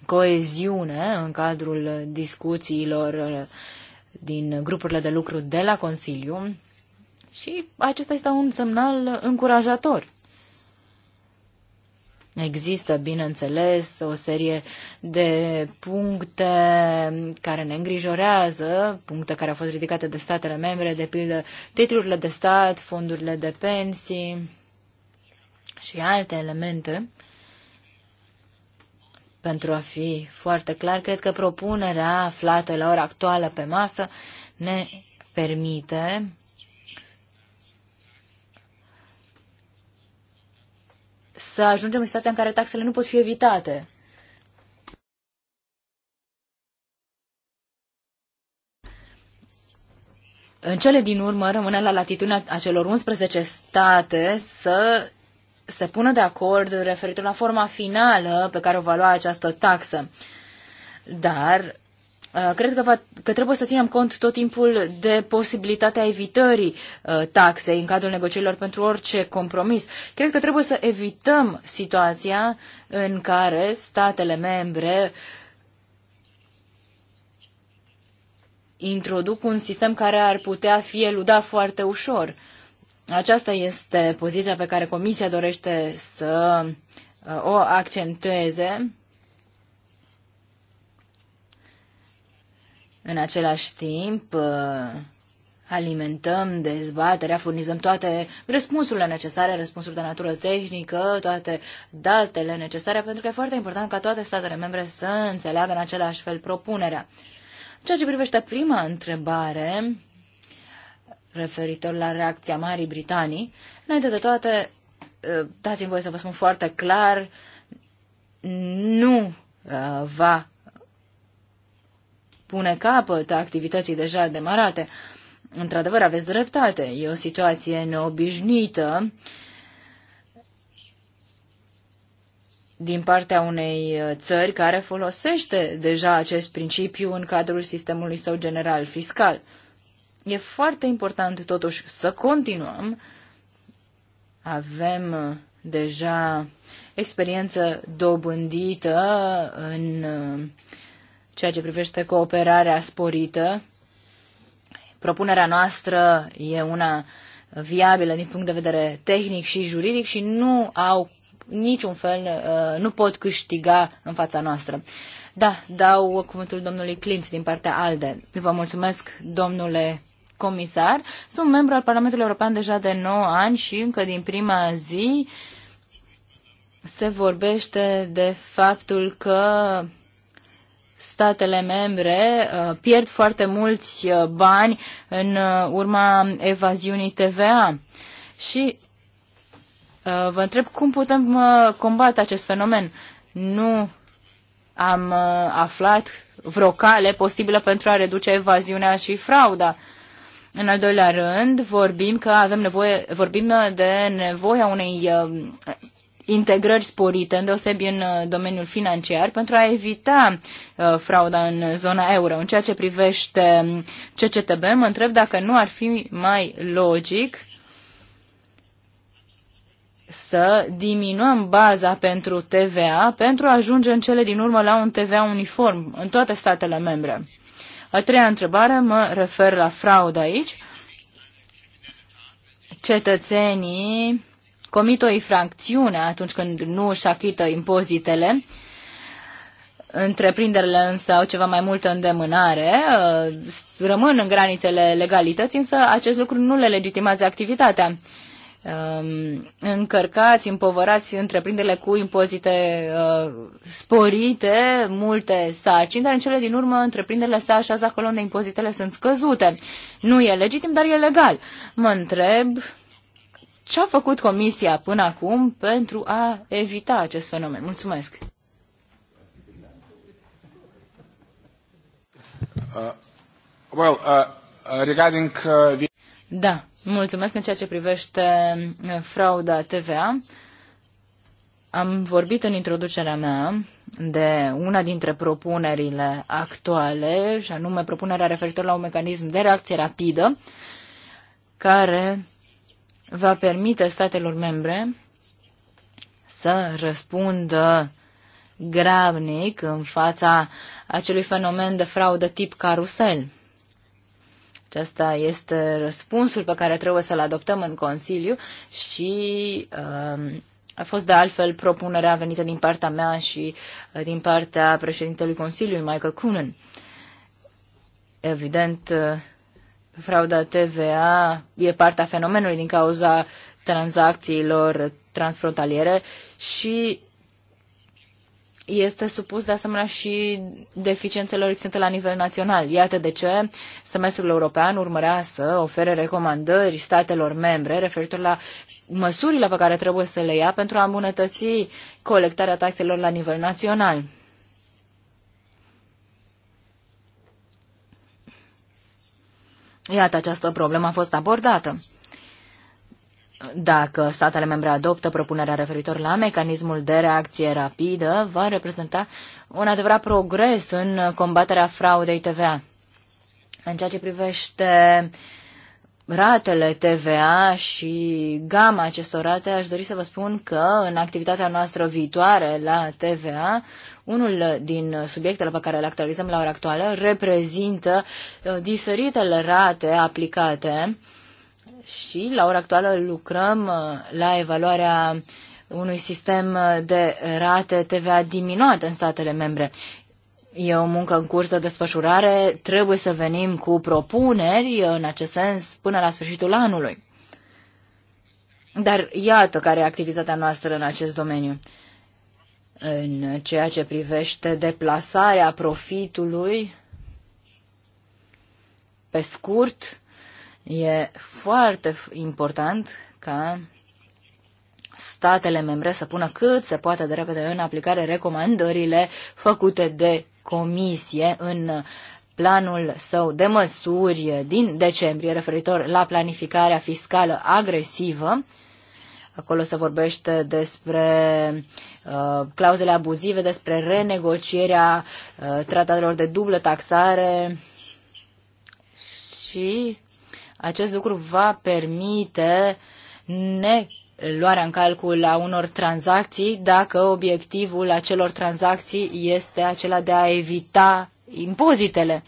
coeziune în cadrul discuțiilor din grupurile de lucru de la Consiliu și acesta este un semnal încurajator. Există, bineînțeles, o serie de puncte care ne îngrijorează, puncte care au fost ridicate de statele membre, de pildă titlurile de stat, fondurile de pensii și alte elemente. Pentru a fi foarte clar, cred că propunerea aflată la ora actuală pe masă ne permite să ajungem în situația în care taxele nu pot fi evitate. În cele din urmă rămâne la latitudinea acelor 11 state să se pună de acord referitor la forma finală pe care o va lua această taxă. Dar Uh, cred că, va, că trebuie să ținem cont tot timpul de posibilitatea evitării uh, taxei în cadrul negocierilor pentru orice compromis. Cred că trebuie să evităm situația în care statele membre introduc un sistem care ar putea fi eludat foarte ușor. Aceasta este poziția pe care Comisia dorește să uh, o accentueze În același timp, uh, alimentăm dezbaterea, furnizăm toate răspunsurile necesare, răspunsuri de natură tehnică, toate datele necesare, pentru că e foarte important ca toate statele membre să înțeleagă în același fel propunerea. Ceea ce privește prima întrebare, referitor la reacția Marii Britanii, înainte de toate, uh, dați-mi voie să vă spun foarte clar, nu uh, va pune capăt activității deja demarate. Într-adevăr, aveți dreptate. E o situație neobișnuită din partea unei uh, țări care folosește deja acest principiu în cadrul sistemului său general fiscal. E foarte important totuși să continuăm. Avem uh, deja experiență dobândită în uh, ceea ce privește cooperarea sporită. Propunerea noastră e una viabilă din punct de vedere tehnic și juridic și nu au niciun fel, uh, nu pot câștiga în fața noastră. Da, dau cuvântul domnului Clint din partea ALDE. Vă mulțumesc, domnule comisar. Sunt membru al Parlamentului European deja de 9 ani și încă din prima zi se vorbește de faptul că statele membre uh, pierd foarte mulți uh, bani în uh, urma evaziunii TVA. Și vă întreb cum putem combate acest fenomen. Nu am aflat vreo cale posibilă pentru a reduce evaziunea și frauda. În al doilea rând, vorbim că avem nevoie, vorbim de nevoia unei integrări sporite, îndeosebi în uh, domeniul financiar, pentru a evita uh, frauda în zona euro. În ceea ce privește um, CCTB, mă întreb dacă nu ar fi mai logic să diminuăm baza pentru TVA pentru a ajunge în cele din urmă la un TVA uniform în toate statele membre. A treia întrebare mă refer la fraudă aici. Cetățenii comit o infracțiune atunci când nu își achită impozitele, întreprinderile însă au ceva mai multă îndemânare, uh, rămân în granițele legalității, însă acest lucru nu le legitimează activitatea. Um, încărcați, împovărați întreprinderile cu impozite uh, sporite, multe sarcini, dar în cele din urmă întreprinderile se așează acolo unde impozitele sunt scăzute. Nu e legitim, dar e legal. Mă întreb ce a făcut Comisia până acum pentru a evita acest fenomen? Mulțumesc! Uh, well, uh, uh regarding, uh, da, mulțumesc în ceea ce privește uh, frauda TVA. Am vorbit în introducerea mea de una dintre propunerile actuale, și anume propunerea referitor la un mecanism de reacție rapidă, care va permite statelor membre să răspundă gravnic în fața acelui fenomen de fraudă tip carusel. Acesta este răspunsul pe care trebuie să-l adoptăm în Consiliu și uh, a fost de altfel propunerea venită din partea mea și uh, din partea președintelui Consiliului, Michael Coonan. Evident, uh, Frauda TVA e partea fenomenului din cauza tranzacțiilor transfrontaliere și este supus de asemenea și deficiențelor existente la nivel național. Iată de ce semestrul european urmărea să ofere recomandări statelor membre referitor la măsurile pe care trebuie să le ia pentru a îmbunătăți colectarea taxelor la nivel național. Iată, această problemă a fost abordată. Dacă statele membre adoptă propunerea referitor la mecanismul de reacție rapidă, va reprezenta un adevărat progres în combaterea fraudei TVA. În ceea ce privește ratele TVA și gama acestor rate, aș dori să vă spun că în activitatea noastră viitoare la TVA, unul din subiectele pe care le actualizăm la ora actuală reprezintă uh, diferitele rate aplicate și la ora actuală lucrăm uh, la evaluarea unui sistem de rate TVA diminuat în statele membre. E o muncă în curs de desfășurare, trebuie să venim cu propuneri în acest sens până la sfârșitul anului. Dar iată care e activitatea noastră în acest domeniu. În ceea ce privește deplasarea profitului, pe scurt, e foarte important ca statele membre să pună cât se poate de repede în aplicare recomandările făcute de comisie în planul său de măsuri din decembrie referitor la planificarea fiscală agresivă. Acolo se vorbește despre uh, clauzele abuzive, despre renegocierea uh, tratatelor de dublă taxare și acest lucru va permite ne luarea în calcul a unor tranzacții dacă obiectivul acelor tranzacții este acela de a evita impozitele.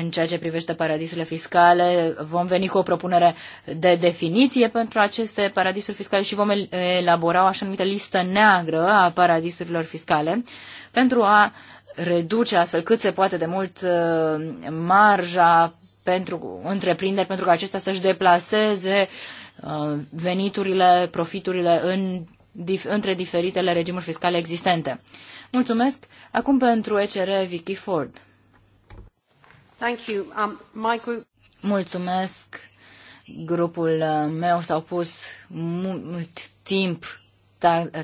În ceea ce privește paradisurile fiscale, vom veni cu o propunere de definiție pentru aceste paradisuri fiscale și vom elabora o așa numită listă neagră a paradisurilor fiscale pentru a reduce astfel cât se poate de mult uh, marja pentru întreprinderi, pentru ca acestea să-și deplaseze uh, veniturile, profiturile în, dif, între diferitele regimuri fiscale existente. Mulțumesc. Acum pentru ECR, Vicky Ford. Thank you. Um, my group... Mulțumesc. Grupul meu s-au pus mult timp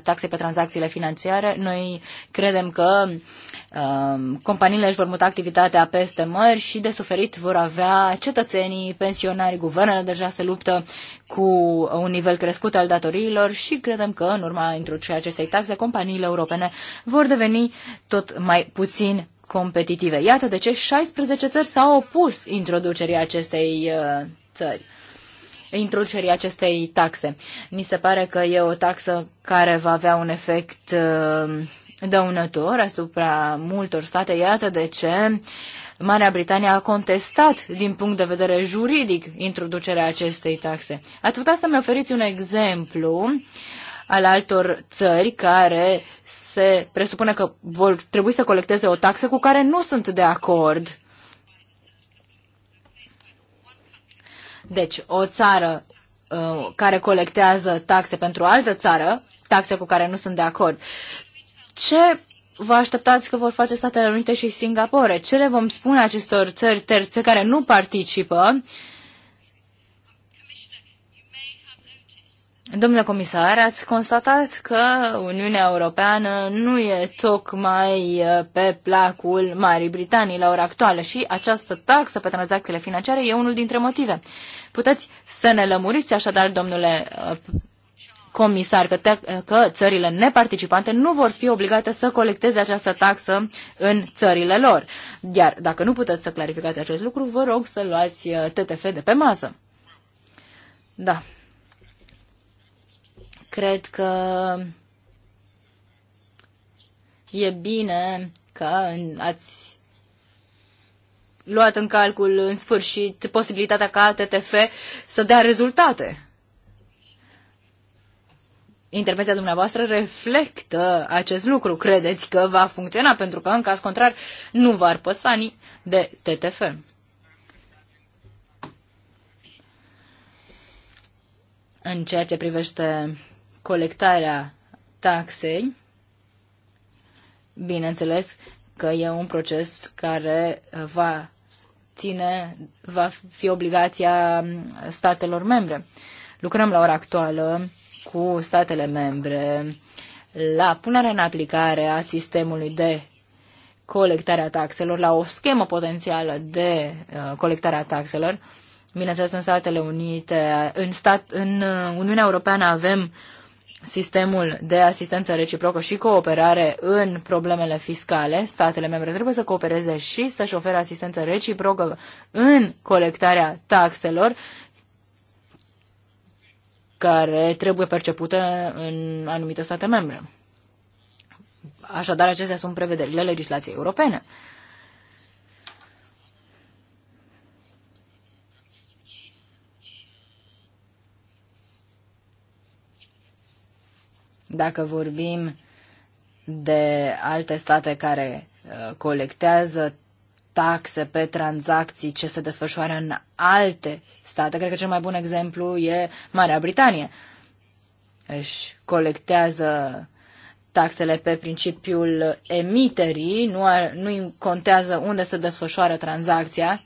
taxe pe tranzacțiile financiare. Noi credem că um, companiile își vor muta activitatea peste mări și de suferit vor avea cetățenii, pensionari, guvernele deja se luptă cu un nivel crescut al datoriilor și credem că în urma introducerii acestei taxe companiile europene vor deveni tot mai puțin competitive. Iată de ce 16 țări s-au opus introducerii acestei uh, țări introducerii acestei taxe. Ni se pare că e o taxă care va avea un efect uh, dăunător asupra multor state. Iată de ce Marea Britanie a contestat din punct de vedere juridic introducerea acestei taxe. Ați putea să-mi oferiți un exemplu al altor țări care se presupune că vor trebui să colecteze o taxă cu care nu sunt de acord Deci, o țară uh, care colectează taxe pentru o altă țară, taxe cu care nu sunt de acord, ce vă așteptați că vor face Statele Unite și Singapore? Ce le vom spune acestor țări terțe care nu participă uh, Domnule comisar, ați constatat că Uniunea Europeană nu e tocmai uh, pe placul Marii Britanii la ora actuală și această taxă pe tranzacțiile financiare e unul dintre motive. Puteți să ne lămuriți așadar, domnule uh, comisar, că, te- că țările neparticipante nu vor fi obligate să colecteze această taxă în țările lor. Iar dacă nu puteți să clarificați acest lucru, vă rog să luați uh, TTF de pe masă. Da. Cred că e bine că ați luat în calcul în sfârșit posibilitatea ca TTF să dea rezultate. Intervenția dumneavoastră reflectă acest lucru. Credeți că va funcționa, pentru că, în caz contrar, nu va ar păsa ni de TTF. În ceea ce privește colectarea taxei, bineînțeles că e un proces care va ține, va fi obligația statelor membre. Lucrăm la ora actuală cu statele membre la punerea în aplicare a sistemului de colectarea taxelor, la o schemă potențială de uh, colectarea taxelor. Bineînțeles, în Statele Unite, în, stat, în uh, Uniunea Europeană avem sistemul de asistență reciprocă și cooperare în problemele fiscale. Statele membre trebuie să coopereze și să-și ofere asistență reciprocă în colectarea taxelor care trebuie percepute în anumite state membre. Așadar, acestea sunt prevederile legislației europene. Dacă vorbim de alte state care uh, colectează taxe pe tranzacții ce se desfășoară în alte state, cred că cel mai bun exemplu e Marea Britanie. Își colectează taxele pe principiul emiterii, nu, ar, nu contează unde se desfășoară tranzacția.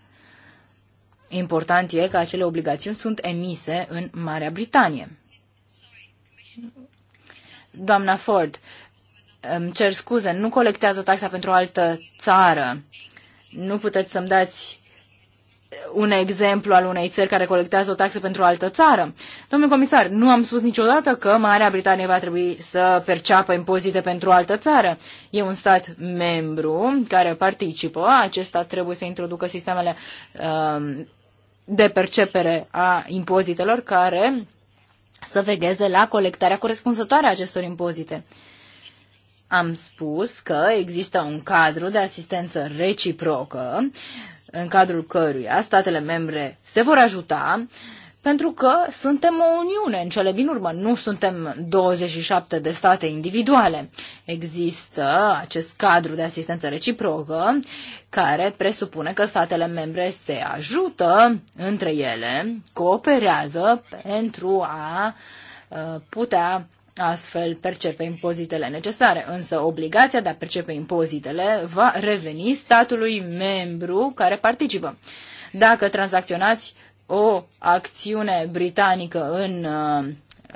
Important e că acele obligațiuni sunt emise în Marea Britanie. Doamna Ford, îmi cer scuze, nu colectează taxa pentru o altă țară. Nu puteți să-mi dați un exemplu al unei țări care colectează o taxă pentru o altă țară. Domnul comisar, nu am spus niciodată că Marea Britanie va trebui să perceapă impozite pentru o altă țară. E un stat membru care participă, acesta trebuie să introducă sistemele uh, de percepere a impozitelor care să vegheze la colectarea corespunzătoare a acestor impozite. Am spus că există un cadru de asistență reciprocă în cadrul căruia statele membre se vor ajuta uh, pentru că suntem o uniune în cele din urmă, nu suntem 27 de state individuale. Există acest cadru de asistență reciprocă care presupune că statele membre se ajută între ele, cooperează pentru a uh, putea astfel percepe impozitele necesare, însă obligația de a percepe impozitele va reveni statului membru care participă. Dacă tranzacționați o acțiune britanică în uh,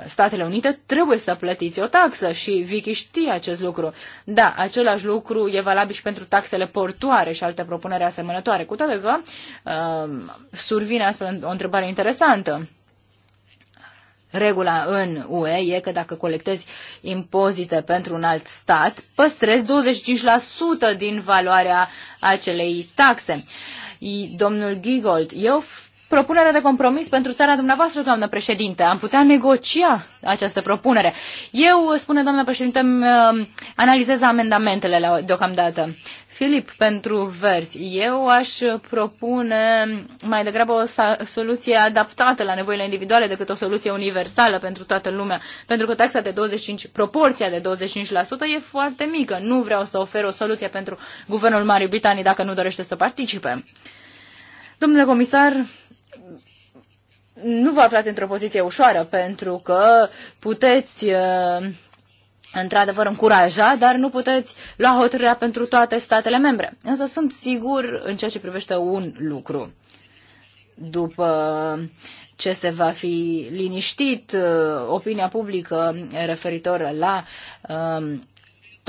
Statele Unite, trebuie să plătiți o taxă și Vicky știe acest lucru. Da, același lucru e valabil și pentru taxele portoare și alte propuneri asemănătoare, cu toate că uh, survine astfel o întrebare interesantă. Regula în UE e că dacă colectezi impozite pentru un alt stat, păstrezi 25% din valoarea acelei taxe. Domnul Gigold, eu propunere de compromis pentru țara dumneavoastră, doamnă președinte. Am putea negocia această propunere. Eu, spune doamnă președinte, uh, analizez amendamentele deocamdată. Filip, pentru verzi, eu aș propune mai degrabă o soluție adaptată la nevoile individuale decât o soluție universală pentru toată lumea, pentru că taxa de 25, proporția de 25% e foarte mică. Nu vreau să ofer o soluție pentru guvernul Marii Britanii dacă nu dorește să participe. Domnule comisar, nu vă aflați într-o poziție ușoară, pentru că puteți uh, într-adevăr încuraja, dar nu puteți lua hotărârea pentru toate statele membre. Însă sunt sigur în ceea ce privește un lucru. După ce se va fi liniștit uh, opinia publică referitor la um,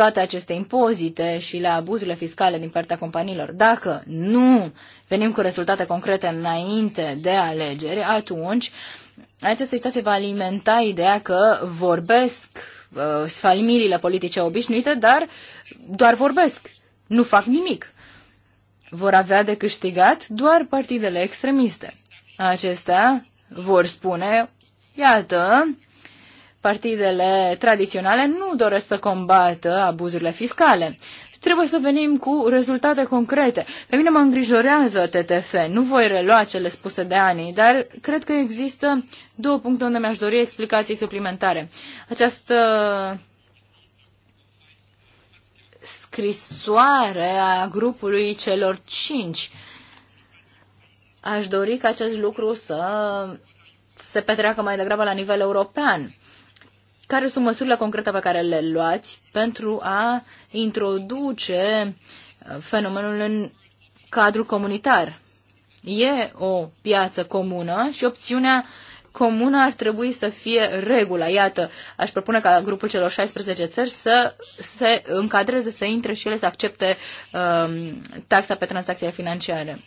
toate aceste impozite și la abuzurile fiscale din partea companiilor. Dacă nu venim cu rezultate concrete înainte de alegeri, atunci această situație va alimenta ideea că vorbesc uh, sfalmirile politice obișnuite, dar doar vorbesc, nu fac nimic. Vor avea de câștigat doar partidele extremiste. Acestea vor spune, iată, partidele tradiționale nu doresc să combată abuzurile fiscale. Trebuie să venim cu rezultate concrete. Pe mine mă îngrijorează TTF, nu voi relua cele spuse de ani, dar cred că există două puncte unde mi-aș dori explicații suplimentare. Această scrisoare a grupului celor cinci. Aș dori ca acest lucru să se petreacă mai degrabă la nivel european care sunt măsurile concrete pe care le luați pentru a introduce uh, fenomenul în cadrul comunitar. E o piață comună și opțiunea comună ar trebui să fie regula. Iată, aș propune ca grupul celor 16 țări să se încadreze, să intre și ele să accepte um, taxa pe tranzacțiile financiare.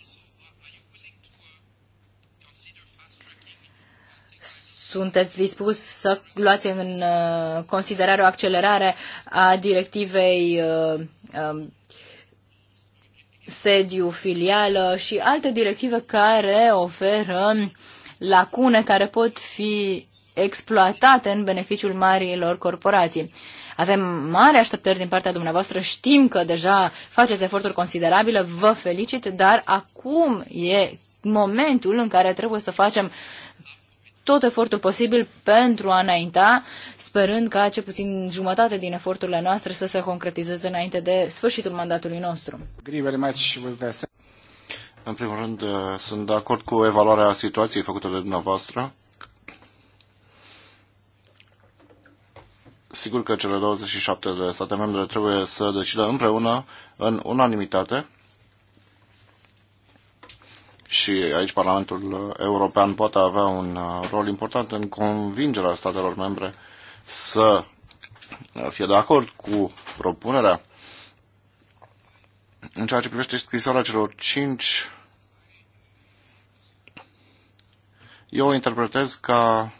sunteți dispus să luați în uh, considerare o accelerare a directivei uh, um, sediu, filială și alte directive care oferă lacune care pot fi exploatate în beneficiul marilor corporații. Avem mari așteptări din partea dumneavoastră, știm că deja faceți eforturi considerabile, vă felicit, dar acum e momentul în care trebuie să facem tot efortul posibil pentru a înainta, sperând ca ce puțin jumătate din eforturile noastre să se concretizeze înainte de sfârșitul mandatului nostru. În primul rând, uh, sunt de acord cu evaluarea situației făcută de dumneavoastră. Sigur că cele 27 de state membre trebuie să decidă împreună, în unanimitate, și aici Parlamentul European poate avea un uh, rol important în convingerea statelor membre să uh, fie de acord cu propunerea. În ceea ce privește scrisoarea celor cinci, eu o interpretez ca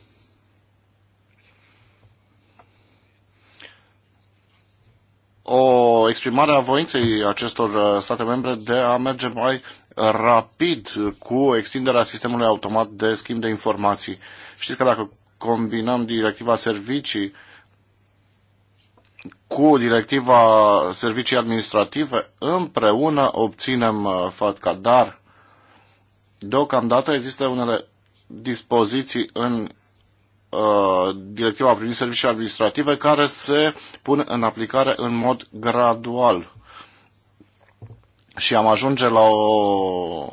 o exprimare a voinței acestor uh, state membre de a merge mai rapid cu extinderea sistemului automat de schimb de informații. Știți că dacă combinăm directiva servicii cu directiva servicii administrative, împreună obținem uh, FATCA, dar deocamdată există unele dispoziții în uh, directiva privind servicii administrative care se pun în aplicare în mod gradual și am ajunge la, o,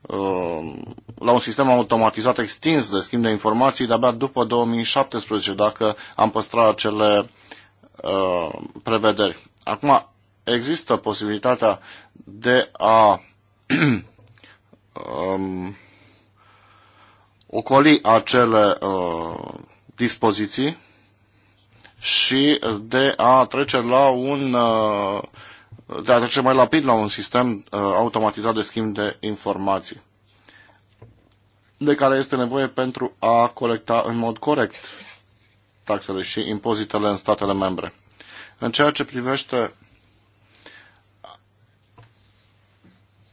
uh, la un sistem automatizat extins de schimb de informații de-abia după 2017, dacă am păstrat acele uh, prevederi. Acum, există posibilitatea de a um, ocoli acele uh, dispoziții și de a trece la un uh, de a trece mai rapid la un sistem uh, automatizat de schimb de informații de care este nevoie pentru a colecta în mod corect taxele și impozitele în statele membre. În ceea ce privește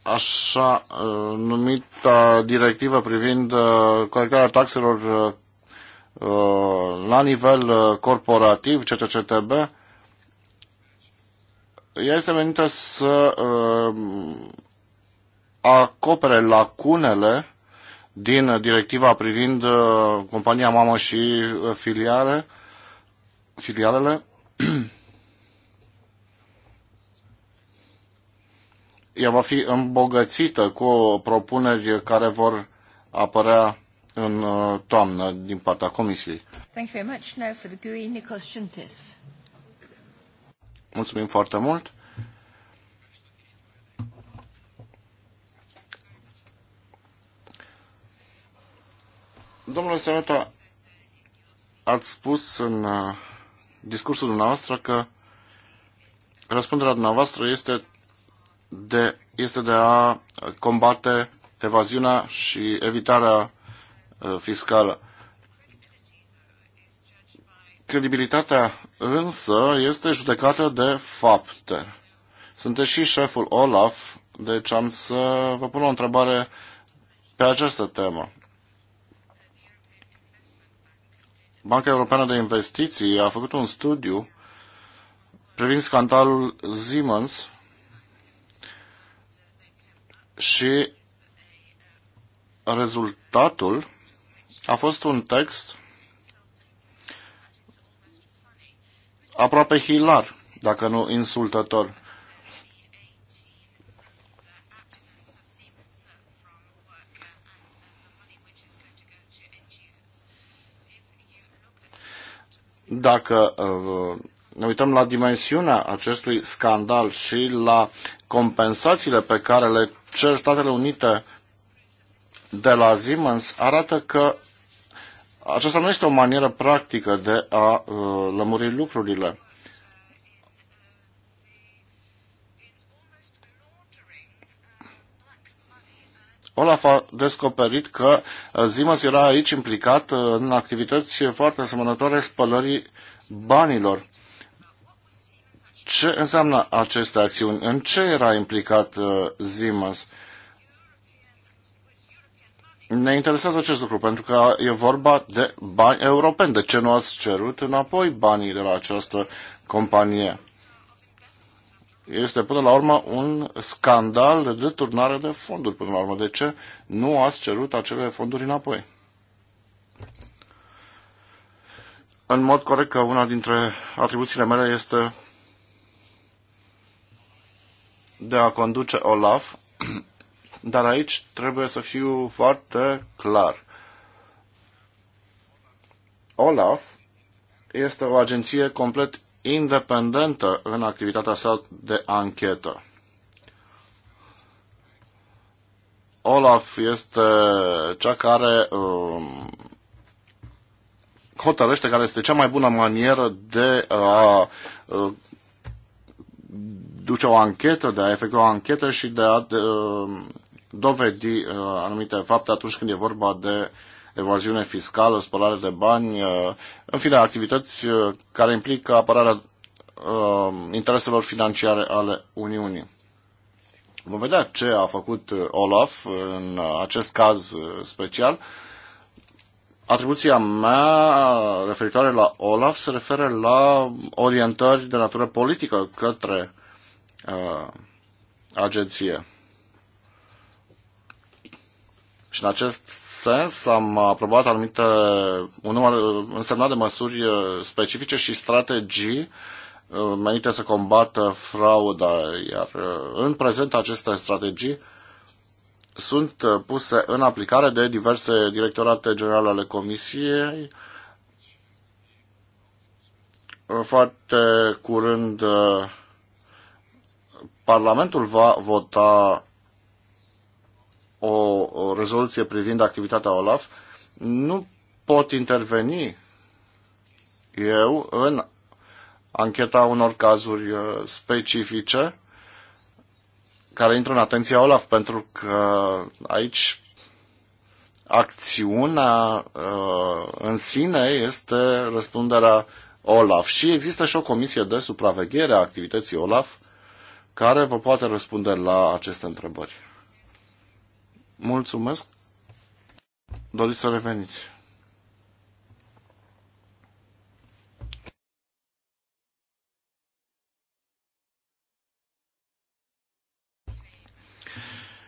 așa uh, numită directivă privind uh, colectarea taxelor la nivel corporativ, CCCTB, ea este menită să uh, acopere lacunele din directiva privind uh, compania mamă și uh, filiale, filialele. Ea va fi îmbogățită cu propuneri care vor apărea în toamnă din partea Comisiei. Thank you very much. Now for the GUI, Nikos Juntis. Mulțumim foarte mult. Domnule Semeta, ați spus în uh, discursul dumneavoastră că răspunderea dumneavoastră este de, este de a combate evaziunea și evitarea uh, fiscală. Credibilitatea însă este judecată de fapte. Sunteți și șeful Olaf, deci am să vă pun o întrebare pe această temă. Banca Europeană de Investiții a făcut un studiu privind scandalul Siemens și rezultatul a fost un text aproape hilar, dacă nu insultător. Dacă uh, ne uităm la dimensiunea acestui scandal și la compensațiile pe care le cer Statele Unite de la Siemens, arată că aceasta nu este o manieră practică de a uh, lămuri lucrurile. Olaf a descoperit că Zimas uh, era aici implicat uh, în activități foarte asemănătoare spălării banilor. Ce înseamnă aceste acțiuni? În ce era implicat Zimas? ne interesează acest lucru, pentru că e vorba de bani europeni. De ce nu ați cerut înapoi banii de la această companie? Este până la urmă un scandal de turnare de fonduri. Până la urmă, de ce nu ați cerut acele fonduri înapoi? În mod corect că una dintre atribuțiile mele este de a conduce OLAF dar aici trebuie să fiu foarte clar. Olaf este o agenție complet independentă în activitatea sa de anchetă. Olaf este cea care um, hotărăște care este cea mai bună manieră de a uh, duce o anchetă, de a efectua o anchetă și de a uh, dovedi uh, anumite fapte atunci când e vorba de evaziune fiscală, spălare de bani, uh, în fine, activități uh, care implică apărarea intereselor financiare ale Uniunii. Vom vedea ce a făcut Olaf în acest caz special. Atribuția mea referitoare la Olaf se referă la orientări de natură politică către uh, agenție. Și în acest sens am aprobat anumite, un număr însemnat de măsuri uh, specifice și strategii uh, menite să combată frauda, iar uh, în prezent aceste strategii sunt puse în aplicare de diverse directorate generale ale Comisiei. Foarte curând Parlamentul va vota o, rezoluție privind activitatea OLAF, nu pot interveni eu în ancheta unor cazuri uh, specifice care intră în atenția OLAF, pentru că aici acțiunea uh, în sine este răspunderea OLAF și există și o comisie de supraveghere a activității OLAF care vă poate răspunde la aceste întrebări. Mulțumesc. Doriți să reveniți.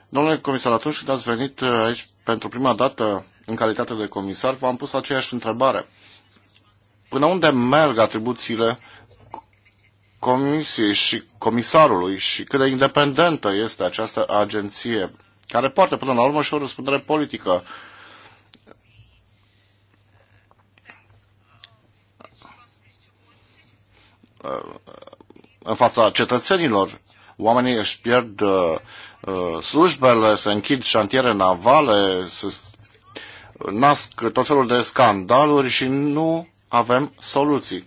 Domnule comisar, atunci când ați venit uh, aici pentru prima dată în calitate de comisar, v-am pus aceeași întrebare. Până unde merg atribuțiile comisiei și comisarului și cât de independentă este această agenție? care poartă până la urmă și o răspundere politică. În fața cetățenilor, oamenii își pierd uh, uh, slujbele, se închid șantiere navale, se nasc tot felul de scandaluri și nu avem soluții.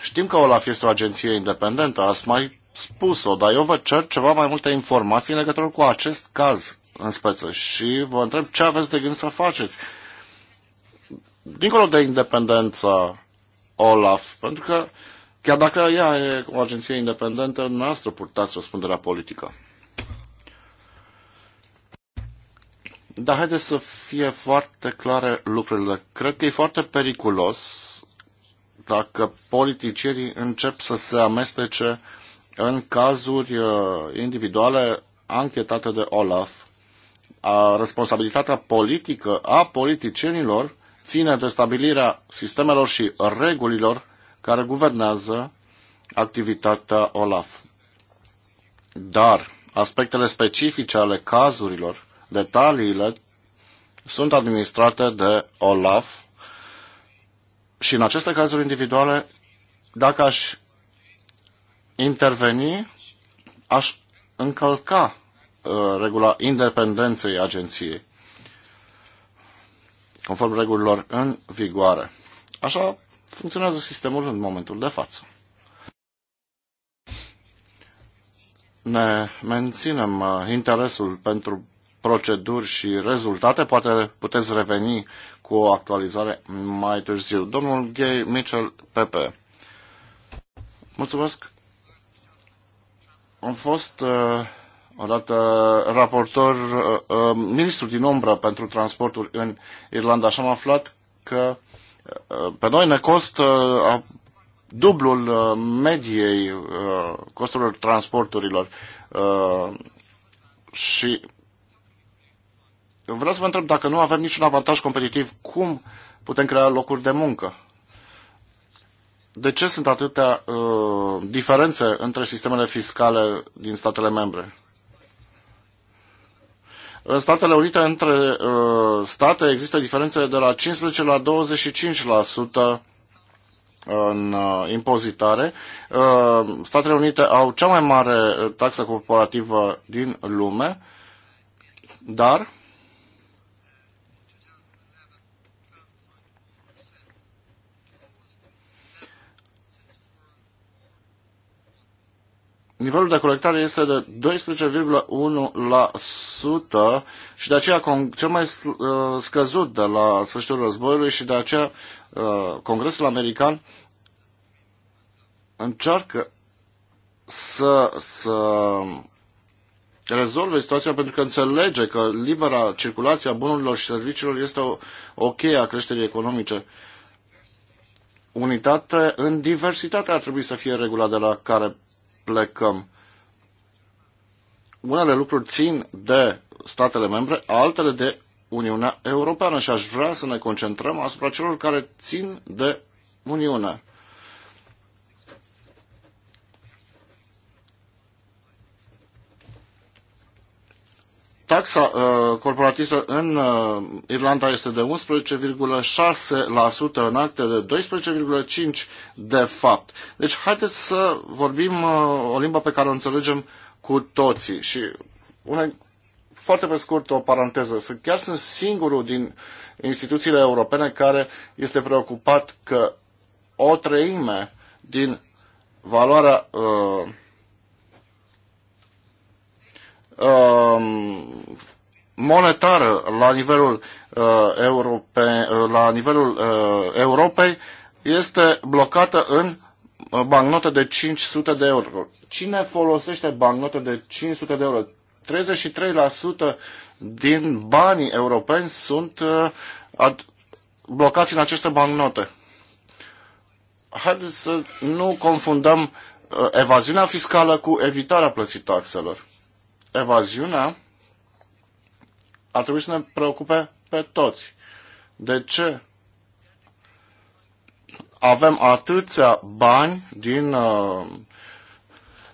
Știm că OLAF este o agenție independentă, ați mai spus-o, dar eu vă cer ceva mai multe informații în legătură cu acest caz în speță și vă întreb ce aveți de gând să faceți. Dincolo de independența Olaf, pentru că chiar dacă ea e o agenție independentă, noastră purtați răspunderea politică. Dar haideți să fie foarte clare lucrurile. Cred că e foarte periculos dacă politicienii încep să se amestece uh, în cazuri uh, individuale anchetate de Olaf. A, responsabilitatea politică a politicienilor ține de stabilirea sistemelor și regulilor care guvernează activitatea OLAF. Dar aspectele specifice ale cazurilor, detaliile, sunt administrate de OLAF și în aceste cazuri individuale, dacă aș interveni, aș încălca uh, regula independenței agenției, conform regulilor în vigoare. Așa funcționează sistemul în momentul de față. Ne menținem uh, interesul pentru proceduri și rezultate. Poate puteți reveni cu o actualizare mai târziu. Domnul Gay Mitchell, PP. Mulțumesc am fost uh, odată raportor, uh, uh, ministru din umbră pentru transportul în Irlanda și am aflat că pe noi ne costă dublul mediei costurilor transporturilor și vreau să vă întreb dacă nu avem niciun avantaj competitiv, cum putem crea locuri de muncă? de ce sunt atâtea uh, diferențe între sistemele fiscale din statele membre? În Statele Unite, între uh, state, există diferențe de la 15 la 25% în uh, impozitare. Uh, Statele Unite au cea mai mare uh, taxă corporativă din lume, dar nivelul de colectare este de 12,1% și de aceea cel mai uh, scăzut de la sfârșitul războiului și de aceea uh, Congresul American încearcă să, să rezolve situația pentru că înțelege că libera circulație a bunurilor și serviciilor este o, o cheie a creșterii economice. Unitate în diversitate ar trebui să fie regula de la care plecăm. Unele lucruri țin de statele membre, altele de Uniunea Europeană și aș vrea să ne concentrăm asupra celor care țin de Uniune. Taxa uh, corporatistă în uh, Irlanda este de 11,6%, în acte de 12,5% de fapt. Deci haideți să vorbim uh, o limbă pe care o înțelegem cu toții. Și une, foarte pe scurt o paranteză. Sunt, chiar sunt singurul din instituțiile europene care este preocupat că o treime din valoarea uh, Um, monetară la nivelul, uh, Europe, uh, la nivelul uh, Europei este blocată în uh, bancnote de 500 de euro. Cine folosește bancnote de 500 de euro? 33% din banii europeni sunt uh, blocați în aceste bancnote. Haideți să nu confundăm uh, evaziunea fiscală cu evitarea plății taxelor evaziunea ar trebui să ne preocupe pe toți. De ce avem atâția bani din uh,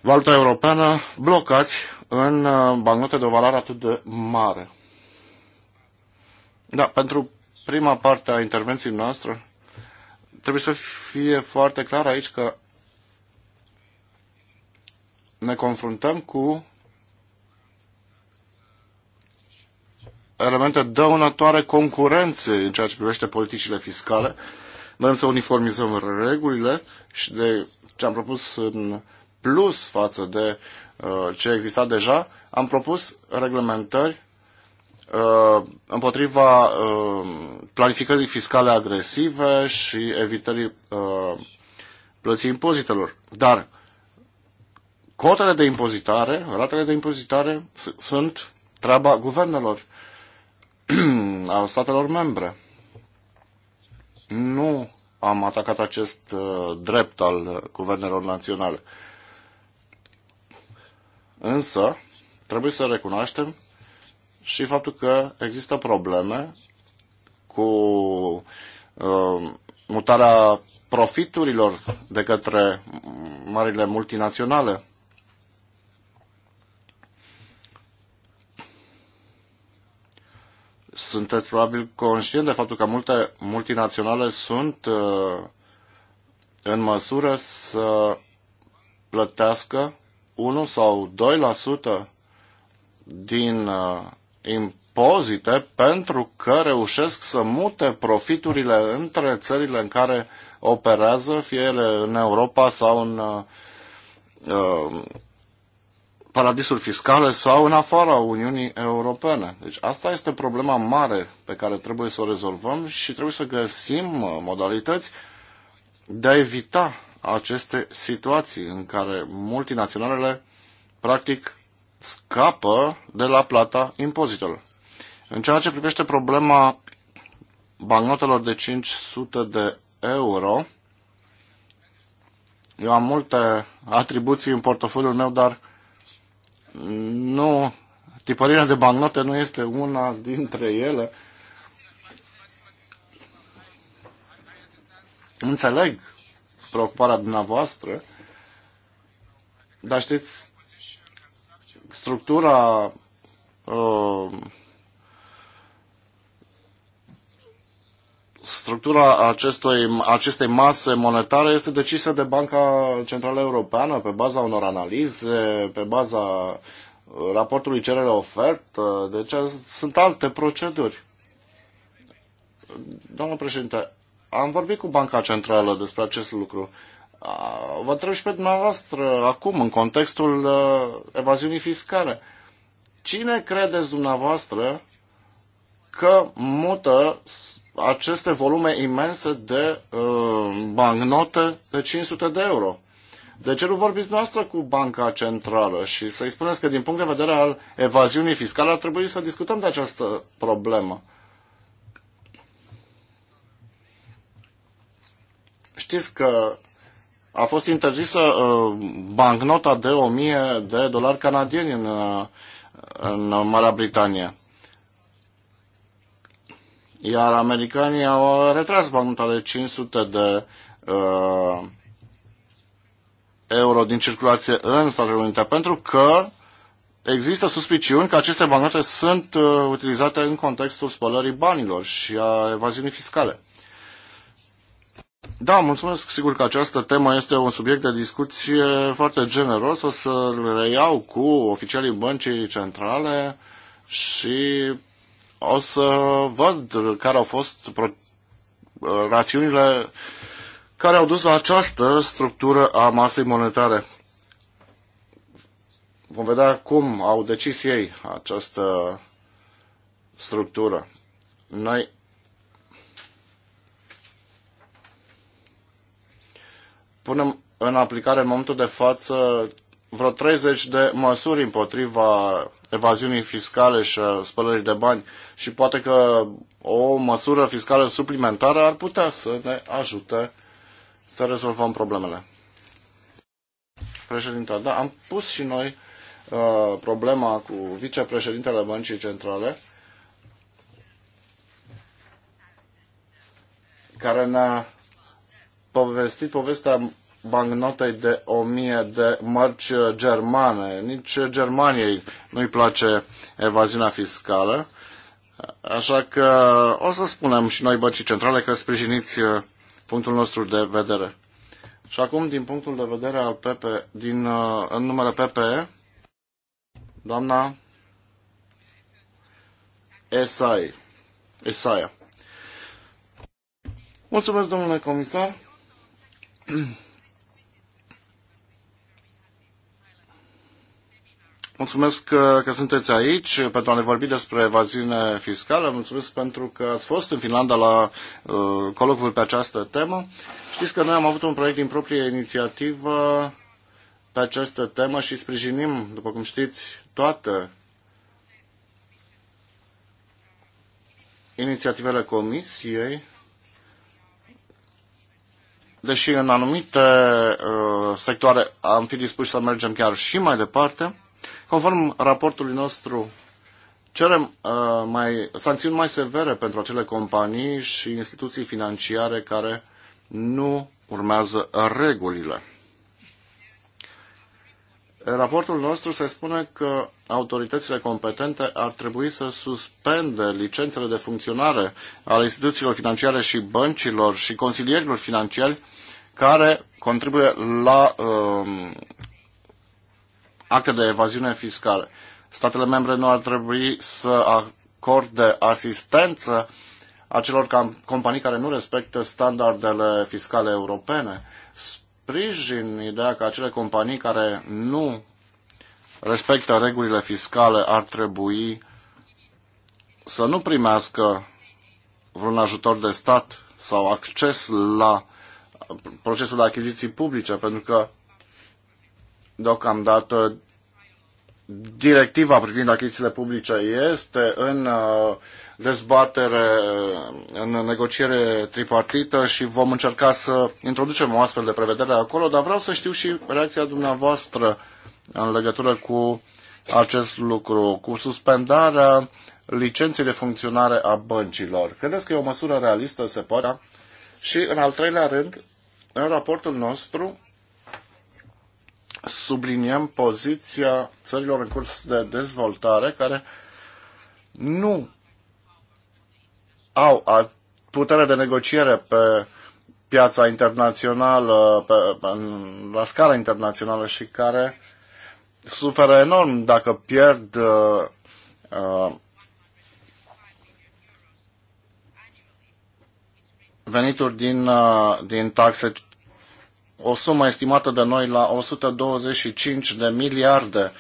valuta europeană blocați în uh, bannote de o valoare atât de mare? Da, pentru prima parte a intervenției noastre trebuie să fie foarte clar aici că ne confruntăm cu elemente dăunătoare concurenței în ceea ce privește politicile fiscale. Vrem să uniformizăm regulile și de ce am propus în plus față de uh, ce exista deja, am propus reglementări uh, împotriva uh, planificării fiscale agresive și evitării plății impozitelor. Dar cotele de impozitare, ratele de impozitare sunt treaba guvernelor. al statelor membre. Nu am atacat acest uh, drept al guvernelor naționale. Însă, trebuie să recunoaștem și faptul că există probleme cu uh, mutarea profiturilor de către marile multinaționale sunteți probabil conștient de faptul că multe multinaționale sunt uh, în măsură să plătească 1 sau 2% din uh, impozite pentru că reușesc să mute profiturile între țările în care operează, fie ele în Europa sau în uh, paradisuri fiscale sau în afara Uniunii Europene. Deci asta este problema mare pe care trebuie să o rezolvăm și trebuie să găsim uh, modalități de a evita aceste situații în care multinaționalele practic scapă de la plata impozitelor. În ceea ce privește problema bannotelor de 500 de euro, eu am multe atribuții în portofoliul meu, dar nu, tipărirea de bannote nu este una dintre ele. Înțeleg preocuparea dumneavoastră, dar știți, structura uh, structura acestui, acestei mase monetare este decisă de Banca Centrală Europeană pe baza unor analize, pe baza uh, raportului cerere-ofertă, uh, deci uh, sunt alte proceduri. Doamnă președinte, am vorbit cu Banca Centrală despre acest lucru. Vă întreb și pe dumneavoastră acum, în contextul evaziunii fiscale. Cine credeți dumneavoastră că mută aceste volume imense de uh, bancnote de 500 de euro. De ce nu vorbiți noastră cu Banca Centrală și să-i spuneți că din punct de vedere al evaziunii fiscale ar trebui să discutăm de această problemă? Știți că a fost interzisă uh, bancnota de 1000 de dolari canadieni în, uh, în Marea Britanie iar americanii au retras banuta de 500 de uh, euro din circulație în Statele Unite pentru că există suspiciuni că aceste bancnote sunt uh, utilizate în contextul spălării banilor și a evaziunii fiscale. Da, mulțumesc. Sigur că această temă este un subiect de discuție foarte generos. O să-l reiau cu oficialii băncii centrale și o să văd care au fost rațiunile care au dus la această structură a masei monetare. Vom vedea cum au decis ei această structură. Noi punem în aplicare în momentul de față vreo 30 de măsuri împotriva evaziunii fiscale și spălării de bani și poate că o măsură fiscală suplimentară ar putea să ne ajute să rezolvăm problemele. Președinte, da, am pus și noi uh, problema cu vicepreședintele Băncii Centrale care ne-a povestit povestea bancnotei de 1000 de mărci uh, germane. Nici uh, Germaniei nu-i place evaziunea fiscală. Așa că uh, o să spunem și noi băcii centrale că sprijiniți punctul nostru de vedere. Și acum, din punctul de vedere al PP, din, în numele PPE, doamna Esai. Esaia. Mulțumesc, domnule comisar. Mulțumesc uh, că sunteți aici pentru a ne vorbi despre evaziune fiscală. Mulțumesc pentru că ați fost în Finlanda la uh, colocul pe această temă. Știți că noi am avut un proiect din proprie inițiativă pe această temă și sprijinim, după cum știți, toate inițiativele Comisiei deși în anumite uh, sectoare am fi dispuși să mergem chiar și mai departe, Conform raportului nostru, cerem uh, mai, sancțiuni mai severe pentru acele companii și instituții financiare care nu urmează regulile. În raportul nostru se spune că autoritățile competente ar trebui să suspende licențele de funcționare ale instituțiilor financiare și băncilor și consilierilor financiari care contribuie la uh, acte de evaziune fiscală. Statele membre nu ar trebui să acorde asistență acelor companii care nu respectă standardele fiscale europene. Sprijin ideea că acele companii care nu respectă regulile fiscale ar trebui să nu primească vreun ajutor de stat sau acces la procesul de achiziții publice, pentru că Deocamdată, directiva privind achizițiile publice este în uh, dezbatere, uh, în negociere tripartită și vom încerca să introducem o astfel de prevedere acolo, dar vreau să știu și reacția dumneavoastră în legătură cu acest lucru, cu suspendarea licenței de funcționare a băncilor. Credeți că e o măsură realistă, se poate? Și, în al treilea rând, în raportul nostru subliniem poziția țărilor în curs de dezvoltare care nu au putere de negociere pe piața internațională, pe, în, la scară internațională și care suferă enorm dacă pierd uh, uh venituri din, uh, din taxe o sumă estimată de noi la 125 de miliarde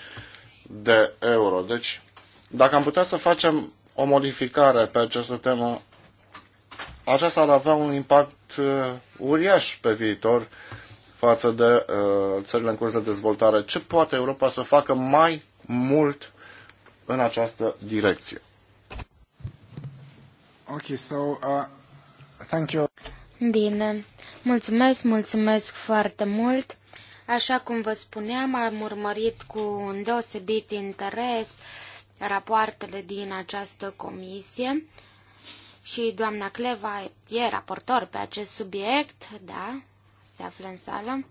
de euro. Deci, dacă am putea să facem o modificare pe această temă, aceasta ar avea un impact uh, uriaș pe viitor față de uh, țările în curs de dezvoltare. Ce poate Europa să facă mai mult în această direcție? Ok, so uh, thank you. Bine, mulțumesc, mulțumesc foarte mult. Așa cum vă spuneam, am urmărit cu un deosebit interes rapoartele din această comisie și doamna Cleva e raportor pe acest subiect, da, se află în sală.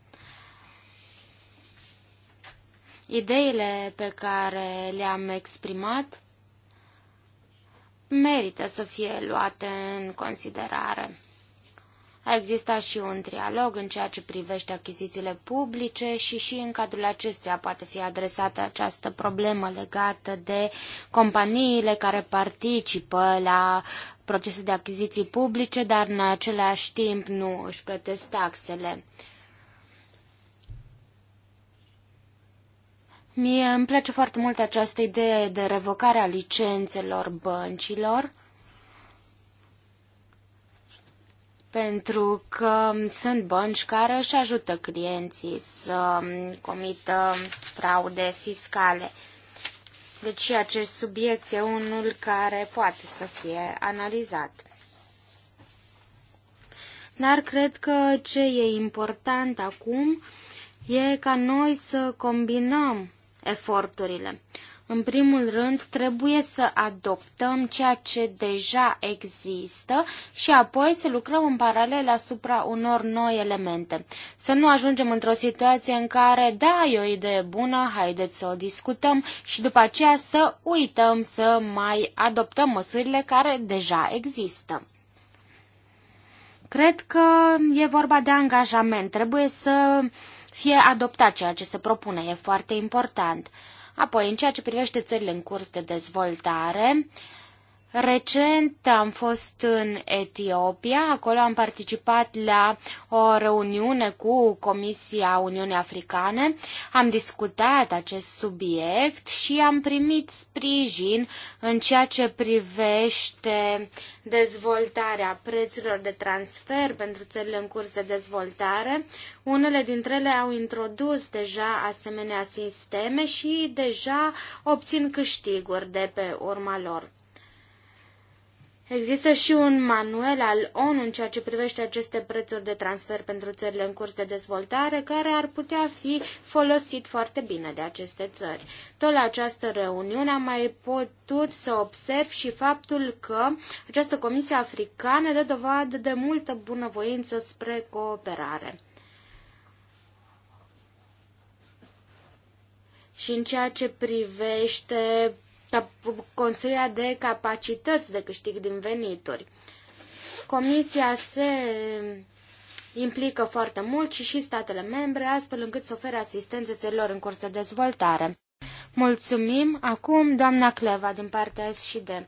Ideile pe care le-am exprimat merită să fie luate în considerare. A existat și un trialog în ceea ce privește achizițiile publice și și în cadrul acestuia poate fi adresată această problemă legată de companiile care participă la procese de achiziții publice, dar în același timp nu își plătesc taxele. Mie îmi place foarte mult această idee de revocare a licențelor băncilor. pentru că sunt bănci care își ajută clienții să comită fraude fiscale. Deci și acest subiect e unul care poate să fie analizat. Dar cred că ce e important acum e ca noi să combinăm eforturile. În primul rând, trebuie să adoptăm ceea ce deja există și apoi să lucrăm în paralel asupra unor noi elemente. Să nu ajungem într-o situație în care, da, e o idee bună, haideți să o discutăm și după aceea să uităm să mai adoptăm măsurile care deja există. Cred că e vorba de angajament. Trebuie să fie adoptat ceea ce se propune. E foarte important. Apoi, în ceea ce privește țările în curs de dezvoltare, Recent am fost în Etiopia, acolo am participat la o reuniune cu Comisia Uniunii Africane, am discutat acest subiect și am primit sprijin în ceea ce privește dezvoltarea prețurilor de transfer pentru țările în curs de dezvoltare. Unele dintre ele au introdus deja asemenea sisteme și deja obțin câștiguri de pe urma lor. Există și un manual al ONU în ceea ce privește aceste prețuri de transfer pentru țările în curs de dezvoltare, care ar putea fi folosit foarte bine de aceste țări. Tot la această reuniune am mai putut să observ și faptul că această Comisie Africană dă dovadă de multă bunăvoință spre cooperare. Și în ceea ce privește construirea de capacități de câștig din venituri. Comisia se implică foarte mult și și statele membre, astfel încât să ofere asistență țărilor în curs de dezvoltare. Mulțumim. Acum, doamna Cleva, din partea S și de.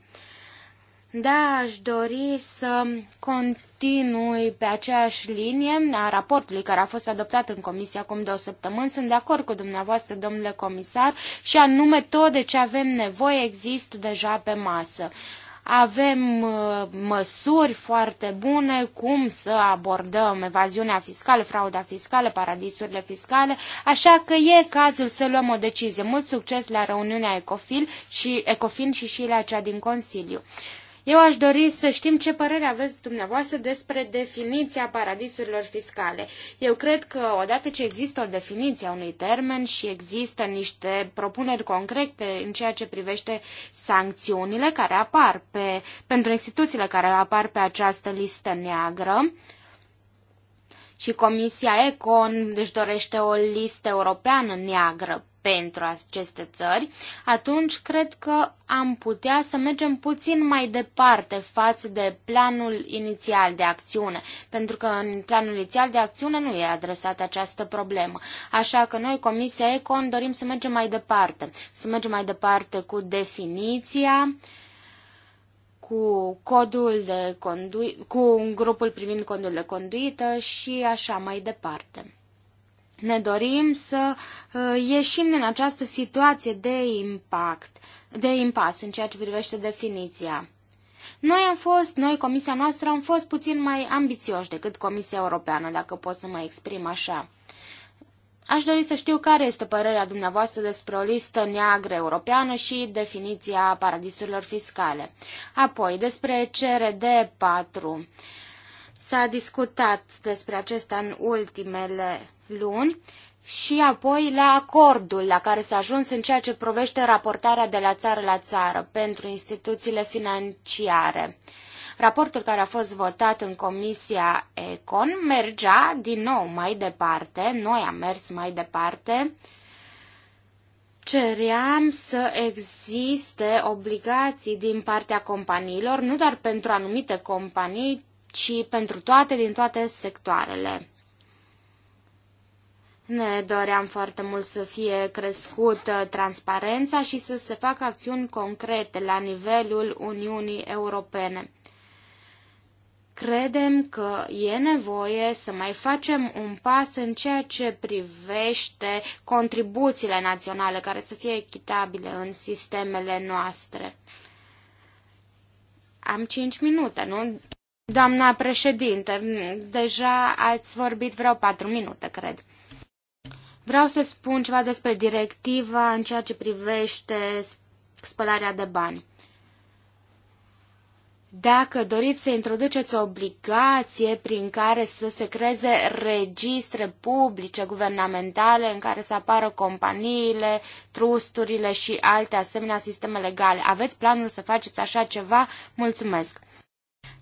Da, aș dori să continui pe aceeași linie a raportului care a fost adoptat în comisie acum două săptămâni. Sunt de acord cu dumneavoastră, domnule comisar, și anume tot de ce avem nevoie există deja pe masă avem uh, măsuri foarte bune cum să abordăm evaziunea fiscală, frauda fiscală, paradisurile fiscale, așa că e cazul să luăm o decizie. Mult succes la reuniunea ECOFIN și, ECOFIN și și la cea din Consiliu. Eu aș dori să știm ce părere aveți dumneavoastră despre definiția paradisurilor fiscale. Eu cred că odată ce există o definiție a unui termen și există niște propuneri concrete în ceea ce privește sancțiunile care apar pe, pentru instituțiile care apar pe această listă neagră, și Comisia Econ deci dorește o listă europeană neagră pentru aceste țări, atunci cred că am putea să mergem puțin mai departe față de planul inițial de acțiune, pentru că în planul inițial de acțiune nu e adresată această problemă. Așa că noi, Comisia Econ, dorim să mergem mai departe, să mergem mai departe cu definiția, cu codul de condu- cu un grupul privind codul de conduită și așa mai departe. Ne dorim să uh, ieșim din această situație de impact, de impas în ceea ce privește definiția. Noi am fost, noi, comisia noastră, am fost puțin mai ambițioși decât Comisia Europeană, dacă pot să mă exprim așa. Aș dori să știu care este părerea dumneavoastră despre o listă neagră europeană și definiția paradisurilor fiscale. Apoi, despre CRD 4. S-a discutat despre acesta în ultimele luni și apoi la acordul la care s-a ajuns în ceea ce provește raportarea de la țară la țară pentru instituțiile financiare. Raportul care a fost votat în Comisia Econ mergea din nou mai departe, noi am mers mai departe, ceream să existe obligații din partea companiilor, nu doar pentru anumite companii, ci pentru toate din toate sectoarele. Ne doream foarte mult să fie crescută transparența și să se facă acțiuni concrete la nivelul Uniunii Europene. Credem că e nevoie să mai facem un pas în ceea ce privește contribuțiile naționale care să fie echitabile în sistemele noastre. Am cinci minute, nu? Doamna președinte, deja ați vorbit vreo patru minute, cred. Vreau să spun ceva despre directiva în ceea ce privește spălarea de bani. Dacă doriți să introduceți o obligație prin care să se creeze registre publice guvernamentale în care să apară companiile, trusturile și alte asemenea sisteme legale, aveți planul să faceți așa ceva? Mulțumesc!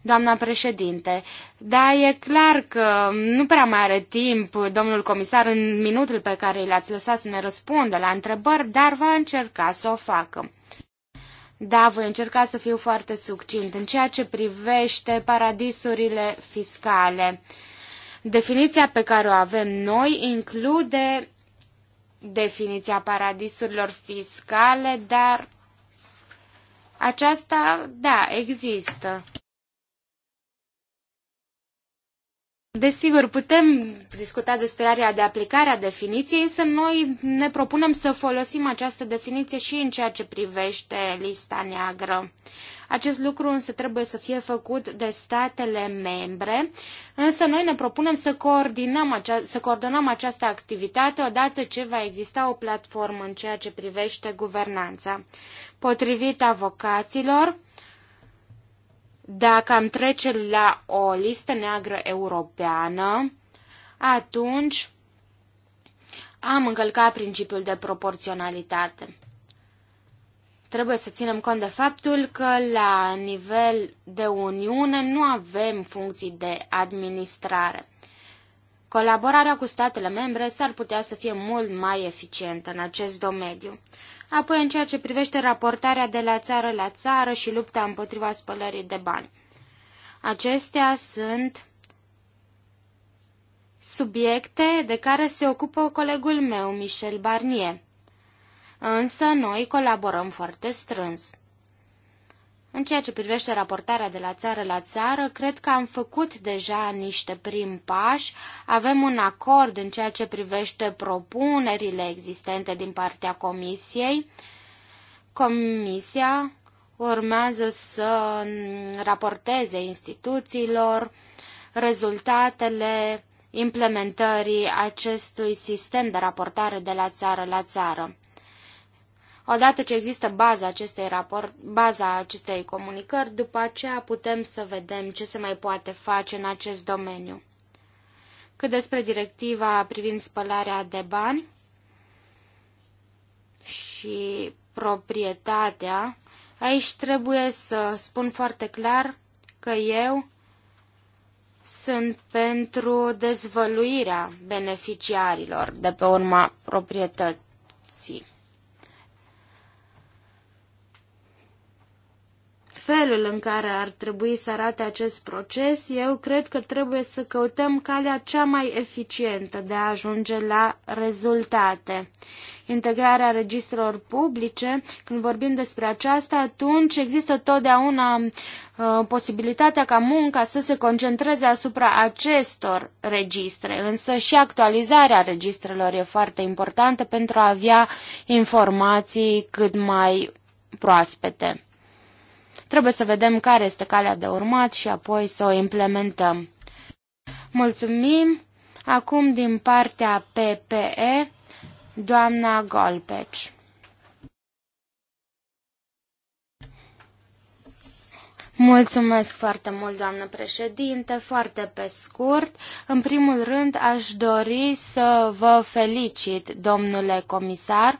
Doamna președinte, da, e clar că nu prea mai are timp domnul comisar în minutul pe care l-ați lăsat să ne răspundă la întrebări, dar va încerca să o facă. Da, voi încerca să fiu foarte succint în ceea ce privește paradisurile fiscale. Definiția pe care o avem noi include definiția paradisurilor fiscale, dar aceasta, da, există. Desigur, putem discuta despre area de aplicare a definiției, însă noi ne propunem să folosim această definiție și în ceea ce privește lista neagră. Acest lucru însă trebuie să fie făcut de statele membre, însă noi ne propunem să, coordinăm acea, să coordonăm această activitate odată ce va exista o platformă în ceea ce privește guvernanța. Potrivit avocaților, dacă am trece la o listă neagră europeană, atunci am încălcat principiul de proporționalitate. Trebuie să ținem cont de faptul că la nivel de Uniune nu avem funcții de administrare. Colaborarea cu statele membre s-ar putea să fie mult mai eficientă în acest domeniu apoi în ceea ce privește raportarea de la țară la țară și lupta împotriva spălării de bani. Acestea sunt subiecte de care se ocupă colegul meu, Michel Barnier. Însă noi colaborăm foarte strâns. În ceea ce privește raportarea de la țară la țară, cred că am făcut deja niște prim pași, avem un acord în ceea ce privește propunerile existente din partea Comisiei. Comisia urmează să raporteze instituțiilor rezultatele implementării acestui sistem de raportare de la țară la țară. Odată ce există baza acestei, raport, baza acestei comunicări, după aceea putem să vedem ce se mai poate face în acest domeniu. Cât despre directiva privind spălarea de bani și proprietatea, aici trebuie să spun foarte clar că eu sunt pentru dezvăluirea beneficiarilor de pe urma proprietății. felul în care ar trebui să arate acest proces, eu cred că trebuie să căutăm calea cea mai eficientă de a ajunge la rezultate. Integrarea registrelor publice, când vorbim despre aceasta, atunci există totdeauna uh, posibilitatea ca munca să se concentreze asupra acestor registre, însă și actualizarea registrelor e foarte importantă pentru a avea informații cât mai proaspete. Trebuie să vedem care este calea de urmat și apoi să o implementăm. Mulțumim! Acum din partea PPE, doamna Golpeci. Mulțumesc foarte mult, doamnă președinte, foarte pe scurt. În primul rând, aș dori să vă felicit, domnule comisar,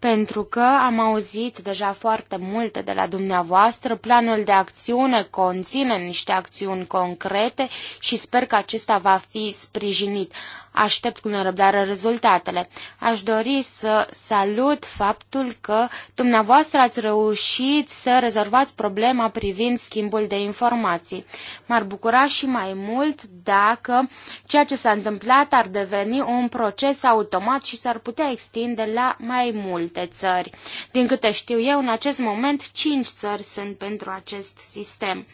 pentru că am auzit deja foarte multe de la dumneavoastră. Planul de acțiune conține niște acțiuni concrete și sper că acesta va fi sprijinit. Aștept cu nerăbdare rezultatele. Aș dori să salut faptul că dumneavoastră ați reușit să rezolvați problema privind schimbul de informații. M-ar bucura și mai mult dacă ceea ce s-a întâmplat ar deveni un proces automat și s-ar putea extinde la mai multe țări. Din câte știu eu, în acest moment, cinci țări sunt pentru acest sistem.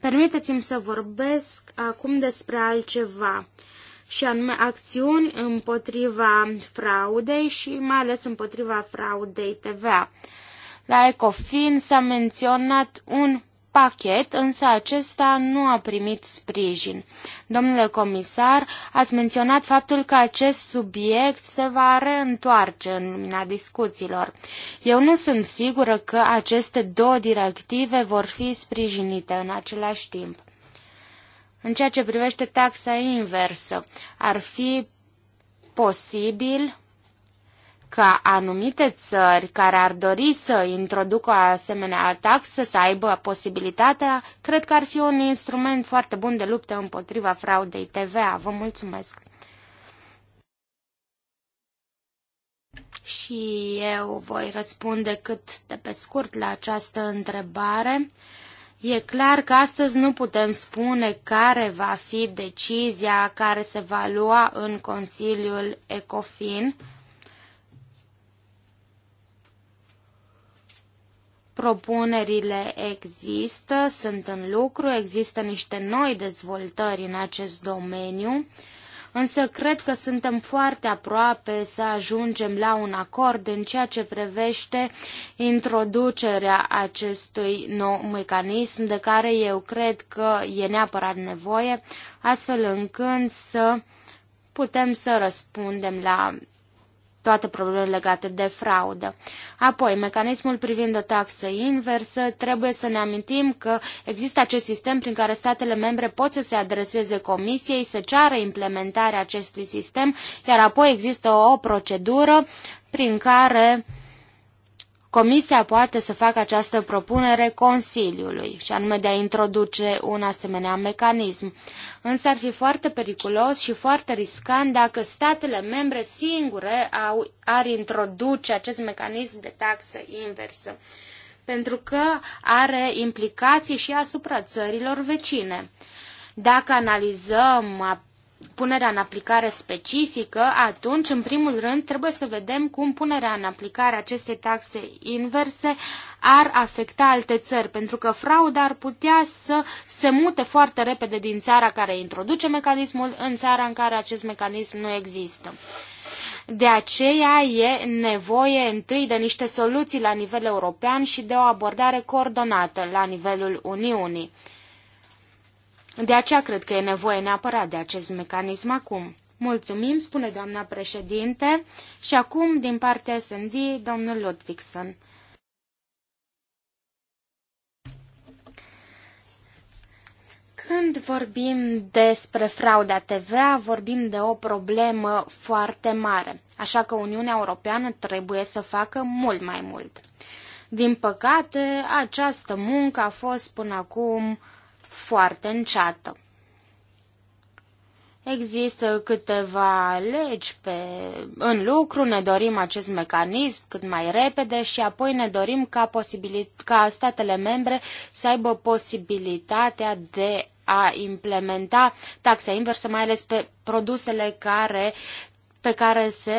Permiteți-mi să vorbesc acum despre altceva și anume acțiuni împotriva fraudei și mai ales împotriva fraudei TVA. La Ecofin s-a menționat un pachet, însă acesta nu a primit sprijin. Domnule comisar, ați menționat faptul că acest subiect se va reîntoarce în lumina discuțiilor. Eu nu sunt sigură că aceste două directive vor fi sprijinite în același timp. În ceea ce privește taxa inversă, ar fi posibil ca anumite țări care ar dori să introducă o asemenea taxă să aibă posibilitatea, cred că ar fi un instrument foarte bun de luptă împotriva fraudei TVA. Vă mulțumesc! Și eu voi răspunde cât de pe scurt la această întrebare. E clar că astăzi nu putem spune care va fi decizia care se va lua în Consiliul ECOFIN. Propunerile există, sunt în lucru, există niște noi dezvoltări în acest domeniu însă cred că suntem foarte aproape să ajungem la un acord în ceea ce privește introducerea acestui nou mecanism de care eu cred că e neapărat nevoie, astfel încât să putem să răspundem la toate problemele legate de fraudă. Apoi, mecanismul privind o taxă inversă, trebuie să ne amintim că există acest sistem prin care statele membre pot să se adreseze comisiei, să ceară implementarea acestui sistem, iar apoi există o procedură prin care uh, Comisia poate să facă această propunere Consiliului, și anume de a introduce un asemenea mecanism. Însă ar fi foarte periculos și foarte riscant dacă statele membre singure au, ar introduce acest mecanism de taxă inversă, pentru că are implicații și asupra țărilor vecine. Dacă analizăm punerea în aplicare specifică, atunci, în primul rând, trebuie să vedem cum punerea în aplicare acestei taxe inverse ar afecta alte țări, pentru că frauda ar putea să se mute foarte repede din țara care introduce mecanismul în țara în care acest mecanism nu există. De aceea e nevoie întâi de niște soluții la nivel european și de o abordare coordonată la nivelul Uniunii. De aceea cred că e nevoie neapărat de acest mecanism acum. Mulțumim, spune doamna președinte, și acum, din partea S&D, domnul Ludvigson. Când vorbim despre frauda TVA, vorbim de o problemă foarte mare, așa că Uniunea Europeană trebuie să facă mult mai mult. Din păcate, această muncă a fost până acum uh, foarte înceată. Există câteva legi pe, în lucru, ne dorim acest mecanism cât mai repede și apoi ne dorim ca, posibilit- ca statele membre să aibă posibilitatea de a implementa taxa inversă, mai ales pe produsele care, pe care se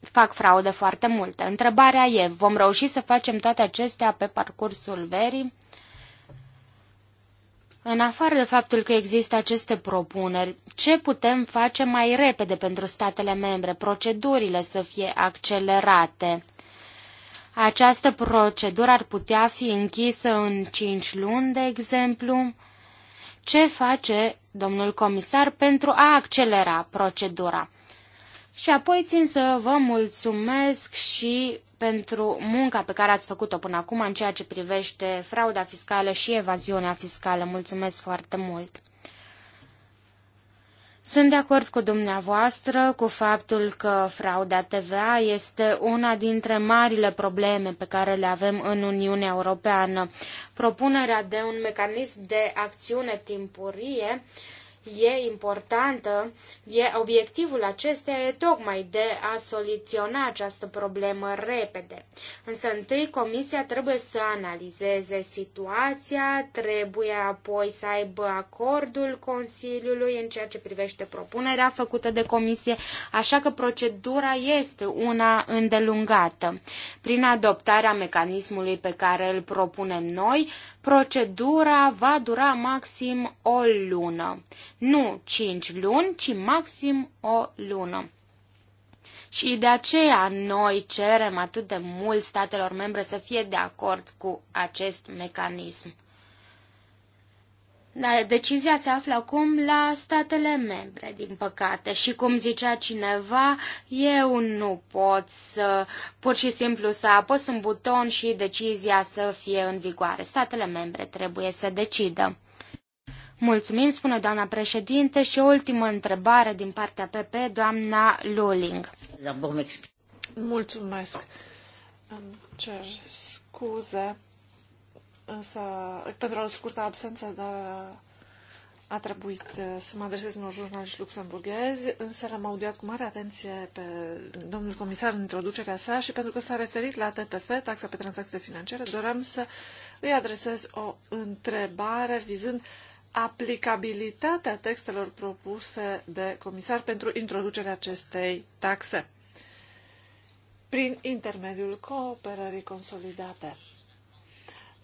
fac fraude foarte multe. Întrebarea e, vom reuși să facem toate acestea pe parcursul verii? În afară de faptul că există aceste propuneri, ce putem face mai repede pentru statele membre? Procedurile să fie accelerate. Această procedură ar putea fi închisă în 5 luni, de exemplu. Ce face domnul comisar pentru a accelera procedura? Și apoi țin să vă mulțumesc și pentru munca pe care ați făcut-o până acum în ceea ce privește frauda fiscală și evaziunea fiscală. Mulțumesc foarte mult! Sunt de acord cu dumneavoastră cu faptul că frauda TVA este una dintre marile probleme pe care le avem în Uniunea Europeană. Propunerea de un mecanism de acțiune timpurie uh, e importantă, e, obiectivul acesteia e tocmai de a soluționa această problemă repede. Însă întâi Comisia trebuie să analizeze situația, trebuie apoi să aibă acordul Consiliului în ceea ce privește propunerea făcută de Comisie, așa că procedura este una îndelungată. Prin adoptarea mecanismului pe care îl propunem noi, Procedura va dura maxim o lună. Nu 5 luni, ci maxim o lună. Și de aceea noi cerem atât de mult statelor membre să fie de acord cu acest mecanism. Dar decizia se află acum la statele membre, din păcate. Și cum zicea cineva, eu nu pot să pur și simplu să apăs un buton și decizia să fie în vigoare. Statele membre trebuie să decidă. Mulțumim, spune doamna președinte, și o ultimă întrebare din partea PP, doamna Luling. Mulțumesc. Îmi cer scuze însă pentru o scurtă absență, dar a trebuit uh, să mă adresez unor jurnaliști luxemburghezi, însă l-am audiat cu mare atenție pe domnul comisar în introducerea sa și pentru că s-a referit la TTF, taxa pe tranzacțiile financiare, doream să îi adresez o întrebare vizând aplicabilitatea textelor propuse de comisar pentru introducerea acestei taxe prin intermediul cooperării consolidate.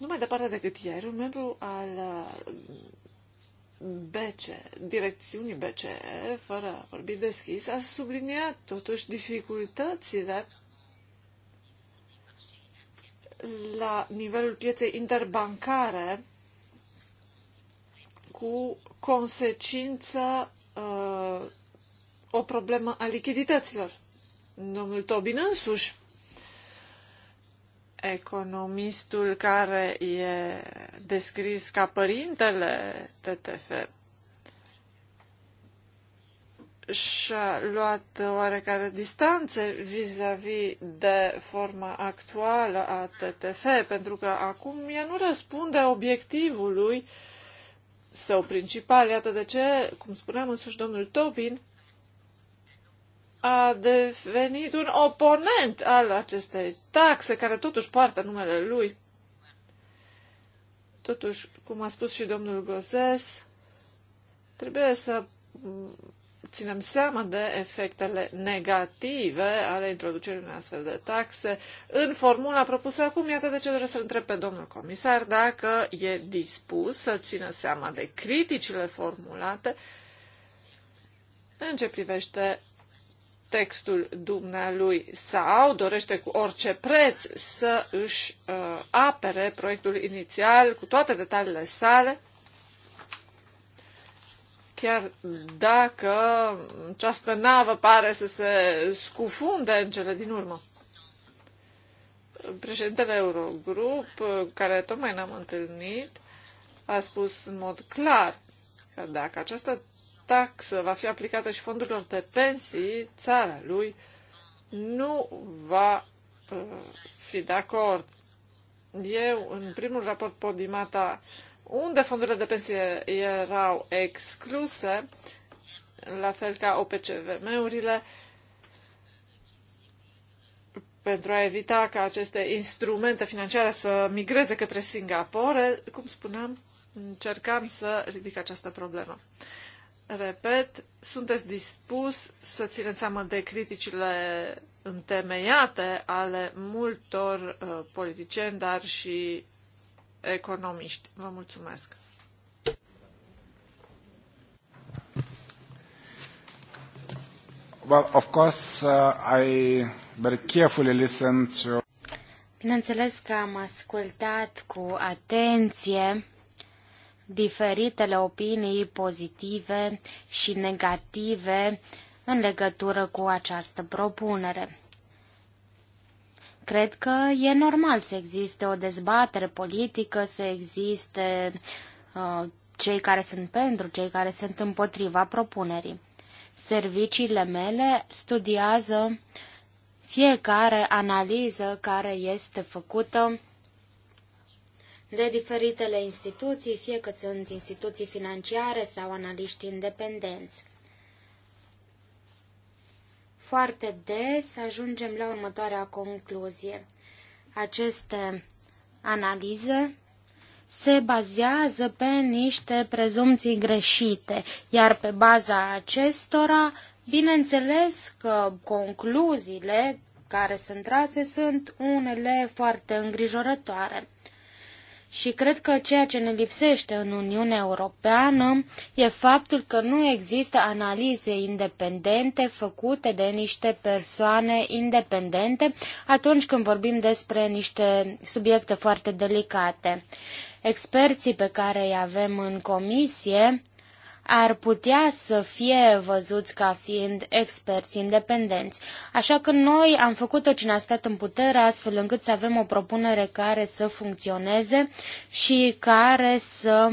Nu mai departe decât ieri, un membru al uh, BC, direcțiunii BC, fără a vorbi deschis, a subliniat totuși dificultățile la nivelul pieței interbancare cu consecință uh, o problemă a lichidităților. Domnul Tobin însuși economistul care e descris ca părintele TTF și-a luat oarecare distanțe vis-a-vis -vis de forma actuală a TTF, pentru că acum ea nu răspunde obiectivului său principal. Iată de ce, cum spuneam însuși domnul Tobin, a devenit un oponent al acestei taxe, care totuși poartă numele lui. Totuși, cum a spus și domnul Gozes, trebuie să ținem seama de efectele negative ale introducerii unei astfel de taxe în formula propusă acum. Iată de ce doresc să întreb pe domnul comisar dacă e dispus să țină seama de criticile formulate în ce privește textul dumnealui sau dorește cu orice preț să își uh, apere proiectul inițial cu toate detaliile sale, chiar dacă această navă pare să se scufunde în cele din urmă. Președintele Eurogrup, care tocmai ne-am întâlnit, a spus în mod clar că dacă această taxă va fi aplicată și fondurilor de pensii, țara lui nu va uh, fi de acord. Eu, în primul raport Podimata, unde fondurile de pensie erau excluse, la fel ca OPCVM-urile, pentru a evita ca aceste instrumente financiare să migreze către Singapore, cum spuneam, încercam să ridic această problemă. Repet, sunteți dispus să țineți seama de criticile întemeiate ale multor uh, politicieni, dar și economiști. Vă mulțumesc! Well, of course, uh, I very carefully listened to... Bineînțeles că am ascultat cu atenție diferitele opinii pozitive și negative în legătură cu această propunere. Cred că e normal să existe o dezbatere politică, să existe uh, cei care sunt pentru, cei care sunt împotriva propunerii. Serviciile mele studiază fiecare analiză care este făcută de diferitele instituții, fie că sunt instituții financiare sau analiști independenți. Foarte des ajungem la următoarea concluzie. Aceste analize se bazează pe niște prezumții greșite, iar pe baza acestora, bineînțeles că concluziile care sunt trase sunt unele foarte îngrijorătoare. Și cred că ceea ce ne lipsește în Uniunea Europeană e faptul că nu există analize independente făcute de niște persoane independente atunci când vorbim despre niște subiecte foarte delicate. Experții pe care îi avem în comisie ar putea să fie văzuți ca fiind experți independenți. Așa că noi am făcut tot ce ne-a stat în putere astfel încât să avem o propunere care să funcționeze și care să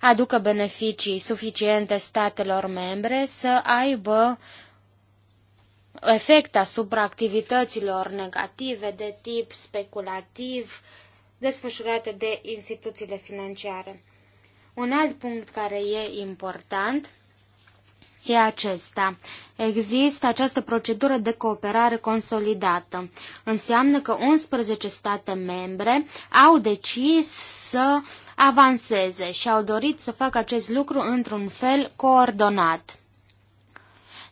aducă beneficii suficiente statelor membre să aibă efect asupra activităților negative de tip speculativ desfășurate de instituțiile financiare. Un alt punct care e important e acesta. Există această procedură de cooperare consolidată. Înseamnă că 11 state membre au decis să avanseze și au dorit să facă acest lucru într-un fel coordonat.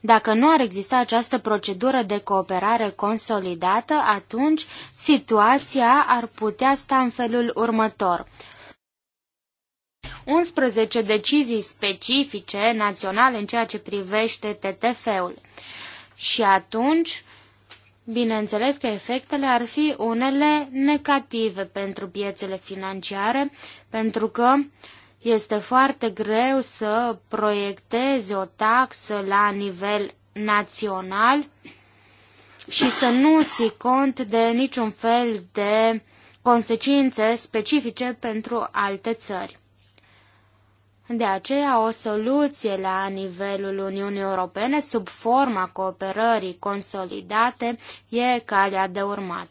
Dacă nu ar exista această procedură de cooperare consolidată, atunci situația ar putea sta în felul următor. 11 decizii specifice naționale în ceea ce privește TTF-ul. Și atunci, bineînțeles că efectele ar fi unele negative pentru piețele financiare, pentru că este foarte greu să proiectezi o taxă la nivel național și să nu ții cont de niciun fel de consecințe specifice pentru alte țări. De aceea, o soluție la nivelul Uniunii Europene, sub forma cooperării consolidate, e calea de urmat.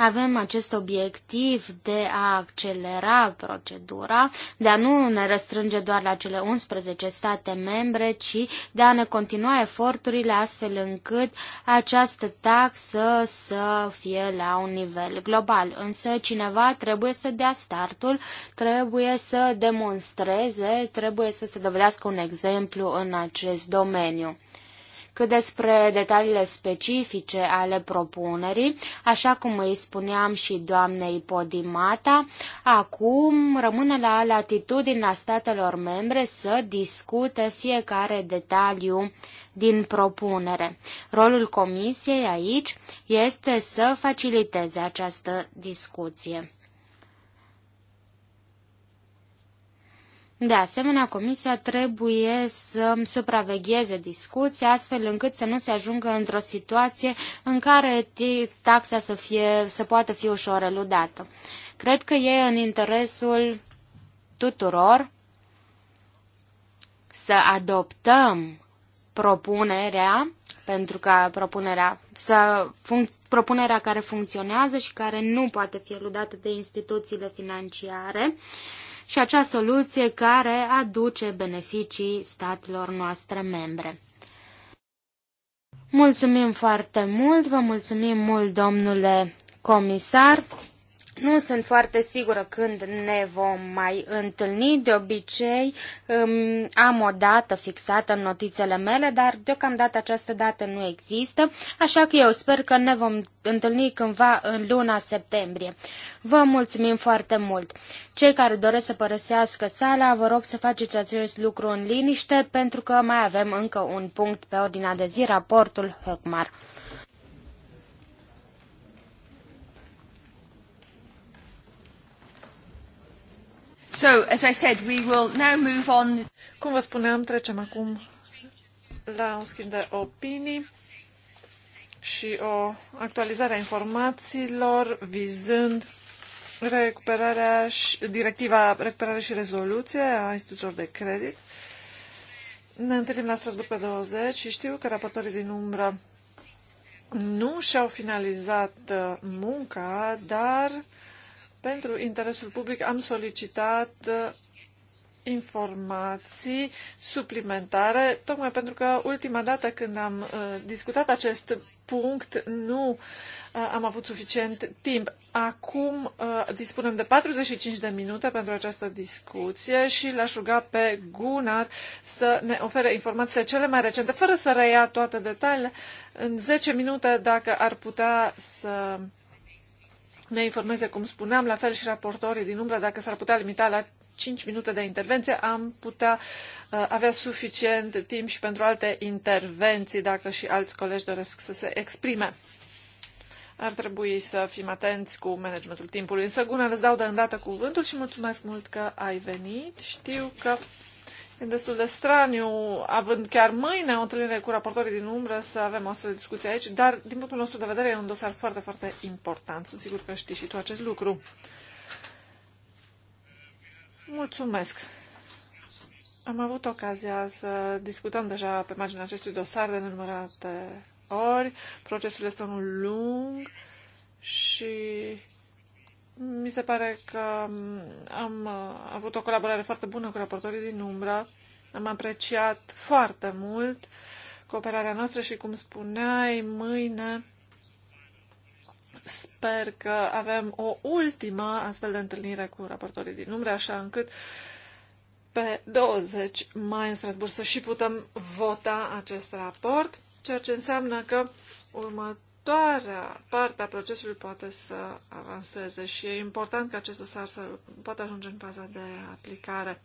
avem acest obiectiv de a accelera procedura, de a nu ne răstrânge doar la cele 11 state membre, ci de a ne continua eforturile astfel încât această taxă să fie la un nivel global. Însă cineva trebuie să dea startul, trebuie să demonstreze, trebuie să se dovedească un exemplu în acest domeniu. Cât despre detaliile specifice ale propunerii, așa cum îi spuneam și doamnei Podimata, acum rămâne la latitudinea statelor membre să discute fiecare detaliu din propunere. Rolul comisiei aici este să faciliteze această discuție. De asemenea, Comisia trebuie să supravegheze discuția astfel încât să nu se ajungă într-o situație în care taxa să, fie, să poată fi ușor eludată. Cred că e în interesul tuturor să adoptăm propunerea, pentru că propunerea, să func- propunerea care funcționează și care nu poate fi eludată de instituțiile financiare, uh, și acea soluție care aduce beneficii statelor noastre membre. Mulțumim foarte mult, vă mulțumim mult, domnule comisar. Nu sunt foarte sigură când ne vom mai întâlni. De obicei am o dată fixată în notițele mele, dar deocamdată această dată nu există, așa că eu sper că ne vom întâlni cândva în luna septembrie. Vă mulțumim foarte mult! Cei care doresc să părăsească sala, vă rog să faceți acest lucru în liniște, pentru că mai avem încă un punct pe ordinea de zi, raportul Hökmar. So, as I said, we will now move on. Cum vă spuneam, trecem acum la un schimb de opinii și o actualizare a informațiilor vizând recuperarea și, directiva recuperare și rezoluție a instituțiilor de credit. Ne întâlnim la Strasburg pe 20 și știu că raportorii din umbră nu și-au finalizat uh, munca, dar pentru interesul public am solicitat uh, informații suplimentare, tocmai pentru că ultima dată când am uh, discutat acest punct nu uh, am avut suficient timp. Acum uh, dispunem de 45 de minute pentru această discuție și l-aș ruga pe Gunnar să ne ofere informațiile cele mai recente, fără să reia toate detaliile, în 10 minute dacă ar putea să ne informeze, cum spuneam, la fel și raportorii din umbră, dacă s-ar putea limita la 5 minute de intervenție, am putea uh, avea suficient timp și pentru alte intervenții, dacă și alți colegi doresc să se exprime. Ar trebui să fim atenți cu managementul timpului. Însă, Gunnar, îți dau de îndată cuvântul și mulțumesc mult că ai venit. Știu că E destul de straniu, având chiar mâine o întâlnire cu raportorii din umbră, să avem o astfel de discuție aici, dar din punctul nostru de vedere e un dosar foarte, foarte important. Sunt sigur că știi și tu acest lucru. Mulțumesc! Am avut ocazia să discutăm deja pe marginea acestui dosar de nenumărate ori. Procesul este unul lung și mi se pare că um, am uh, avut o colaborare foarte bună cu raportorii din umbră. Am apreciat foarte mult cooperarea noastră și, cum spuneai, mâine sper că avem o ultimă astfel de întâlnire cu raportorii din umbră, așa încât pe 20 mai în Strasburg să și putem vota acest raport, ceea ce înseamnă că următorul următoarea parte a procesului poate să avanseze și e important ca acest dosar să poată ajunge în faza de aplicare.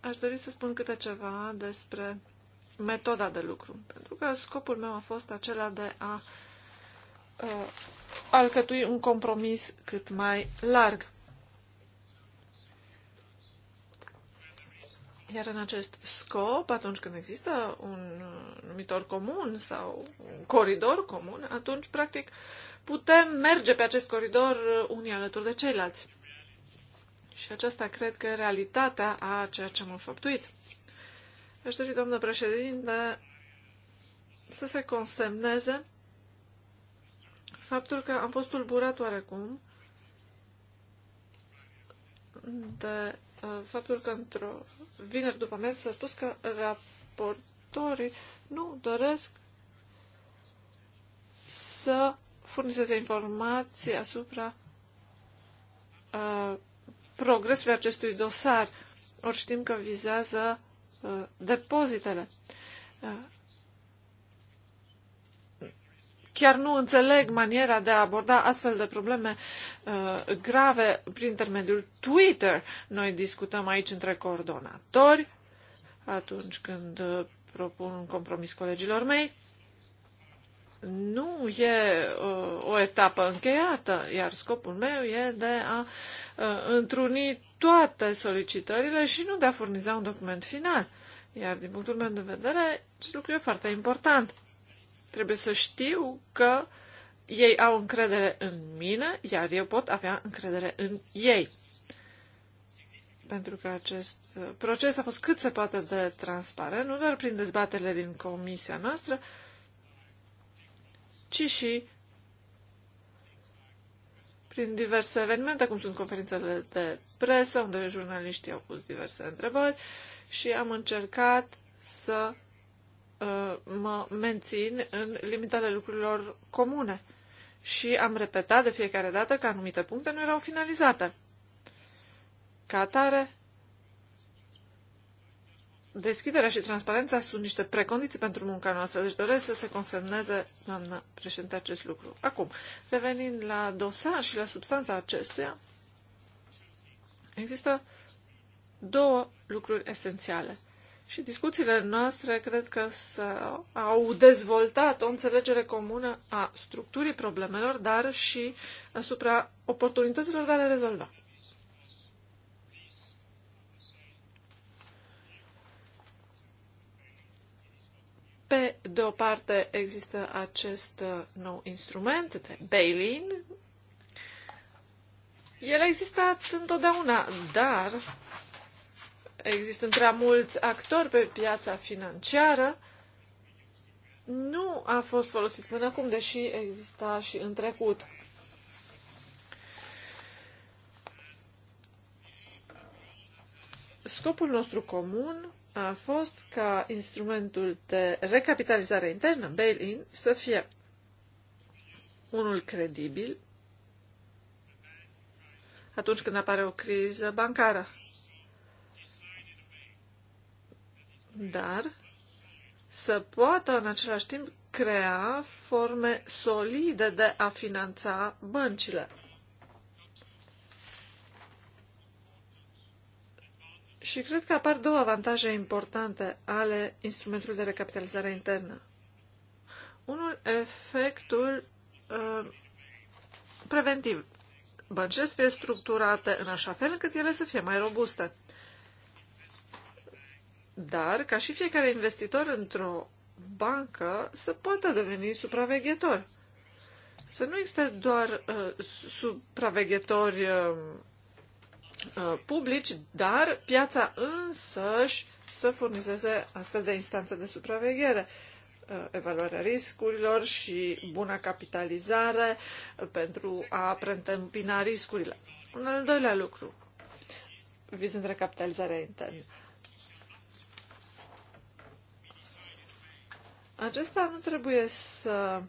Aș dori să spun câte ceva despre metoda de lucru, pentru că scopul meu a fost acela de a uh, alcătui un compromis cât mai larg. Iar în acest scop, atunci când există un numitor comun sau un coridor comun, atunci, practic, putem merge pe acest coridor unii alături de ceilalți. Și aceasta cred că e realitatea a ceea ce am înfăptuit. Aș dori, doamnă președinte, să se consemneze faptul că am fost tulburat oarecum de Uh, faptul că într-o vineri după amiază s-a spus că raportorii nu doresc să furnizeze informații asupra a, uh, progresului acestui dosar. Ori știm că vizează a, uh, depozitele. A, chiar nu înțeleg maniera de a aborda astfel de probleme uh, grave prin intermediul Twitter. Noi discutăm aici între coordonatori atunci când uh, propun un compromis colegilor mei. Nu e uh, o etapă încheiată, iar scopul meu e de a uh, întruni toate solicitările și nu de a furniza un document final. Iar din punctul meu de vedere, acest lucru e foarte important. Trebuie să știu că ei au încredere în mine, iar eu pot avea încredere în ei. Pentru că acest uh, proces a fost cât se poate de transparent, nu doar prin dezbaterile din comisia noastră, ci și prin diverse evenimente, cum sunt conferințele de presă, unde jurnaliștii au pus diverse întrebări și am încercat să Uh, mă mențin în limitele lucrurilor comune. Și am repetat de fiecare dată că anumite puncte nu erau finalizate. Ca atare, deschiderea și transparența sunt niște precondiții pentru munca noastră, deci doresc să se consemneze, doamnă președinte, acest lucru. Acum, revenind la dosar și la substanța acestuia, există două lucruri esențiale. Și discuțiile noastre cred că au dezvoltat o înțelegere comună a structurii problemelor, dar și asupra oportunităților de a le rezolva. Pe de o parte există acest nou instrument de bail-in. El a existat întotdeauna, dar existând prea mulți actori pe piața financiară, nu a fost folosit până acum, deși exista și în trecut. Scopul nostru comun a fost ca instrumentul de recapitalizare internă, bail-in, să fie unul credibil atunci când apare o criză bancară dar să poată în același timp crea forme solide de a finanța băncile. Și cred că apar două avantaje importante ale instrumentului de recapitalizare internă. Unul, efectul uh, preventiv. Băncile să fie structurate în așa fel încât ele să fie mai robuste dar ca și fiecare investitor într-o bancă să poată deveni supraveghetor. Să nu existe doar uh, supraveghetori uh, uh, publici, dar piața însăși să furnizeze astfel de instanțe de supraveghere. Uh, evaluarea riscurilor și buna capitalizare uh, pentru a preîntâmpina riscurile. Un al doilea lucru, vizând recapitalizarea internă. Uh, Acesta nu trebuie să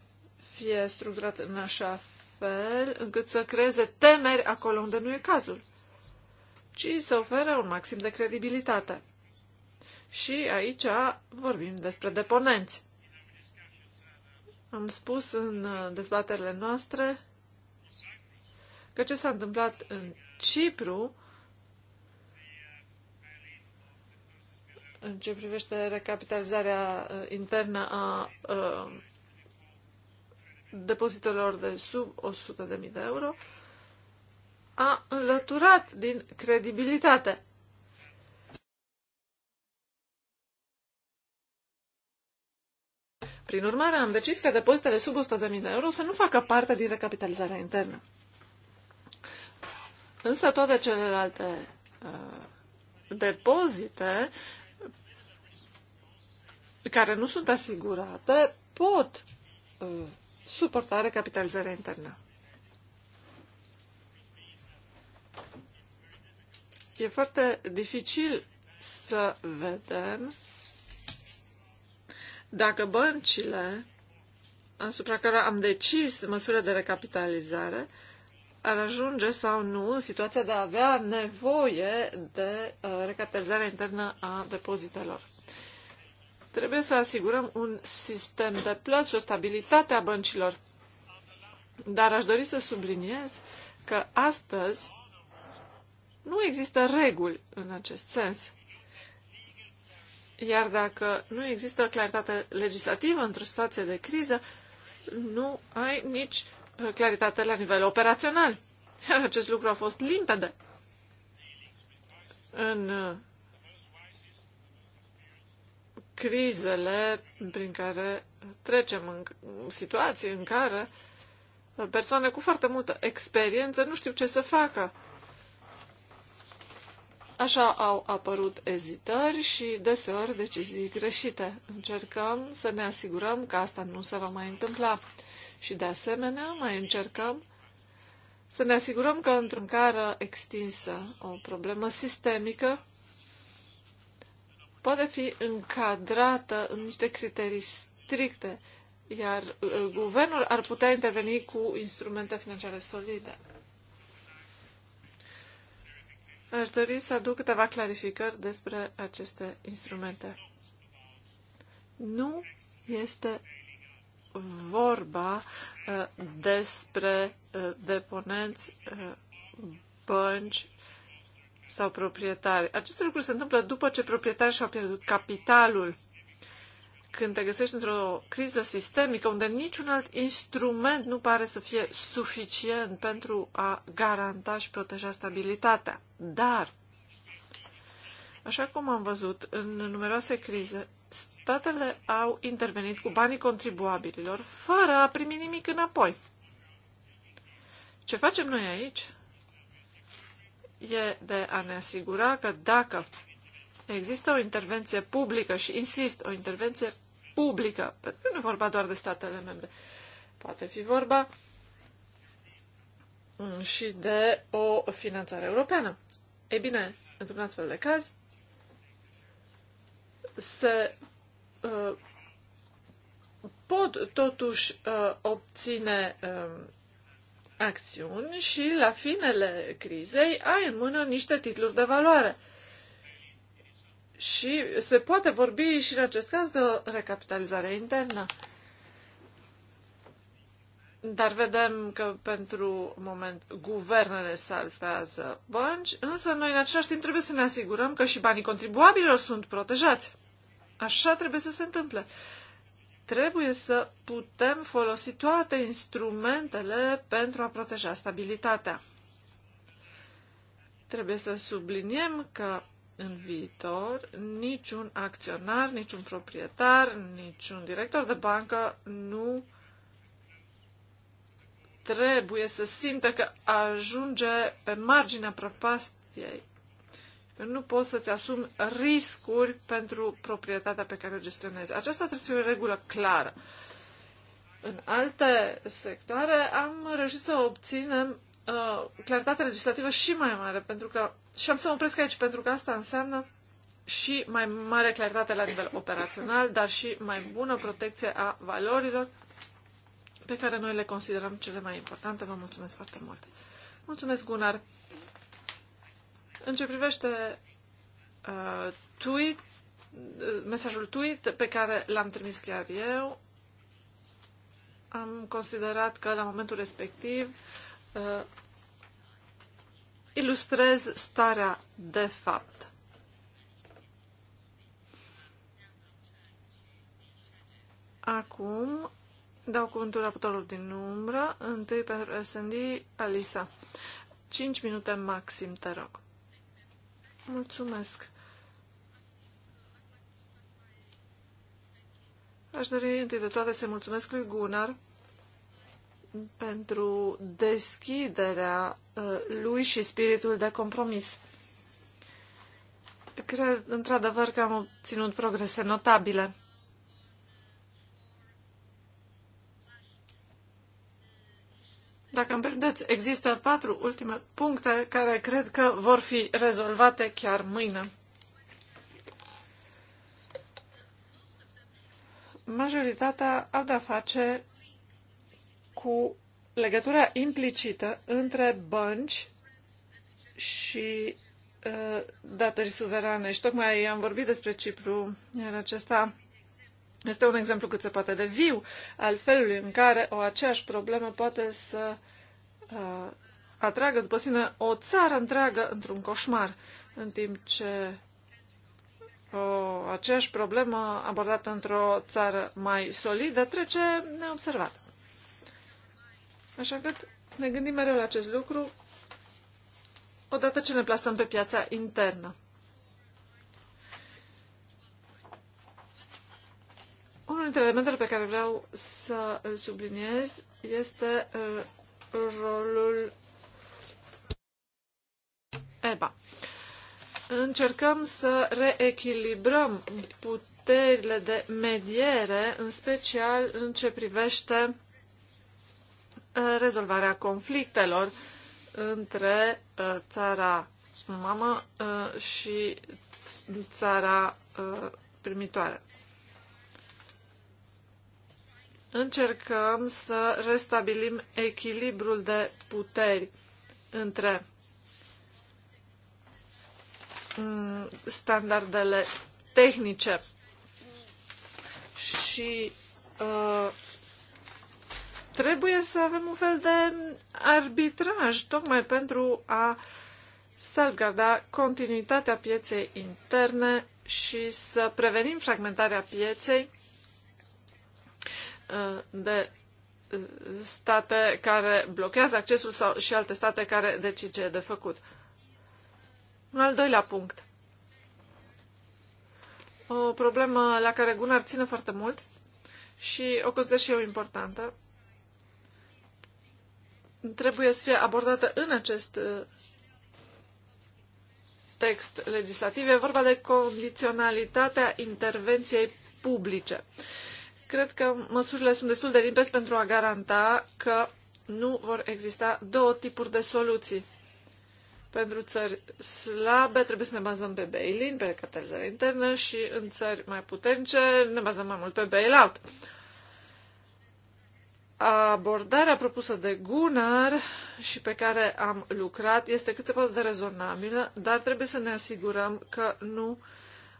fie structurat în așa fel încât să creeze temeri acolo unde nu e cazul, ci să ofere un maxim de credibilitate. Și aici vorbim despre deponenți. Am spus în dezbaterile noastre că ce s-a întâmplat în Cipru În ce privește recapitalizarea uh, internă a uh, depozitelor de sub 100.000 de euro, a înlăturat din credibilitate. Prin urmare, am decis ca depozitele sub 100.000 de euro să nu facă parte din recapitalizarea internă. Însă toate celelalte uh, depozite pe care nu sunt asigurate pot uh, suporta recapitalizarea internă. E foarte dificil să vedem dacă băncile asupra care am decis măsurile de recapitalizare ar ajunge sau nu în situația de a avea nevoie de uh, recapitalizarea internă a depozitelor. Trebuie să asigurăm un sistem de plăți și o stabilitate a băncilor. Dar aș dori să subliniez că astăzi nu există reguli în acest sens. Iar dacă nu există claritate legislativă într-o situație de criză, nu ai nici uh, claritate la nivel operațional. Iar acest lucru a fost limpede în uh, crizele prin care trecem, în situații în care persoane cu foarte multă experiență nu știu ce să facă. Așa au apărut ezitări și deseori decizii greșite. Încercăm să ne asigurăm că asta nu se va mai întâmpla. Și de asemenea mai încercăm să ne asigurăm că într-un cară extinsă, o problemă sistemică, poate fi încadrată în niște criterii stricte, iar uh, guvernul ar putea interveni cu instrumente financiare solide. Aș dori să aduc câteva clarificări despre aceste instrumente. Nu este vorba uh, despre uh, deponenți, uh, bănci sau proprietari. Aceste lucruri se întâmplă după ce proprietarii și-au pierdut capitalul. Când te găsești într-o criză sistemică unde niciun alt instrument nu pare să fie suficient pentru a garanta și proteja stabilitatea. Dar, așa cum am văzut în numeroase crize, statele au intervenit cu banii contribuabililor fără a primi nimic înapoi. Ce facem noi aici e de a ne asigura că dacă există o intervenție publică și insist, o intervenție publică, pentru că nu e vorba doar de statele membre, poate fi vorba și de o finanțare europeană. Ei bine, într-un astfel de caz, se uh, pot totuși uh, obține uh, acțiuni și la finele crizei ai în mână niște titluri de valoare. Și se poate vorbi și în acest caz de o recapitalizare internă. Dar vedem că pentru moment guvernele salvează bănci, însă noi în același timp trebuie să ne asigurăm că și banii contribuabililor sunt protejați. Așa trebuie să se întâmple trebuie să putem folosi toate instrumentele pentru a proteja stabilitatea. Trebuie să subliniem că în viitor niciun acționar, niciun proprietar, niciun director de bancă nu trebuie să simtă că ajunge pe marginea prăpastiei nu poți să-ți asumi riscuri pentru proprietatea pe care o gestionezi. Aceasta trebuie să fie o regulă clară. În alte sectoare am reușit să obținem uh, claritate legislativă și mai mare, pentru că, și am să mă opresc aici, pentru că asta înseamnă și mai mare claritate la nivel operațional, dar și mai bună protecție a valorilor pe care noi le considerăm cele mai importante. Vă mulțumesc foarte mult! Mulțumesc, Gunnar! În ce privește uh, tweet, uh, mesajul tweet pe care l-am trimis chiar eu, am considerat că la momentul respectiv uh, ilustrez starea de fapt. Acum dau cuvântul raportorilor din umbră, întâi pentru SND, Alisa. 5 minute maxim, te rog. Mulțumesc. Aș dori întâi de toate să mulțumesc lui Gunnar pentru deschiderea uh, lui și spiritul de compromis. Cred într-adevăr că am obținut progrese notabile. dacă îmi permiteți, există patru ultime puncte care cred că vor fi rezolvate chiar mâine. Majoritatea au de-a face cu legătura implicită între bănci și uh, datorii suverane. Și tocmai am vorbit despre Cipru în acesta este un exemplu cât se poate de viu al felului în care o aceeași problemă poate să uh, atragă după sine o țară întreagă într-un coșmar, în timp ce o aceeași problemă abordată într-o țară mai solidă trece neobservată. Așa că ne gândim mereu la acest lucru odată ce ne plasăm pe piața internă. Unul dintre elementele pe care vreau să îl subliniez este uh, rolul EBA. Încercăm să reechilibrăm puterile de mediere, în special în ce privește uh, rezolvarea conflictelor între uh, țara mamă și țara primitoare încercăm să restabilim echilibrul de puteri între mm, standardele tehnice și uh, trebuie să avem un fel de arbitraj tocmai pentru a salvgarda continuitatea pieței interne și să prevenim fragmentarea pieței Uh, de uh, state care blochează accesul sau și alte state care decid ce e de făcut. Un al doilea punct. O problemă la care Gunnar ține foarte mult și o consider și eu importantă. Trebuie să fie abordată în acest uh, text legislativ. E vorba de condiționalitatea intervenției publice. Uh, Cred că măsurile sunt destul de limpezi pentru a garanta că nu vor exista două tipuri de soluții. Pentru țări slabe trebuie să ne bazăm pe bail-in, pe capitalizare internă și în țări mai puternice ne bazăm mai mult pe bail-out. Abordarea propusă de Gunnar și pe care am lucrat este cât se poate de rezonabilă, dar trebuie să ne asigurăm că nu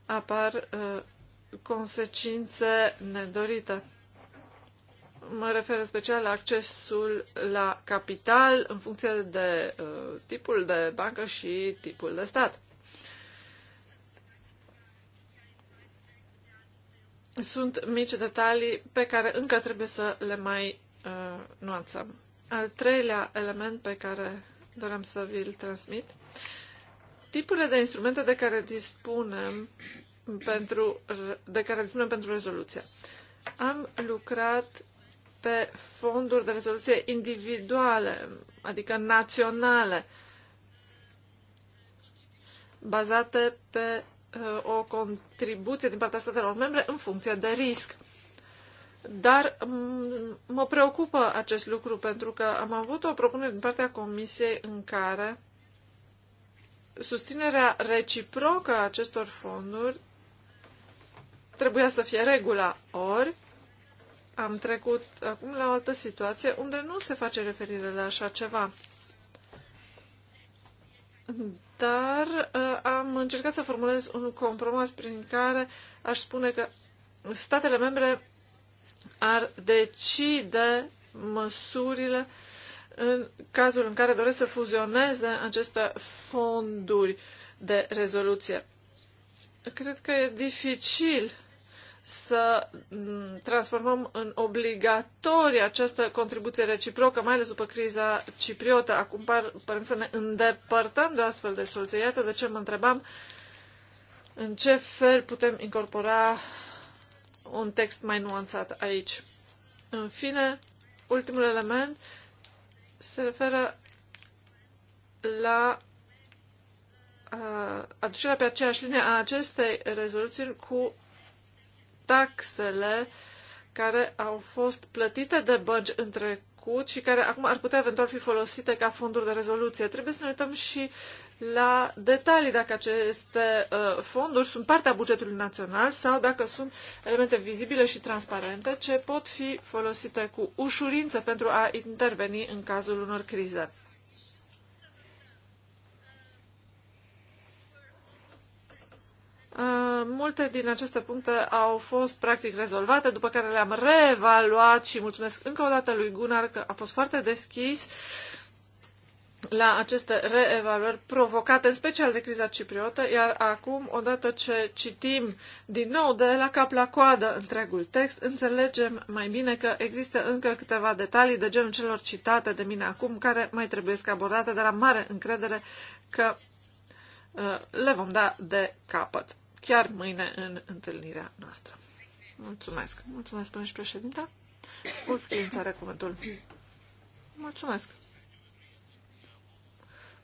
apar uh, consecințe nedorite. Mă refer în special la accesul la capital în funcție de uh, tipul de bancă și tipul de stat. Sunt mici detalii pe care încă trebuie să le mai uh, nuanțăm. Al treilea element pe care doream să vi-l transmit, tipurile de instrumente de care dispunem pentru, de care dispunem pentru rezoluție. Am lucrat pe fonduri de rezoluție individuale, adică naționale, bazate pe uh, o contribuție din partea statelor membre în funcție de risc. Dar mă preocupă acest lucru pentru că am avut o propunere din partea Comisiei în care susținerea reciprocă a acestor fonduri trebuia să fie regula. Ori am trecut acum la o altă situație unde nu se face referire la așa ceva. Dar uh, am încercat să formulez un compromis prin care aș spune că statele membre ar decide măsurile în cazul în care doresc să fuzioneze aceste fonduri de rezoluție. Cred că e dificil să mm, transformăm în obligatorie această contribuție reciprocă, mai ales după criza cipriotă. Acum par, par să ne îndepărtăm de astfel de soluție. Iată de ce mă întrebam în ce fel putem incorpora un text mai nuanțat aici. În fine, ultimul element se referă la uh, aducerea pe aceeași linie a acestei rezoluții cu taxele care au fost plătite de bănci în trecut și care acum ar putea eventual fi folosite ca fonduri de rezoluție. Trebuie să ne uităm și la detalii dacă aceste uh, fonduri sunt partea bugetului național sau dacă sunt elemente vizibile și transparente ce pot fi folosite cu ușurință pentru a interveni în cazul unor crize. Uh, multe din aceste puncte au fost practic rezolvate, după care le-am reevaluat și mulțumesc încă o dată lui Gunnar că a fost foarte deschis la aceste reevaluări provocate, în special de criza cipriotă, iar acum, odată ce citim din nou de la cap la coadă întregul text, înțelegem mai bine că există încă câteva detalii de genul celor citate de mine acum, care mai trebuie să abordate, dar am mare încredere că uh, le vom da de capăt chiar mâine în întâlnirea noastră. Mulțumesc. Mulțumesc, până președinte. Ulf Clint are cuvântul. Mulțumesc.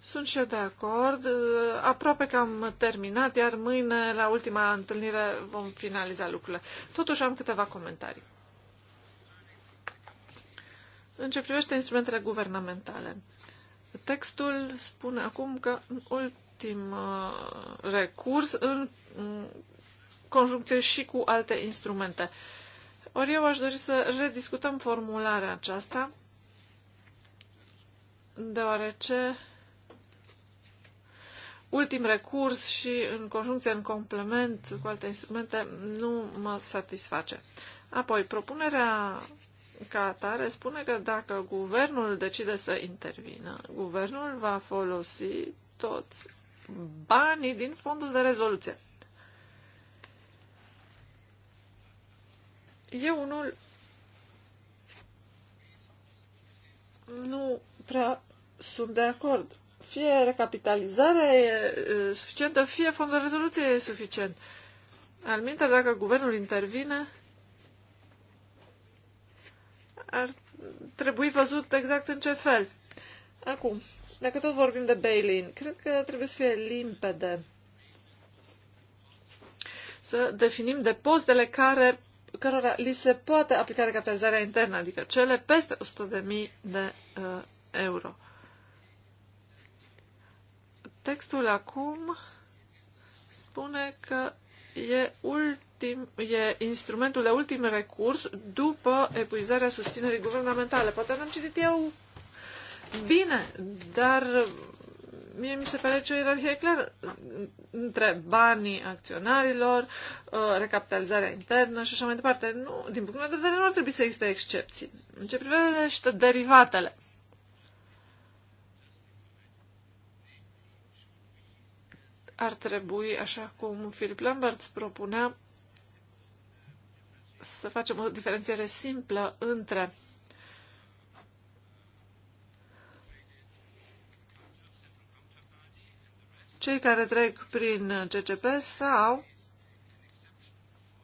Sunt și eu de acord. Aproape că am terminat, iar mâine, la ultima întâlnire, vom finaliza lucrurile. Totuși am câteva comentarii. În ce privește instrumentele guvernamentale, textul spune acum că în ultim recurs, în Mm, conjuncție și cu alte instrumente. Ori eu aș dori să rediscutăm formularea aceasta, deoarece ultim recurs și în conjuncție, în complement cu alte instrumente, nu mă satisface. Apoi, propunerea ca atare spune că dacă guvernul decide să intervină, guvernul va folosi toți banii din fondul de rezoluție. Eu unul nu prea sunt de acord. Fie recapitalizarea e suficientă, fie fondul de rezoluție e suficient. Alminter, dacă guvernul intervine, ar trebui văzut exact în ce fel. Acum, dacă tot vorbim de bail-in, cred că trebuie să fie limpede. Să definim depozitele care cărora li se poate aplica recapitalizarea internă, adică cele peste 100.000 de uh, euro. Textul acum spune că e, ultim, e instrumentul de ultim recurs după epuizarea susținerii guvernamentale. Poate n-am citit eu bine, dar mie mi se pare că o ierarhie clară între banii acționarilor, uh, recapitalizarea internă și așa mai departe. Nu, din punctul meu de vedere, nu ar trebui să existe excepții. În ce privește derivatele, ar trebui, așa cum Philip Lambert propunea, să facem o diferențiere simplă între cei care trec prin CCP sau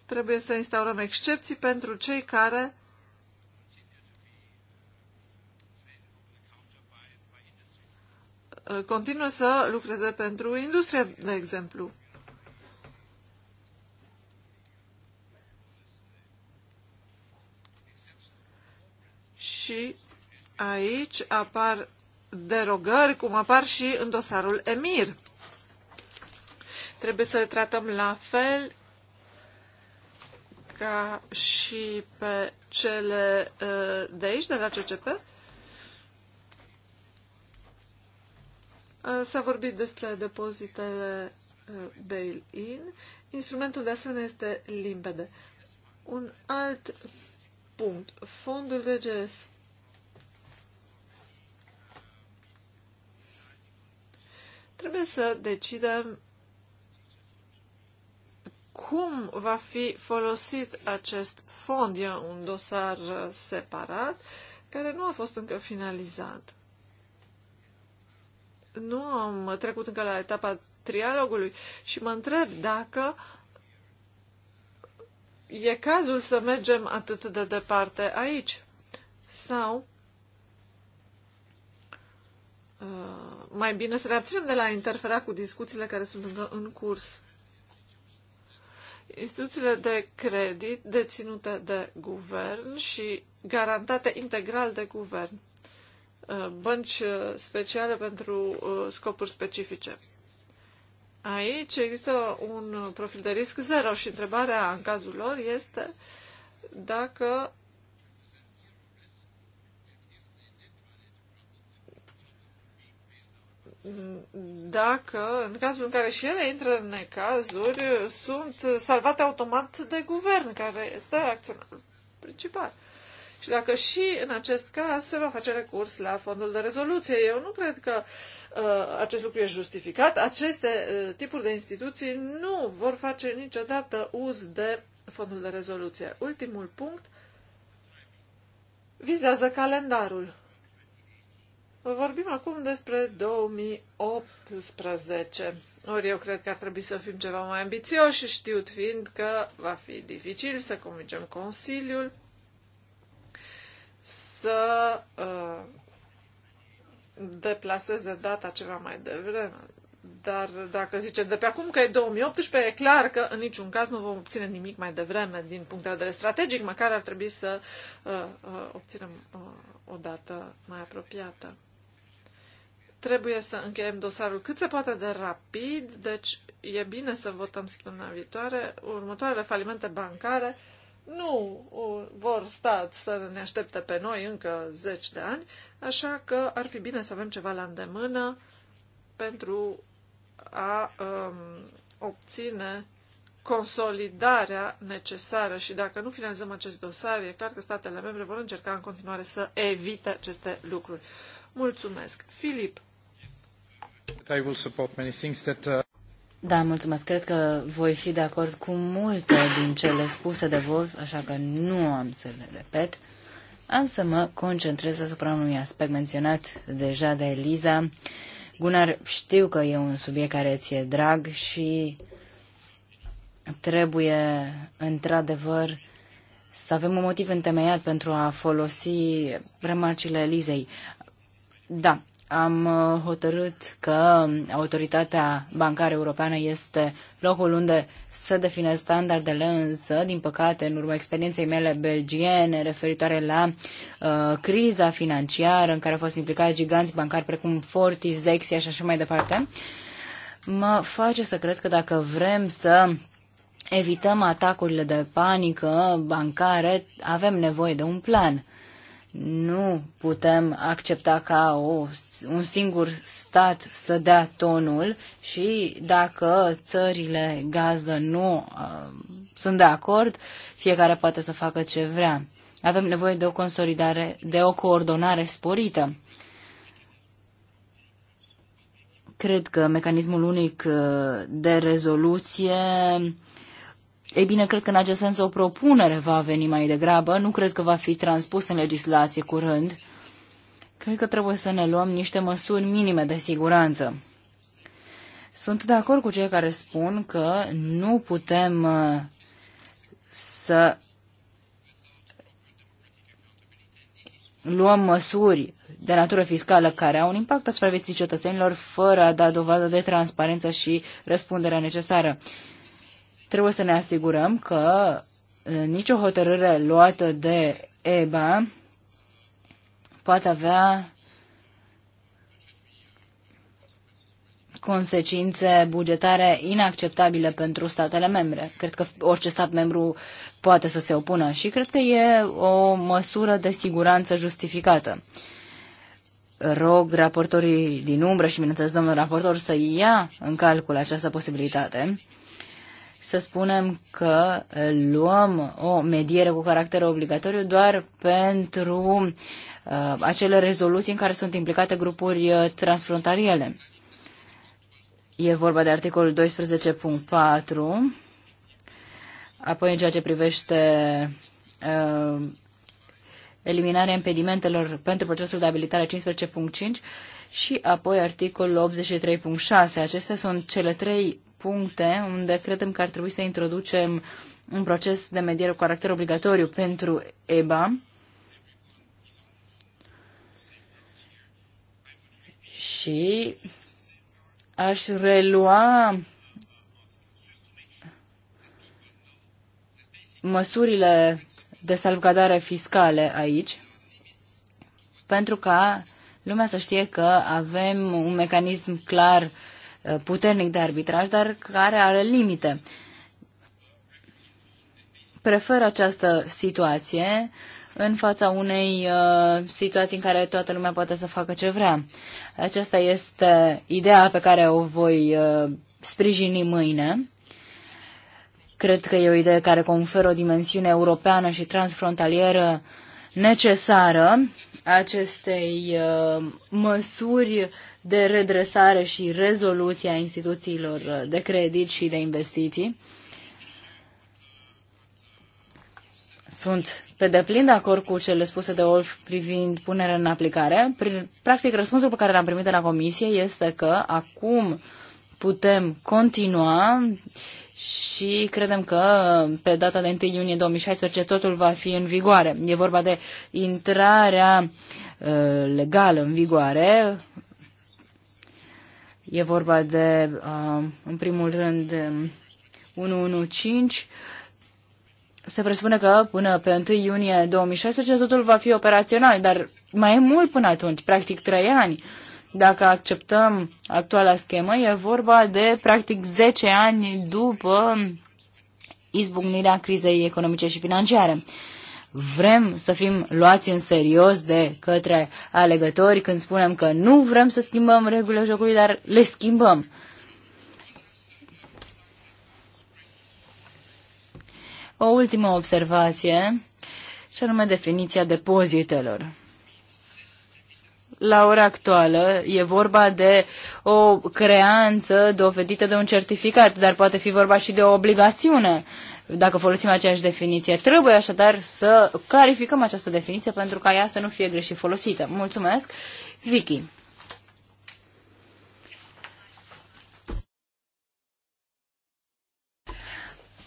trebuie să instaurăm excepții pentru cei care continuă să lucreze pentru industrie, de exemplu. Și aici apar derogări, cum apar și în dosarul EMIR. Trebuie să le tratăm la fel ca și pe cele uh, de aici, de la CCP. Uh, s-a vorbit despre depozitele uh, bail-in. Instrumentul de asemenea este limpede. Un alt punct. Fondul de GS trebuie să decidem cum va fi folosit acest fond. E un dosar separat care nu a fost încă finalizat. Nu am trecut încă la etapa trialogului și mă întreb dacă e cazul să mergem atât de departe aici sau uh, mai bine să ne abținem de la interfera cu discuțiile care sunt încă în curs. Instituțiile de credit deținute de guvern și garantate integral de guvern. Uh, bănci uh, speciale pentru uh, scopuri specifice. Aici există un profil de risc zero și întrebarea în cazul lor este dacă dacă, în cazul în care și ele intră în necazuri, sunt salvate automat de guvern, care este acționarul principal. Și dacă și în acest caz se va face recurs la fondul de rezoluție, eu nu cred că uh, acest lucru e justificat. Aceste uh, tipuri de instituții nu vor face niciodată uz de fondul de rezoluție. Ultimul punct vizează calendarul. Vorbim acum despre 2018. Ori eu cred că ar trebui să fim ceva mai ambițioși, știut fiind că va fi dificil să convingem Consiliul să uh, deplaseze data ceva mai devreme. Dar dacă zice de pe acum că e 2018, e clar că în niciun caz nu vom obține nimic mai devreme din punct de vedere strategic, măcar ar trebui să uh, uh, obținem uh, o dată mai apropiată. Trebuie să încheiem dosarul cât se poate de rapid, deci e bine să votăm săptămâna viitoare. Următoarele falimente bancare nu vor sta să ne aștepte pe noi încă zeci de ani, așa că ar fi bine să avem ceva la îndemână pentru a um, obține consolidarea necesară și dacă nu finalizăm acest dosar, e clar că statele membre vor încerca în continuare să evite aceste lucruri. Mulțumesc! Filip, Uh, da, mulțumesc. Cred că voi fi de acord cu multe din cele spuse de voi, așa că nu am să le repet. Am să mă concentrez asupra unui aspect menționat deja de Eliza. Gunar, știu că e un subiect care ți-e drag și trebuie, într-adevăr, să avem un motiv întemeiat pentru a folosi remarcile Elizei. Da, am uh, hotărât că autoritatea bancară europeană este locul unde să definez standardele, însă, din păcate, în urma experienței mele belgiene referitoare la uh, criza financiară în care au fost implicați giganți bancari precum Fortis, Dexia și așa mai departe, mă face să cred că dacă vrem să evităm atacurile de panică bancare, avem nevoie de un plan. Nu putem accepta ca o, un singur stat să dea tonul și dacă țările gazdă nu uh, sunt de acord, fiecare poate să facă ce vrea. Avem nevoie de o consolidare, de o coordonare sporită. Cred că mecanismul unic uh, de rezoluție ei bine, cred că în acest sens o propunere va veni mai degrabă, nu cred că va fi transpus în legislație curând. Cred că trebuie să ne luăm niște măsuri minime de siguranță. Sunt de acord cu cei care spun că nu putem uh, să luăm măsuri de natură fiscală care au un impact asupra vieții cetățenilor fără a da dovadă de transparență și răspunderea necesară. Trebuie să ne asigurăm că nicio hotărâre luată de EBA poate avea consecințe bugetare inacceptabile pentru statele membre. Cred că orice stat membru poate să se opună și cred că e o măsură de siguranță justificată. Rog raportorii din umbră și, bineînțeles, domnul raportor să ia în calcul această posibilitate să spunem că luăm o mediere cu caracter obligatoriu doar pentru uh, acele rezoluții în care sunt implicate grupuri uh, transfrontaliere. E vorba de articolul 12.4, apoi în ceea ce privește uh, eliminarea impedimentelor pentru procesul de abilitare 15.5 și apoi articolul 83.6. Acestea sunt cele trei puncte unde credem că ar trebui să introducem un proces de mediere cu caracter obligatoriu pentru EBA. Și aș relua măsurile de salvgardare fiscale aici, pentru ca lumea să știe că avem un mecanism clar Uh, puternic de arbitraj, dar care are limite. Prefer această situație în fața unei uh, situații în care toată lumea poate să facă ce vrea. Aceasta este ideea pe care o voi uh, sprijini mâine. Cred că e o idee care conferă o dimensiune europeană și transfrontalieră necesară acestei uh, măsuri de redresare și rezoluție a instituțiilor de credit și de investiții. Sunt pe deplin de acord cu cele spuse de Olf privind punerea în aplicare. Practic, răspunsul pe care l-am primit de la comisie este că acum putem continua și credem că pe data de 1 iunie 2016 totul va fi în vigoare. E vorba de intrarea uh, legală în vigoare E vorba de, uh, în primul rând, 115. Se presupune că până pe 1 iunie 2016 totul va fi operațional, dar mai e mult până atunci, practic 3 ani. Dacă acceptăm actuala schemă, e vorba de practic 10 ani după izbucnirea crizei economice și financiare vrem să fim luați în serios de către alegători când spunem că nu vrem să schimbăm regulile jocului, dar le schimbăm. O ultimă observație, și anume definiția depozitelor la ora actuală e vorba de o creanță dovedită de un certificat, dar poate fi vorba și de o obligațiune dacă folosim aceeași definiție. Trebuie așadar să clarificăm această definiție pentru ca ea să nu fie greșit folosită. Mulțumesc, Vicky.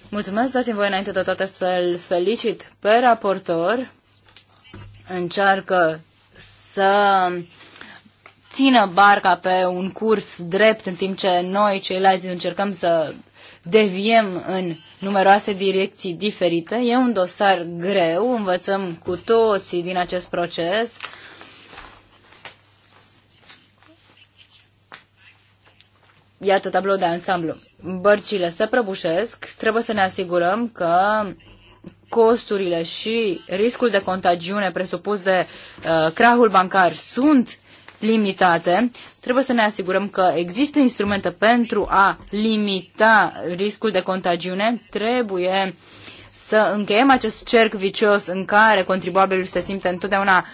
Mulțumesc, dați-mi voi înainte de toate să-l felicit pe raportor. Încearcă să țină barca pe un curs drept în timp ce noi ceilalți încercăm să deviem în numeroase direcții diferite. E un dosar greu, învățăm cu toții din acest proces. Iată tablou de ansamblu. Bărcile se prăbușesc, trebuie să ne asigurăm că costurile și riscul de contagiune presupus de uh, crahul bancar sunt limitate, trebuie să ne asigurăm că există instrumente pentru a limita riscul de contagiune, trebuie să încheiem acest cerc vicios în care contribuabilul se simte întotdeauna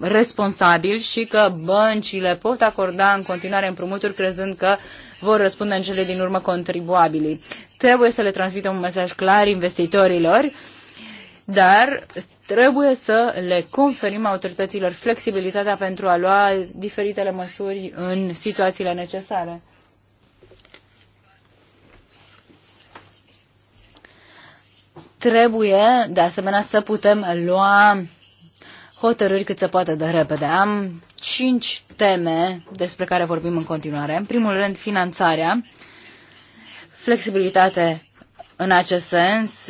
responsabil și că băncile pot acorda în continuare împrumuturi crezând că vor răspunde în cele din urmă contribuabilii. Trebuie să le transmitem un mesaj clar investitorilor, dar trebuie să le conferim autorităților flexibilitatea pentru a lua diferitele măsuri în situațiile necesare. Trebuie, de asemenea, să putem lua hotărâri cât se poate de repede. Am cinci teme despre care vorbim în continuare. În primul rând, finanțarea, flexibilitate în acest sens,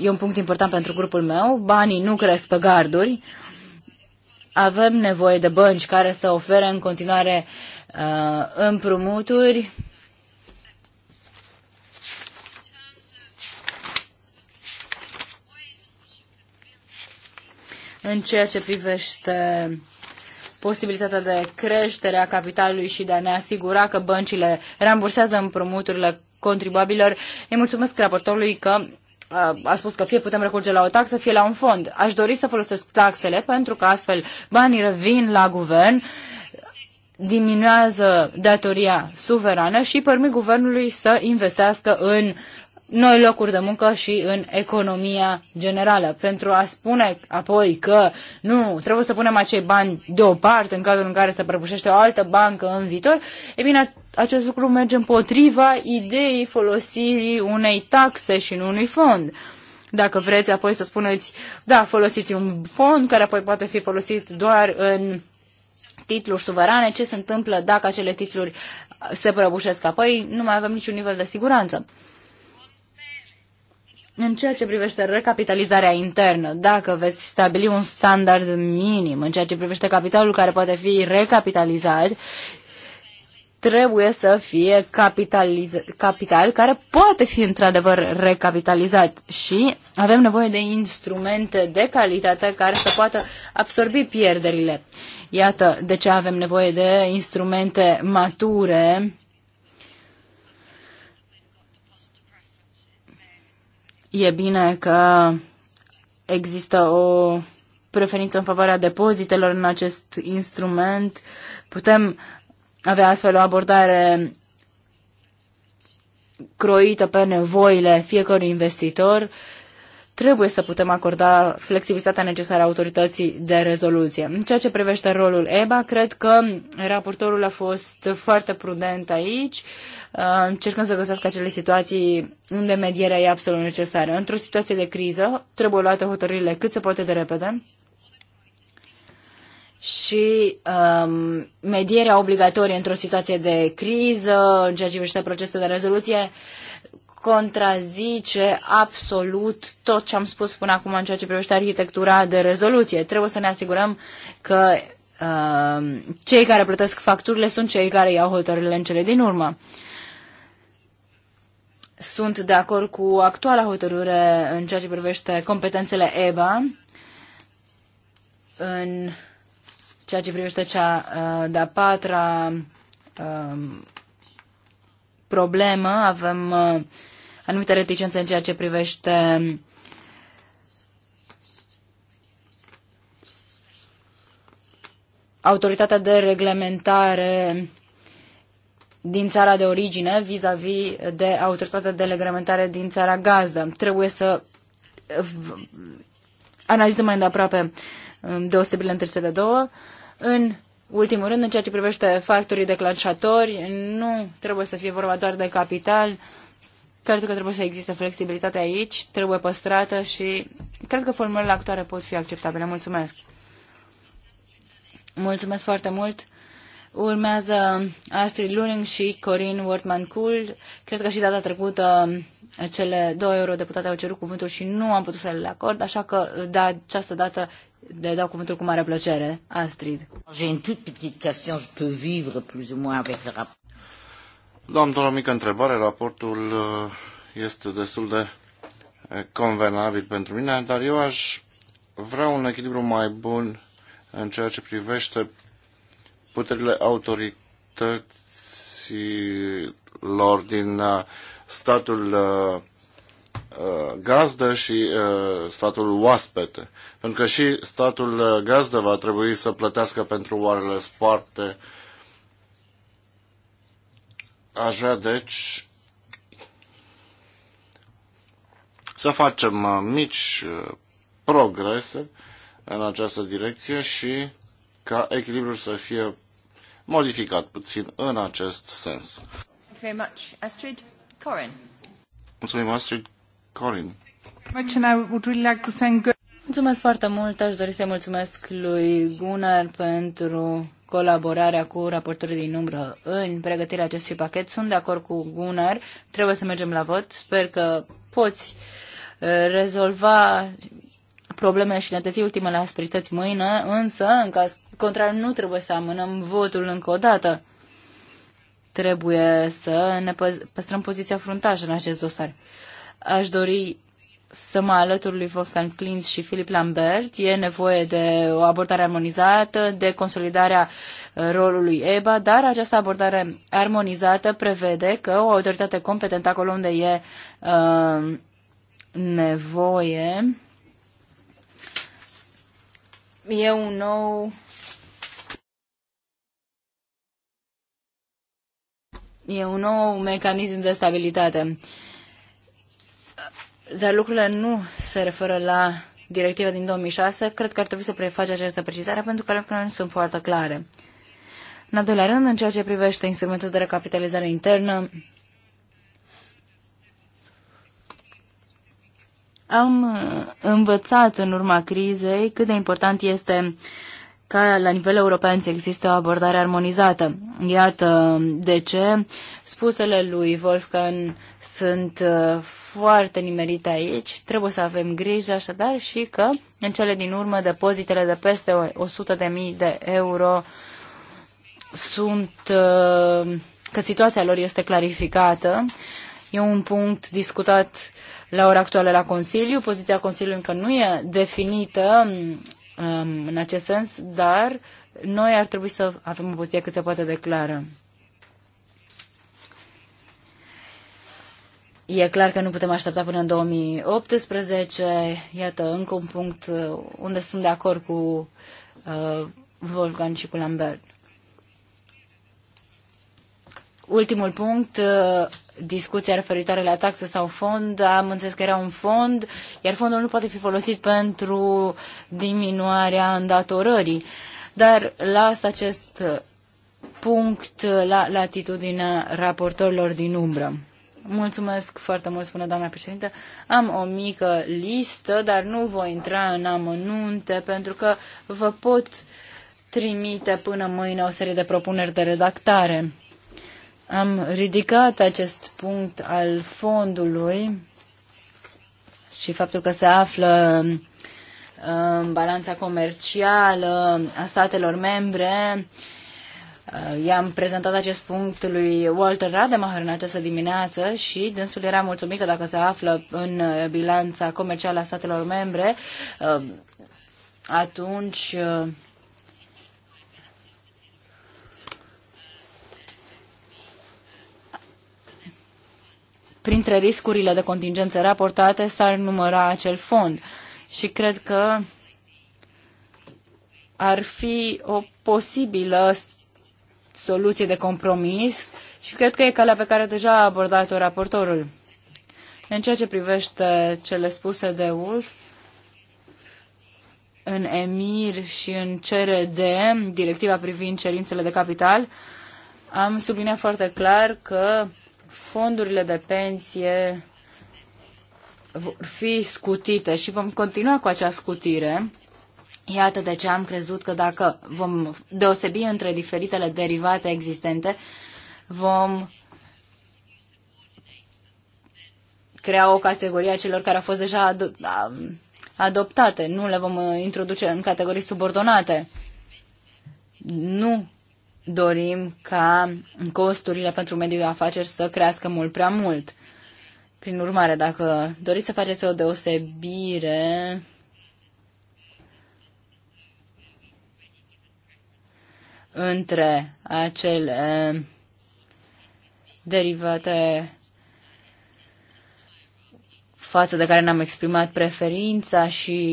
e un punct important pentru grupul meu, banii nu cresc pe garduri, avem nevoie de bănci care să ofere în continuare uh, împrumuturi. În ceea ce privește posibilitatea de creștere a capitalului și de a ne asigura că băncile rambursează împrumuturile contribuabilor. Îi mulțumesc raportorului că uh, a spus că fie putem recurge la o taxă, fie la un fond. Aș dori să folosesc taxele pentru că astfel banii revin la guvern, diminuează datoria suverană și permit guvernului să investească în noi locuri de muncă și în economia generală. Pentru a spune apoi că nu, trebuie să punem acei bani deoparte în cazul în care se prăbușește o altă bancă în viitor, e bine, acest lucru merge împotriva ideii folosirii unei taxe și nu unui fond. Dacă vreți apoi să spuneți, da, folosiți un fond care apoi poate fi folosit doar în titluri suverane, ce se întâmplă dacă acele titluri se prăbușesc apoi, nu mai avem niciun nivel de siguranță. În ceea ce privește recapitalizarea internă, dacă veți stabili un standard minim în ceea ce privește capitalul care poate fi recapitalizat, trebuie să fie capital care poate fi într-adevăr recapitalizat și avem nevoie de instrumente de calitate care să poată absorbi pierderile. Iată de ce avem nevoie de instrumente mature E bine că există o preferință în favoarea depozitelor în acest instrument. Putem avea astfel o abordare croită pe nevoile fiecărui investitor. Trebuie să putem acorda flexibilitatea necesară autorității de rezoluție. În ceea ce privește rolul EBA, cred că raportorul a fost foarte prudent aici. Uh, Uh, încercând să găsească acele situații unde medierea e absolut necesară. Într-o situație de criză trebuie luate hotărârile cât se poate de repede și um, medierea obligatorie într-o situație de criză, în ceea ce privește procesul de rezoluție, contrazice absolut tot ce am spus până acum în ceea ce privește arhitectura de rezoluție. Trebuie să ne asigurăm că uh, cei care plătesc facturile sunt cei care iau hotărârile în cele din urmă. Uh, sunt de acord cu actuala hotărâre în ceea ce privește competențele EBA, în ceea ce privește cea uh, de-a patra um, problemă, avem uh, anumite reticențe în ceea ce privește um, autoritatea de reglementare din țara de origine vis-a-vis -vis de autoritatea de reglementare din țara gazdă. Trebuie să analizăm mai îndeaproape um, deosebirile între cele două. În ultimul rând, în ceea ce privește factorii declanșatori, nu trebuie să fie vorba doar de capital. Cred că trebuie să existe flexibilitate aici, trebuie păstrată și cred că formulele actuale pot fi acceptabile. Mulțumesc! Mulțumesc foarte mult! Urmează Astrid Luring și Corin Wortman-Cool. Cred că și data trecută uh, cele două eurodeputate au cerut cuvântul și nu am putut să le acord, așa că uh, de această dată le dau cuvântul cu mare plăcere. Astrid. J'ai plus doar o mică întrebare. Raportul uh, este destul de convenabil pentru mine, dar eu aș vrea un echilibru mai bun în ceea ce privește puterile autorităților din uh, statul uh, uh, gazdă și statul oaspete. Pentru că și statul gazdă va trebui să plătească pentru oarele sparte. așa deci, să facem mici progrese în această direcție și ca echilibrul să fie modificat puțin în acest sens. Mulțumim, Astrid. Corin. Mulțumesc foarte mult. Aș dori să mulțumesc lui Gunnar pentru colaborarea cu raportorii din umbră în pregătirea acestui pachet. Sunt de acord cu Gunnar. Trebuie să mergem la vot. Sper că poți rezolva probleme și ne tezi ultimele asperități mâine, însă, în caz contrar, nu trebuie să amânăm votul încă o dată. Trebuie să ne păstrăm poziția fruntajă în acest dosar. Aș dori să mă alătur lui Wolfgang Klintz și Philip Lambert. E nevoie de o abordare armonizată, de consolidarea uh, rolului EBA, dar această abordare armonizată prevede că o autoritate competentă acolo unde e uh, nevoie e un nou e un nou mecanism de stabilitate. Dar lucrurile nu se referă la directiva din 2006. Cred că ar trebui să preface această precizare pentru că lucrurile nu sunt foarte clare. În al doilea rând, în ceea ce privește instrumentul de recapitalizare internă, Am uh, învățat în urma crizei cât de important este ca la nivel european să existe o abordare armonizată. Iată uh, de ce spusele lui Wolfgang sunt uh, foarte nimerite aici. Trebuie să avem grijă așadar și că în cele din urmă depozitele de peste 100.000 de euro sunt că situația lor este clarificată. E un punct discutat la ora actuală la Consiliu. Poziția Consiliului încă nu e definită um, în acest sens, dar noi ar trebui să avem o poziție cât se poate de clară. E clar că nu putem aștepta până în 2018. Iată, încă un punct uh, unde sunt de acord cu uh, Volcan și cu Lambert. Ultimul punct, uh, discuția referitoare la taxă sau fond, am înțeles că era un fond, iar fondul nu poate fi folosit pentru diminuarea îndatorării. Dar las acest punct la latitudinea raportorilor din umbră. Mulțumesc foarte mult, spune doamna președintă. Am o mică listă, dar nu voi intra în amănunte, pentru că vă pot trimite până mâine o serie de propuneri de redactare. Am ridicat acest punct al fondului și faptul că se află în um, balanța comercială a statelor membre. Uh, i-am prezentat acest punct lui Walter Rademacher în această dimineață și dânsul era mulțumit că dacă se află în bilanța comercială a statelor membre, uh, atunci uh, printre riscurile de contingențe raportate s-ar număra acel fond. Și cred că ar fi o posibilă soluție de compromis și cred că e calea pe care deja a abordat-o raportorul. În ceea ce privește cele spuse de Wolf, în EMIR și în CRD, directiva privind cerințele de capital, am subliniat foarte clar că fondurile de pensie vor fi scutite și vom continua cu acea scutire. Iată de ce am crezut că dacă vom deosebi între diferitele derivate existente, vom crea o categorie a celor care au fost deja ad- adoptate. Nu le vom introduce în categorii subordonate. Nu dorim ca costurile pentru mediul de afaceri să crească mult prea mult. Prin urmare, dacă doriți să faceți o deosebire între acele derivate față de care ne-am exprimat preferința și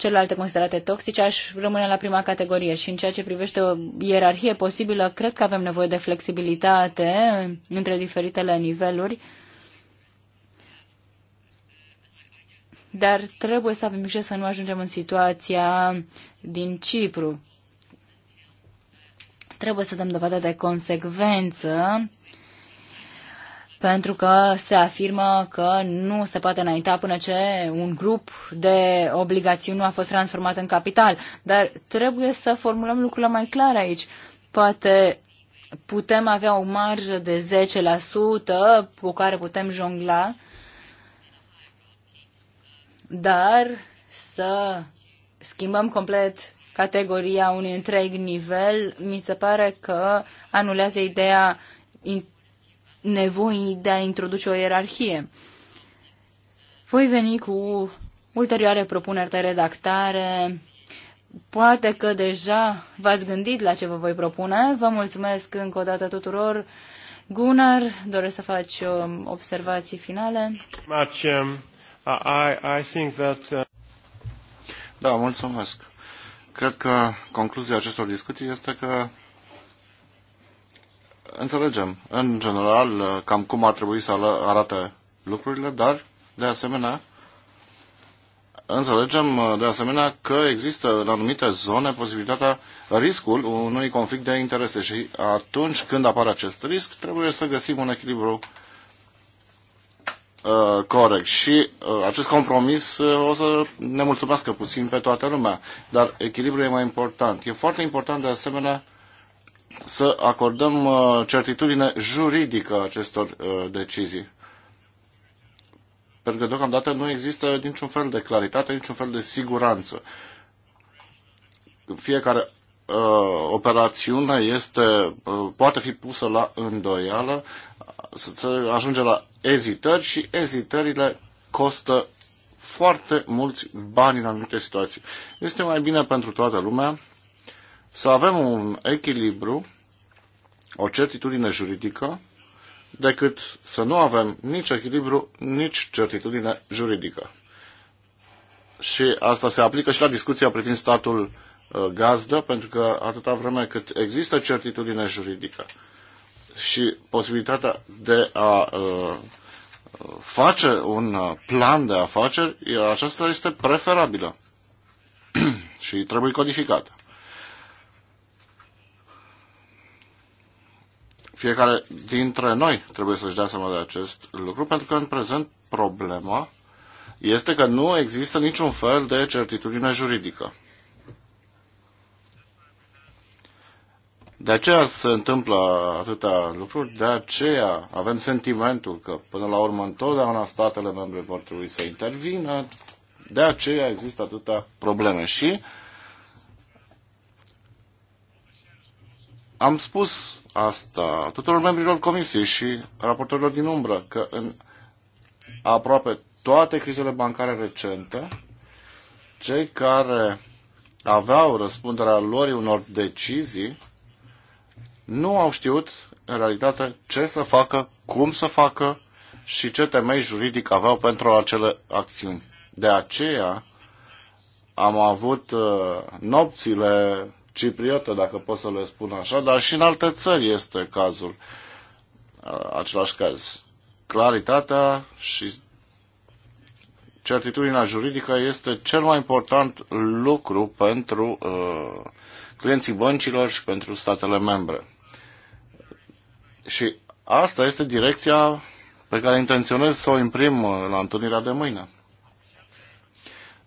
celelalte considerate toxice, aș rămâne la prima categorie. Și în ceea ce privește o ierarhie posibilă, cred că avem nevoie de flexibilitate între diferitele niveluri. Dar trebuie să avem grijă să nu ajungem în situația din Cipru. Trebuie să dăm dovadă de consecvență pentru că se afirmă că nu se poate înainta până ce un grup de obligațiuni nu a fost transformat în capital. Dar trebuie să formulăm lucrurile mai clar aici. Poate putem avea o marjă de 10% cu care putem jongla, dar să schimbăm complet categoria unui întreg nivel, mi se pare că anulează ideea nevoii de a introduce o ierarhie. Voi veni cu ulterioare propuneri de redactare. Poate că deja v-ați gândit la ce vă voi propune. Vă mulțumesc încă o dată tuturor. Gunnar, doresc să faci um, observații finale. Um, I, I think that, uh, Da, mulțumesc. Cred că concluzia acestor discuții este că înțelegem, în general, uh, cam cum ar trebui să arate lucrurile, dar, de asemenea, înțelegem, uh, de asemenea, că există în anumite zone posibilitatea, riscul unui conflict de interese și atunci când apare acest risc, trebuie să găsim un echilibru uh, corect. Și uh, acest compromis uh, o să ne mulțumească puțin pe toată lumea, dar echilibrul e mai important. E foarte important, de asemenea, uh, să acordăm uh, certitudine juridică acestor uh, decizii. Pentru că deocamdată nu există niciun fel de claritate, niciun fel de siguranță. Fiecare uh, operațiune este, uh, poate fi pusă la îndoială, să ajunge la ezitări și ezitările costă foarte mulți bani în anumite situații. Este mai bine pentru toată lumea să avem un echilibru, o certitudine juridică, decât să nu avem nici echilibru, nici certitudine juridică. Și asta se aplică și la discuția privind statul uh, gazdă, pentru că atâta vreme cât există certitudine juridică și posibilitatea de a uh, face un uh, plan de afaceri, aceasta este preferabilă și trebuie codificată. Fiecare dintre noi trebuie să-și dea seama de acest lucru, pentru că în prezent problema este că nu există niciun fel de certitudine juridică. De aceea se întâmplă atâtea lucruri, de aceea avem sentimentul că până la urmă întotdeauna statele membre vor trebui să intervină, de aceea există atâtea probleme și am spus asta tuturor membrilor comisiei și raportorilor din umbră că în aproape toate crizele bancare recente, cei care aveau răspunderea lor unor decizii nu au știut în realitate ce să facă, cum să facă și ce temei juridic aveau pentru acele acțiuni. De aceea am avut uh, nopțile cipriotă, dacă pot să le spun așa, dar și în alte țări este cazul. Același caz. Claritatea și certitudinea juridică este cel mai important lucru pentru uh, clienții băncilor și pentru statele membre. Și asta este direcția pe care intenționez să o imprim uh, la întâlnirea de mâine.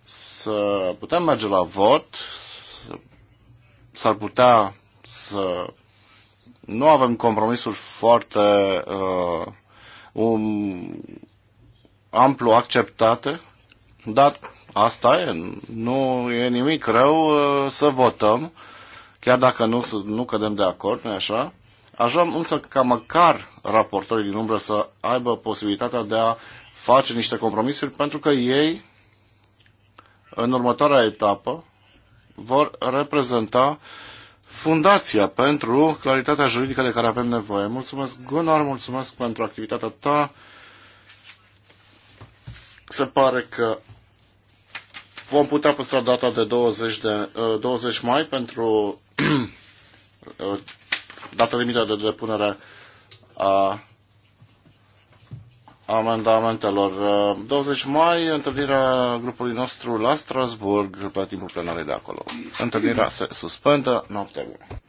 Să putem merge la vot, s-ar putea să nu avem compromisuri foarte uh, um, amplu acceptate, dar asta e, nu e nimic rău uh, să votăm, chiar dacă nu, nu cădem de acord, nu așa? Aș vrea însă ca măcar raportorii din umbră să aibă posibilitatea de a face niște compromisuri, pentru că ei, în următoarea etapă, vor reprezenta fundația pentru claritatea juridică de care avem nevoie. Mulțumesc, Gunnar, mulțumesc pentru activitatea ta. Se pare că vom putea păstra data de 20, de, 20 uh, mai pentru uh, data limită de depunere a amendamentelor. 20 uh, mai, întâlnirea grupului nostru la Strasburg, pe timpul plenarei de acolo. Întâlnirea se suspendă. Noaptea bună!